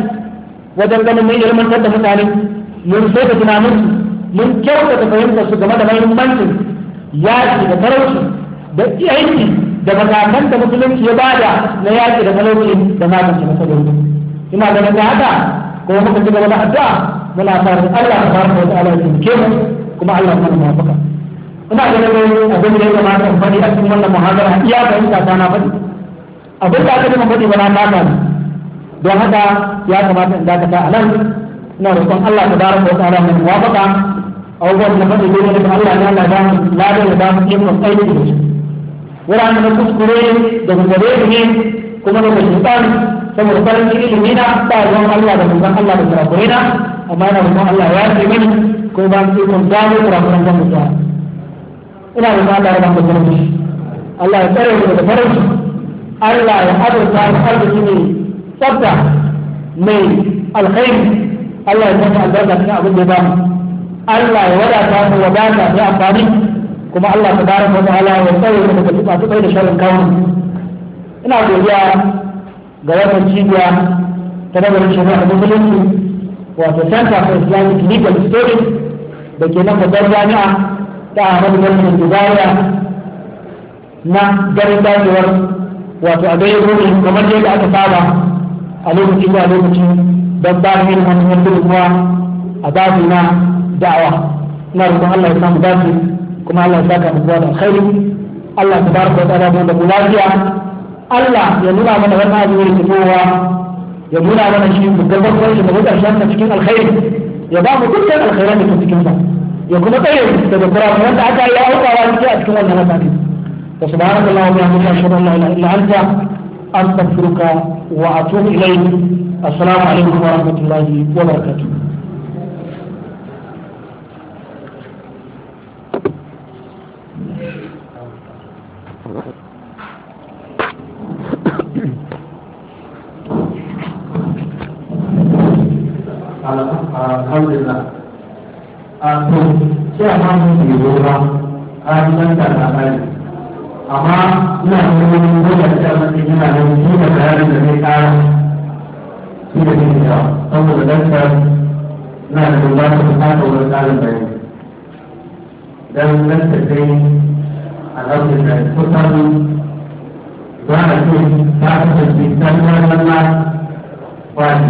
wajen ganin mun ilmantar da mutane mun so da tunaninsu mun kyautata fahimtar su game da mahimmancin yaƙi da talauci da aiki da matakan da musulunci ya bada na yaƙi da talauci da magance matsaloli ina ganin da haka kuma muka ci gaba da addu'a muna fatan Allah ta baraka wa ta'ala ya ke mu kuma Allah mana mafaka ina ganin dai abin da ya kamata in faɗi a cikin wannan muhadara iya fahimta ta na faɗi abin da aka ji mun faɗi ba na fata don haka ya kamata in dakata a nan ina roƙon Allah ta baraka wa ta'ala mai mafaka abubuwan da faɗi dole da Allah na na damu ladan da damu ke mun aiki da su wuraren na kuskure da gudare ne kuma da shaitan saboda farin ciki ilimi na ba ruwan Allah da manzon Allah da kurakure na amma yana roƙon Allah ya ce mini ko ba su kun dawo kurakuren da mutuwa ina da Allah ya ba mu sarki Allah ya tsare mu daga farin Allah ya azurta mu arziki ne tsafta mai alkhairi Allah ya sanya albarka cikin abin da ya ba mu Allah ya wadata mu wadata mai amfani kuma Allah ta bara mu ta'ala ya tsare mu daga tuba tuba da sharrin kawo ina godiya ga wannan cibiya ta nazarin shari'a da musulunci wato Center for Islamic Legal Studies da ke nan babbar jami'a ta Ahmadu Bello Dubaira na garin dajewar wato a gaya gobe kamar yadda aka saba a lokaci da lokaci don ba da yin wani wanda a babu na دعوة نرجو الله يسامح باتي كما الله يساك مبوانا خير الله تبارك وتعالى من الملاجئة الله يقول على من هذا هو الكتوبة يقول على من شيء مقدم خير من هذا الشأن تكين الخير يبام كل شيء الخير من تكينه يقول طيب تذكر من أنت أتى إلى أوقات لا تكين الله نفسك فسبحانك الله وبحمدك أشهد أن لا إله إلا أنت أستغفرك وأتوب إليك السلام عليكم ورحمة الله وبركاته alhamdulillah àtò tí a máa ń fi ìrora aláǹdà lábàáyé àmọ́ ní àwọn ọmọ ọmọ ọmọ tí a máa ti ní àwọn ọmọ ọmọ ọmọ ọmọ ọmọ ọmọ ọmọ sí ẹni ìjà ọmọ ìdẹ́sẹ̀ náà ló bá tó bá tó lọ sáré bẹ̀rẹ̀ lẹ́nu lẹ́sẹ̀ pé aláǹdà tó sáré gbọ́dọ̀ tó bá tó ti sáré lọ́lá wáyé.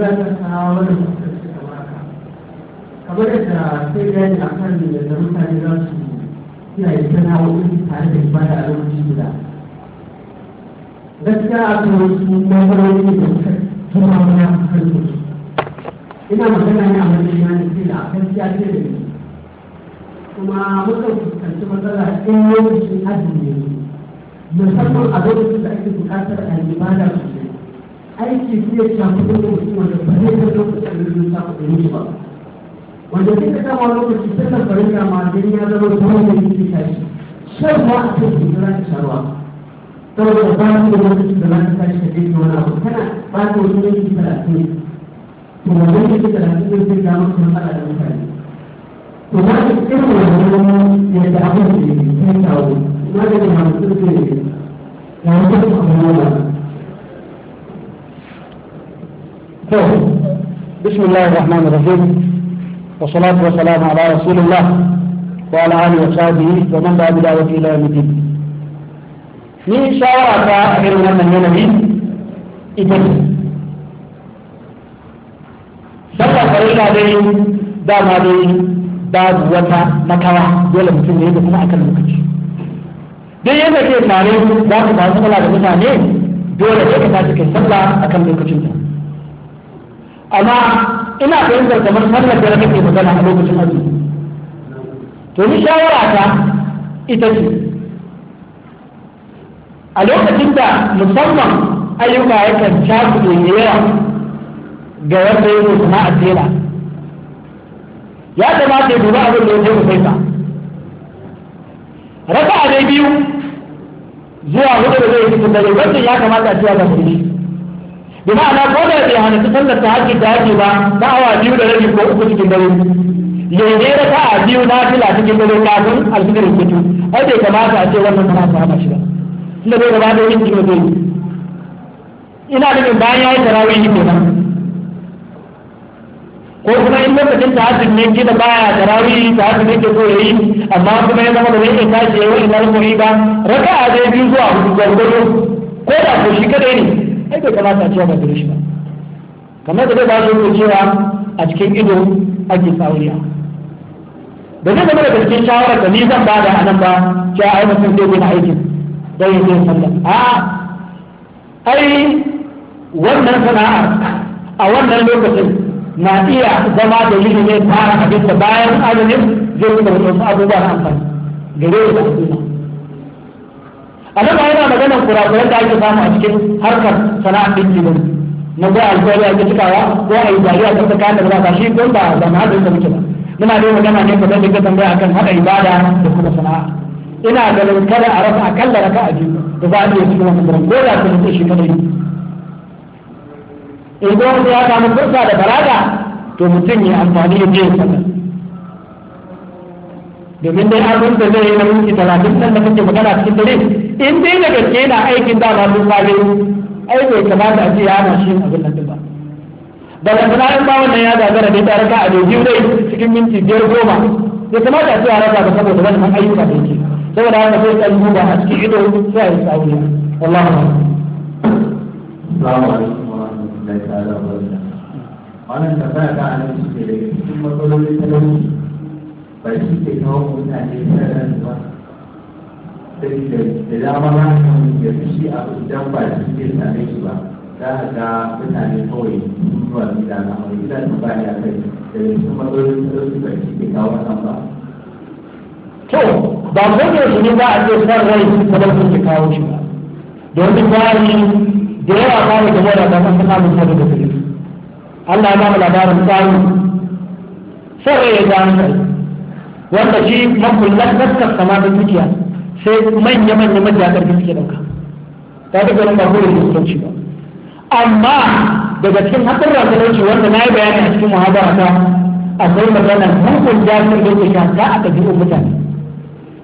maganar ta wani mutum suka kamar yadda sai gani a kan da mutane za su kiyaye sana'o'i tare da ibada a lokaci guda gaskiya a kan wasu mamarori da suka tuma mana kan su ina magana ne a wani yana ce da akan siya ce da ni kuma mukan fuskanci matsala in lokacin azumi ne musamman a lokacin da ake buƙatar a ibada sosai aiki zai shafi lokacin wanda ba zai ga lokacin da zai shafi ɗari ba wanda duk da kama lokaci sannan bari na ma gani ya zama kuma da yake tashi shan ma a kan ke zara ta sharuwa saboda ba su da lokacin da za ta tashi da ɗari wani abu kana ba ta wani yanki talatin to wannan yanki talatin ne zai ga maka matsala da mutane to ba ta irin wannan yadda abin da ya ke kawo na da ne masu tsirrai ne ya wajen abubuwa بسم الله الرحمن الرحيم والصلاة والسلام على رسول الله وعلى آله وصحبه ومن دعا بدعوته إلى يوم الدين ni shawara ta a irin wannan yanayi ita ce sallar farilla dai dama dai babu wata makawa dole mutum ne da kuma akan lokaci duk yadda ke tare za ka samu matsala da mutane dole sai ka tashi kai sallah akan lokacin ta amma ina fahimtar kamar sallar da kake magana a lokacin azumi to ni shawara ta ita ce a lokacin da musamman ayyuka yakan cakuɗe da yawa ga wanda ya zo a tela ya kamata ya duba abin da ya je musaita raka a biyu zuwa hudu da zai yi cikin dare ya kamata a cewa da shi bi ma'ana ko da bai hana sallar tahajjud da ake ba na awa biyu da rabi ko uku cikin dare yanzu da ta a biyu na fila cikin dare kafin alfitar kudu ai bai kamata a ce wannan tana ta hana shi ba tunda bai gaba da yin kima zai ina nufin bayan ya yi tarawih ne kenan ko kuma in lokacin ta hajjud ne kila baya tarawih ta hajjud ne ke so ya yi amma kuma ya zama da zai tashi ya yi wani narkoyi ba raka'a zai biyu zuwa hudu gwargwaro ko da ko shi kadai ne ai bai kamata a cewa ba gare shi ba kamar da zai ba su cewa a cikin ido ake sauriya da zai zama da gaske shawarar da ni zan bada a nan ba cewa ai mutum zai gina aikin don yin zai sallah a ai wannan sana'ar a wannan lokacin na iya zama da yi ne fara abin da bayan azumin zai da wasu abubuwa na amfani gare da al'umma a nan yana maganar kurakuran da ake samu a cikin harkar sana'ar ɗinki ne na ko alkawari ake cikawa ko a yi zariya ta kayan da ba shi ko ba da mahadin da muke ba muna dai magana ne kamar da tambaya akan haɗa ibada da kuma sana'a ina ganin kada a rasa akalla raka a biyu da za a iya cikin wannan gurin ko da sun ce shi kadai idan wani ya samu fursa da baraga to mutum ya amfani da jiya sallah domin dai abin da zai yi na minti talatin nan da kake magana cikin dare in dai da gaske na aikin da ba sun fare ai bai kamata a ce ya na shi abin nan ba da da sana in ba wannan ya gagara da ta raka a dogi dai cikin minti biyar goma ya kamata a ce ya raka ba saboda wani man ayyuka da yake saboda haka sai ka yi ba a cikin ido sai a yi tsawiya wallahi assalamu alaikum wa rahmatullahi ta'ala wa barakatuh wannan tambaya ta anan suke da cikin matsalolin talauci ba shi ke kawo mutane sararwa sabida da dama ba a kan ya fi shi abu idan ba shi shi ba za a ga mutane kawai zuwa gida na mai gida su ba ya kai daga cikin matsalolin ba shi ke nan ba. to ba kodin su ne ba a ce san rai sararwa ke kawo shi ba domin bari da yawa ba da game da kamar suna da su Allah ya ba mu labarin tsari sarrai ya ga wanda shi makullan daskar sama da dukiya sai manya manya majiya karfi suke dauka ta ga ganin babu da musulunci ba amma daga cikin haɗurra talauci wanda na yi bayani a cikin muhabara ta akwai magana hukun jami'in da ke shaka a ɗabi'un mutane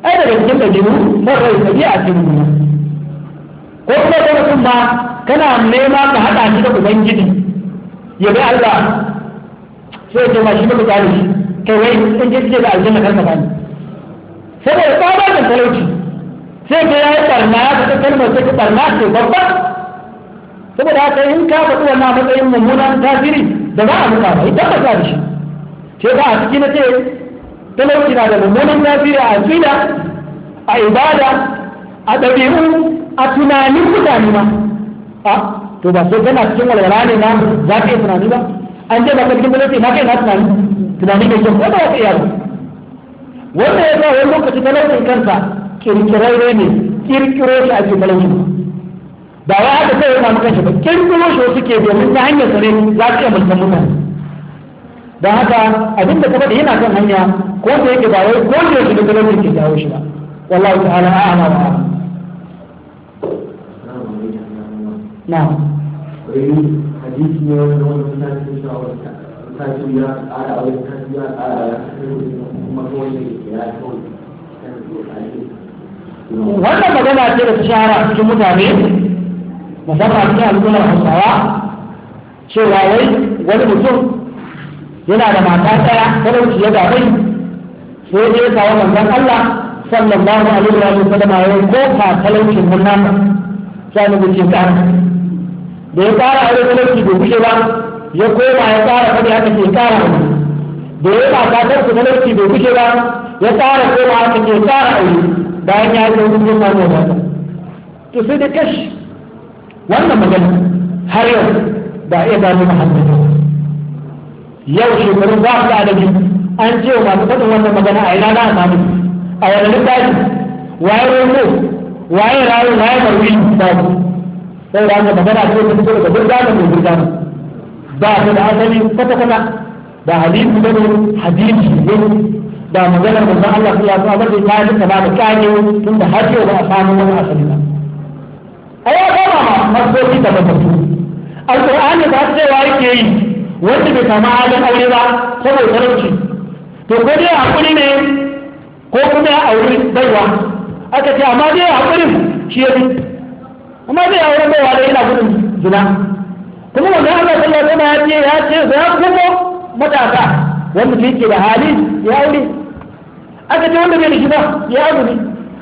ai daga cikin ɗabi'u son rai ɗabi'a a cikin duniya ko kuma ta mutum ma kana nema ka haɗa shi da ubangiji ya bi Allah sai ya ce ma shi ba ka shi kai wai in ji suke da aljanna karka bani saboda tsabarin talauci sai ka yi barna ya fita kalmar sai ka barna ce babba saboda haka in ka faɗi wannan matsayin mummunan tasiri da za a muka bai tabbata da shi ce ba a ciki na ce talauci na da mummunan tasiri a aƙida a ibada a ɗabi'u a tunanin mutane ma a to ba so kana cikin walwala ne na za ka yi tunani ba an je ba ka cikin talauci na kai na tunani tunani mai kyau wanda wata yaro wanda ya sa wani lokaci talaucin kansa kirkirarre ne kirkiro shi ake talaucin ba wai haka sai ya samu kanshi ba kirkiro shi wasu ke domin ta hanyar sa ne za su iya mulkan mutane don haka abin da kuma da yana kan hanya ko da yake ba wai ko da yake da talaucin ke jawo shi ba wallahu ta'ala a'ana wa a'ana na'am hadisi ne wanda wani mutane sun sha wani ya a ya ya kuma kawai wannan magana ce da ta shahara a cikin mutane musamman a cikin al'ummar hausawa cewa wai wani mutum yana da mata ɗaya talauci ya gabai sai dai ɗaya kawo manzon Allah sallallahu alaihi wa sallam ya ko ka talaucin mun nasa sai mu ce ka da ya fara a wani talauci bai kushe ba ya koma ya tsara kada aka ke tsara ne da ya ba ta kansu na lokaci bai kuke ba ya tsara koma aka ke tsara ne bayan ya yi wani kuma ne ba to sai da kashi wannan magana har yau ba iya gano muhammadu yau shekarun ba su da an ce wa masu faɗin wannan magana a ina na a samu a wani littafi waye rogo waye rayu waye marwi ba su sai da magana ce ta fito daga burgana mai burgana ba ta da asali kwata kwata ba hadisi bane hadisi ne ba maganar manzon Allah sallallahu a wasallam ta yi kama da kare tunda har yau ba a samu wani asali ba a ya kama masoki da babu alqur'ani ba wa yake yi wanda bai kama halin aure ba saboda talauci to ko dai hakuri ne ko kuma ya auri baiwa aka ce amma dai hakurin shi ya fi amma dai auren baiwa da ina gudun zina kuma wanda Allah sallallahu alaihi wasallam ya ce ya ce za kuma matasa wanda shi ke da hali ya aure aka ce wanda bai da shi ba ya azumi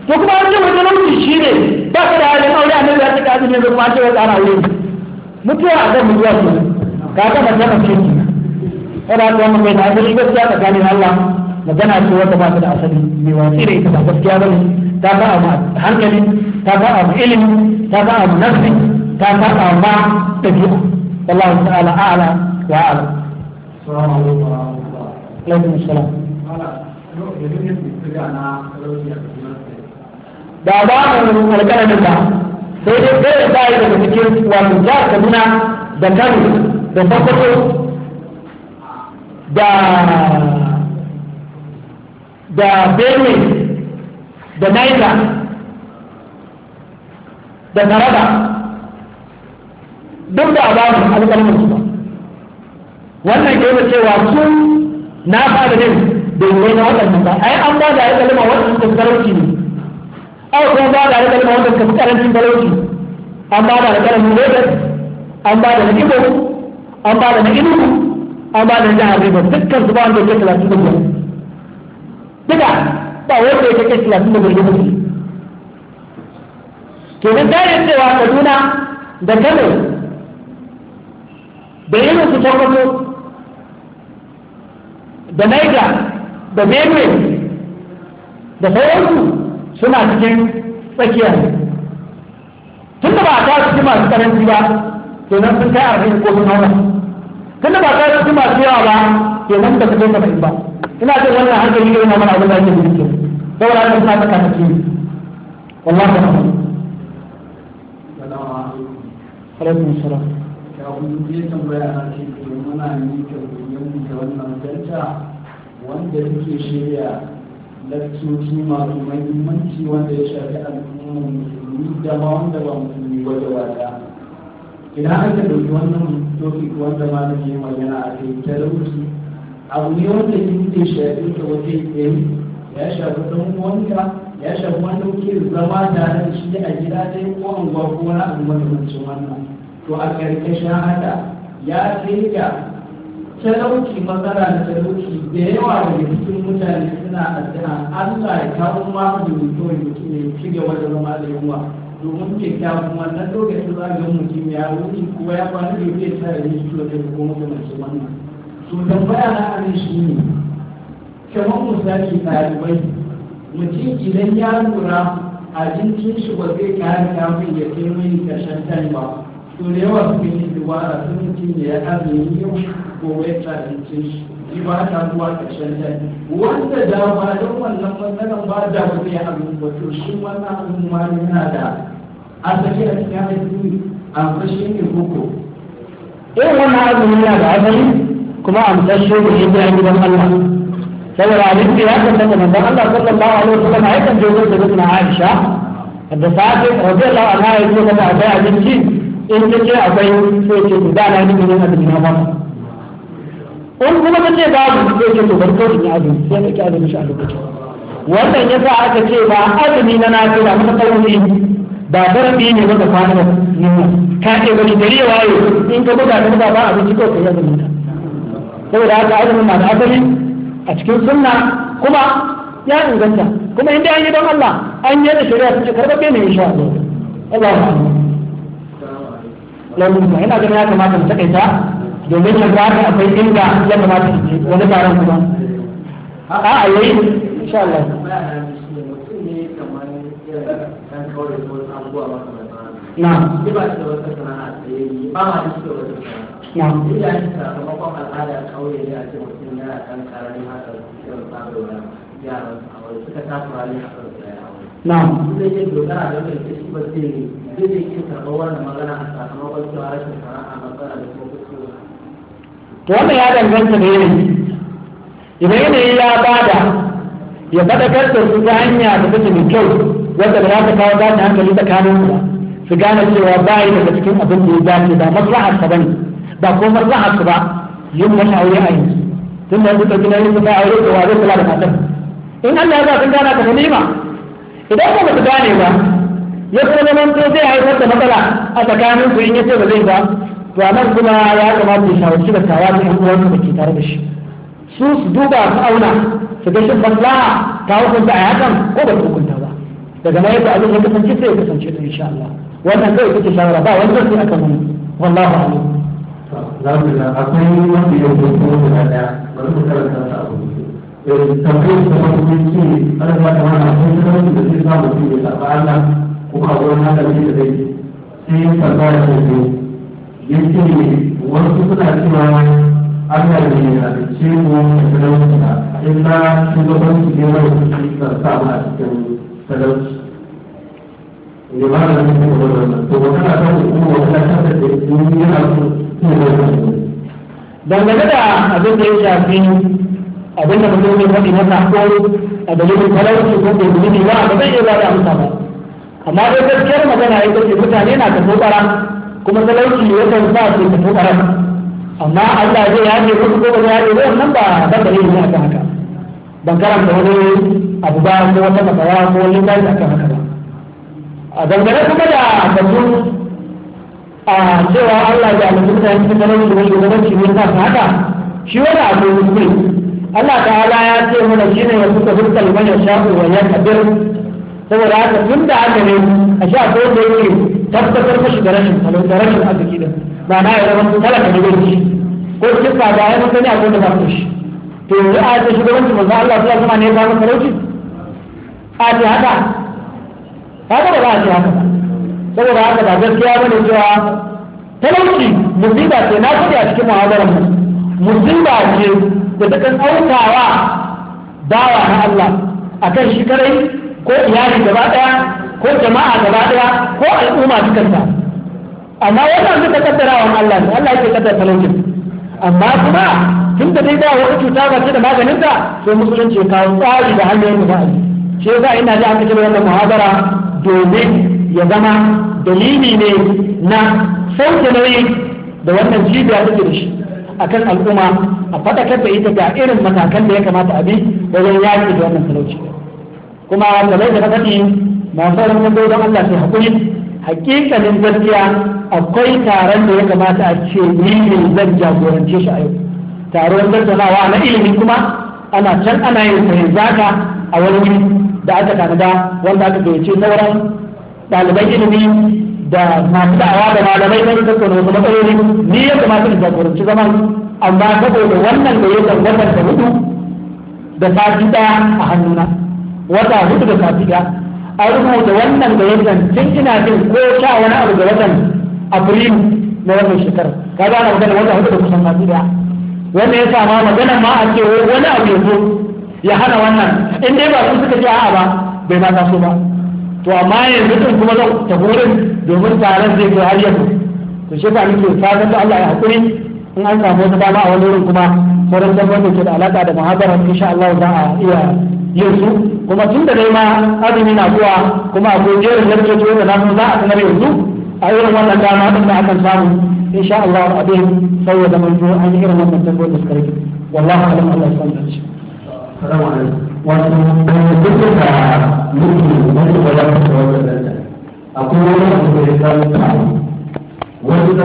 to kuma an ce wanda namiji shi ne ba ka da halin aure annabi ya ce ka azumi ba kuma ce wanda ana aure mutuwa a kan mutuwa ce ka ga mace mace ce ya ta kuma mai da asali gaskiya tsakanin Allah magana ce wanda ba ta da asali mai watsi da ta ba gaskiya bane ta ba a hankali ta ba a ilimi ta ba a nafsi ta ba a ma ɗabi'a والله تعالى أعلى وأعلم السلام عليكم ورحمة الله عليكم السلام da ba mu alƙalamin ba sai dai zai da yi daga cikin wato jihar kaduna da kano da sokoto da da benue da niger da taraba duk da ba su alƙalmin su ba wannan ke cewa su na fara ne da yi na waɗannan ba ai an ba da alƙalma waɗanda suka talauci ne ai kuma ba da alƙalma wannan suka karancin talauci an ba da alƙalmin lagos an ba da na ibo an ba da na inugu an ba da na jihar rivers dukkan su ba wanda ya ke talatin da biyar duka ba wanda ya ke talatin da biyar ke nan da cewa kaduna da kano bayyana su tabbato da naija da benue da sauransu suna cikin tsakiya tun da ba a kawo cikin masu karanci ba nan sun kai arba'in ko sun hana tun da ba a kawo cikin masu yawa ba nan da su kai saba'in ba ina ce wannan hankali ne na mana abin da ake bincike wani haka suna ta kasance wallahi alaikum salam kun je tambaya na ce to muna yi tambayoyin da wannan danta wanda yake shirya lakcoci masu mahimmanci wanda ya shafi al'ummar musulmi da ma wanda ba musulmi wajen wata idan aka ɗauki wannan topic wanda ma na ke magana a kai talauci abu ne wanda yake shafi ta waje ɗaya ya shafi ɗan uwanka ya shafi wanda kuke zama tare da shi a gida ɗaya ko anguwa ko wani abu mahimmancin wannan to a ƙarƙashin haɗa ya kai ga talauci matsala da talauci da yawa daga cikin mutane suna addu'a Allah ya kawo ma da mutum mutum ya ci gaba da zama da yunwa domin ke kawo wannan lokacin za ga mutum ya wuce kuma ya kwana da yake sa da yi kilo da ko makamancin wannan to tambaya na anan shi ne kamar misali ɗalibai mutum idan ya lura abincin shi ba zai kare kafin ya kai mai ƙarshen ba to da yawa suke yi dubara sun mutum da ya yi yau gobe ya tsarince shi shi ba ta zuwa ƙarshen dai wanda da ba don wannan matsalan ba da wani ya azumi ba to shi wannan azumi ma yana da a sake a cikin haifin a fashe ne koko irin eh, wannan azumi yana da asali kuma a amsashe da shi bayan gidan Allah saboda abin da ya kasance manzon Allah sallallahu alaihi wasallam ya kan je gurin da Aisha da safe radiyallahu anha ya ce mata a abinci in ta ce akwai sai ce to da na nufin yin azumi na mama kuma ta ce babu sai ce to barko in yi sai ka ki azumi shi a lokacin wannan yasa aka ce ba azumi na nafila kuma tauri ba zarafi ne ba fara kwana yunwa ka ce wani gari ya waye in ka buga ka buga ba abinci ko kai azumi ta saboda haka azumin na da asali a cikin sunna kuma ya inganta kuma inda an yi don Allah an yi da shari'a su ce karɓaɓɓe ne insha Allah Allah launin ba ina ganin ya kamata mu takaita domin yanzu haka akwai inda ya kamata su je wani taron kuma a a yi insha Allah na na zai yi dogara da wani da shi ba zai yi zai yi kin karɓar wannan magana a sakamakon cewa rashin sana'a matsala da kuma kusur to wannan ya danganta da yanayi idan yanayi ya bada ya faɗakar da su ta hanya da take mai kyau wadda ba za ta kawo tashin hankali tsakanin su ba su gane cewa ba yi daga cikin abin da ya dace ba maslahar ka ne, ba ko maslahar ka ba yin wani aure a yanzu tun da yanzu ta gina yin su ta aure da wa zai kula da matan in Allah ya sa sun gana ka ganima idan ba su gane ba ya kuma zaman to zai haifar da matsala a tsakanin su in ya ce ba zai ba to a nan kuma ya kamata ya shawarci da tawa da yan uwansu da ke tare da shi su su duba su auna su ga shin maslaha ta hukunta a hakan ko ba su hukunta ba daga nan yadda abin ya kasance sai ya kasance to insha Allah wannan kai kuke shawara ba wani zai akan mu wallahu a'lam akwai wanda ya rubuta da bari mu karanta tambayar da kuma da kuma a wurin haka ne da zai sai ya karɓa da kan yau ya da kuma da da da yi da Dangane da abin da ya shafi abin da mutum ne faɗi masa ko a dalilin talauci ko gudu ne ba a zai iya ba da amsa ba amma dai gaskiyar magana ya ce mutane na ta bara kuma talauci ya kan sa su kaso bara amma Allah zai yaje musu ko ba zai yaje nan ba ba dalilin yin haka haka ban karanta wani abu ba ko wata masara ko wani bai akan haka ba a dangane kuma da batun a cewa Allah ya mutunta mutane cikin talauci ne shugabanci ne sa haka shi wani abu ne Allah hala ya ce mana shi ne wasu kafin kalmar ya sha'u wa ya kabir saboda haka tun da aka ne a sha ko da yake tabbatar mashi da rashin da rashin arziki da ba na yi ya kala ka da shi ko cikin ba ya mutane a ko da ba ku shi to yanzu a ce shugabanci maza Allah ta zama ne ya samu talauci a ce haka haka ba za a ce haka saboda haka ba gaskiya ne cewa talauci musiba ce na kudi a cikin muhadarar mu Musulma ce da ta kan aukawa bawa na Allah a kan shi karai ko iyali gaba ɗaya ko jama'a gaba ɗaya ko al'umma ta. amma wannan duka wa Allah ne Allah yake kaddara talaucin amma kuma tun da dai ba wata cuta ba ce da ta sai musulunci ya kawo tsari da hanyoyin da ba'a shi yasa ina ji aka ce wannan muhabara domin ya zama dalili ne na sauke nauyi da wannan cibiya take da shi a kan al'umma a faɗakar da ita ga irin matakan da ya kamata a bi wajen yaƙi da wannan talauci kuma talauci na faɗi masu ramin don Allah su haƙuri hakikalin gaskiya akwai taron da ya kamata a ce ni ne zan jagorance shi a yau taron tattaunawa na ilimi kuma ana can ana yin zaka a wani wuri da aka tanada wanda aka gayyace sauran ɗaliban ilimi da masu da'awa da malamai don tattauna wasu matsaloli ni ya kamata in jagoranci zaman amma saboda wannan da ya tabbatar da hudu da sati daya a hannuna wata hudu da sati daya a rubuta wannan da ya tun ina jin ko sha wani abu da watan afrilu na wannan shekarar ka gane magana wata hudu da kusan sati daya Wannan ya sama magana ma a ce wani abu ya zo ya hana wannan in dai ba su suka ji a'a ba bai ma taso ba to amma yanzu din kuma zan tafi wurin domin taron zai kai har yanzu to shi ka nake fatan ta Allah ya hakuri in an samu wata dama a wani wurin kuma sauran dabbar da ke da alaka da muhabara insha Allah za a iya yin su kuma tun da dai ma azumi na zuwa kuma akwai jerin yarjejoji da na za a sanar yanzu a irin wannan dama din da akan samu insha Allah abin da mun zo an yi irin wannan dabbar da suka rike wallahi alam Allah ya san da shi wato duka mutu wani wani wani akwai wani abu da ya kawo wani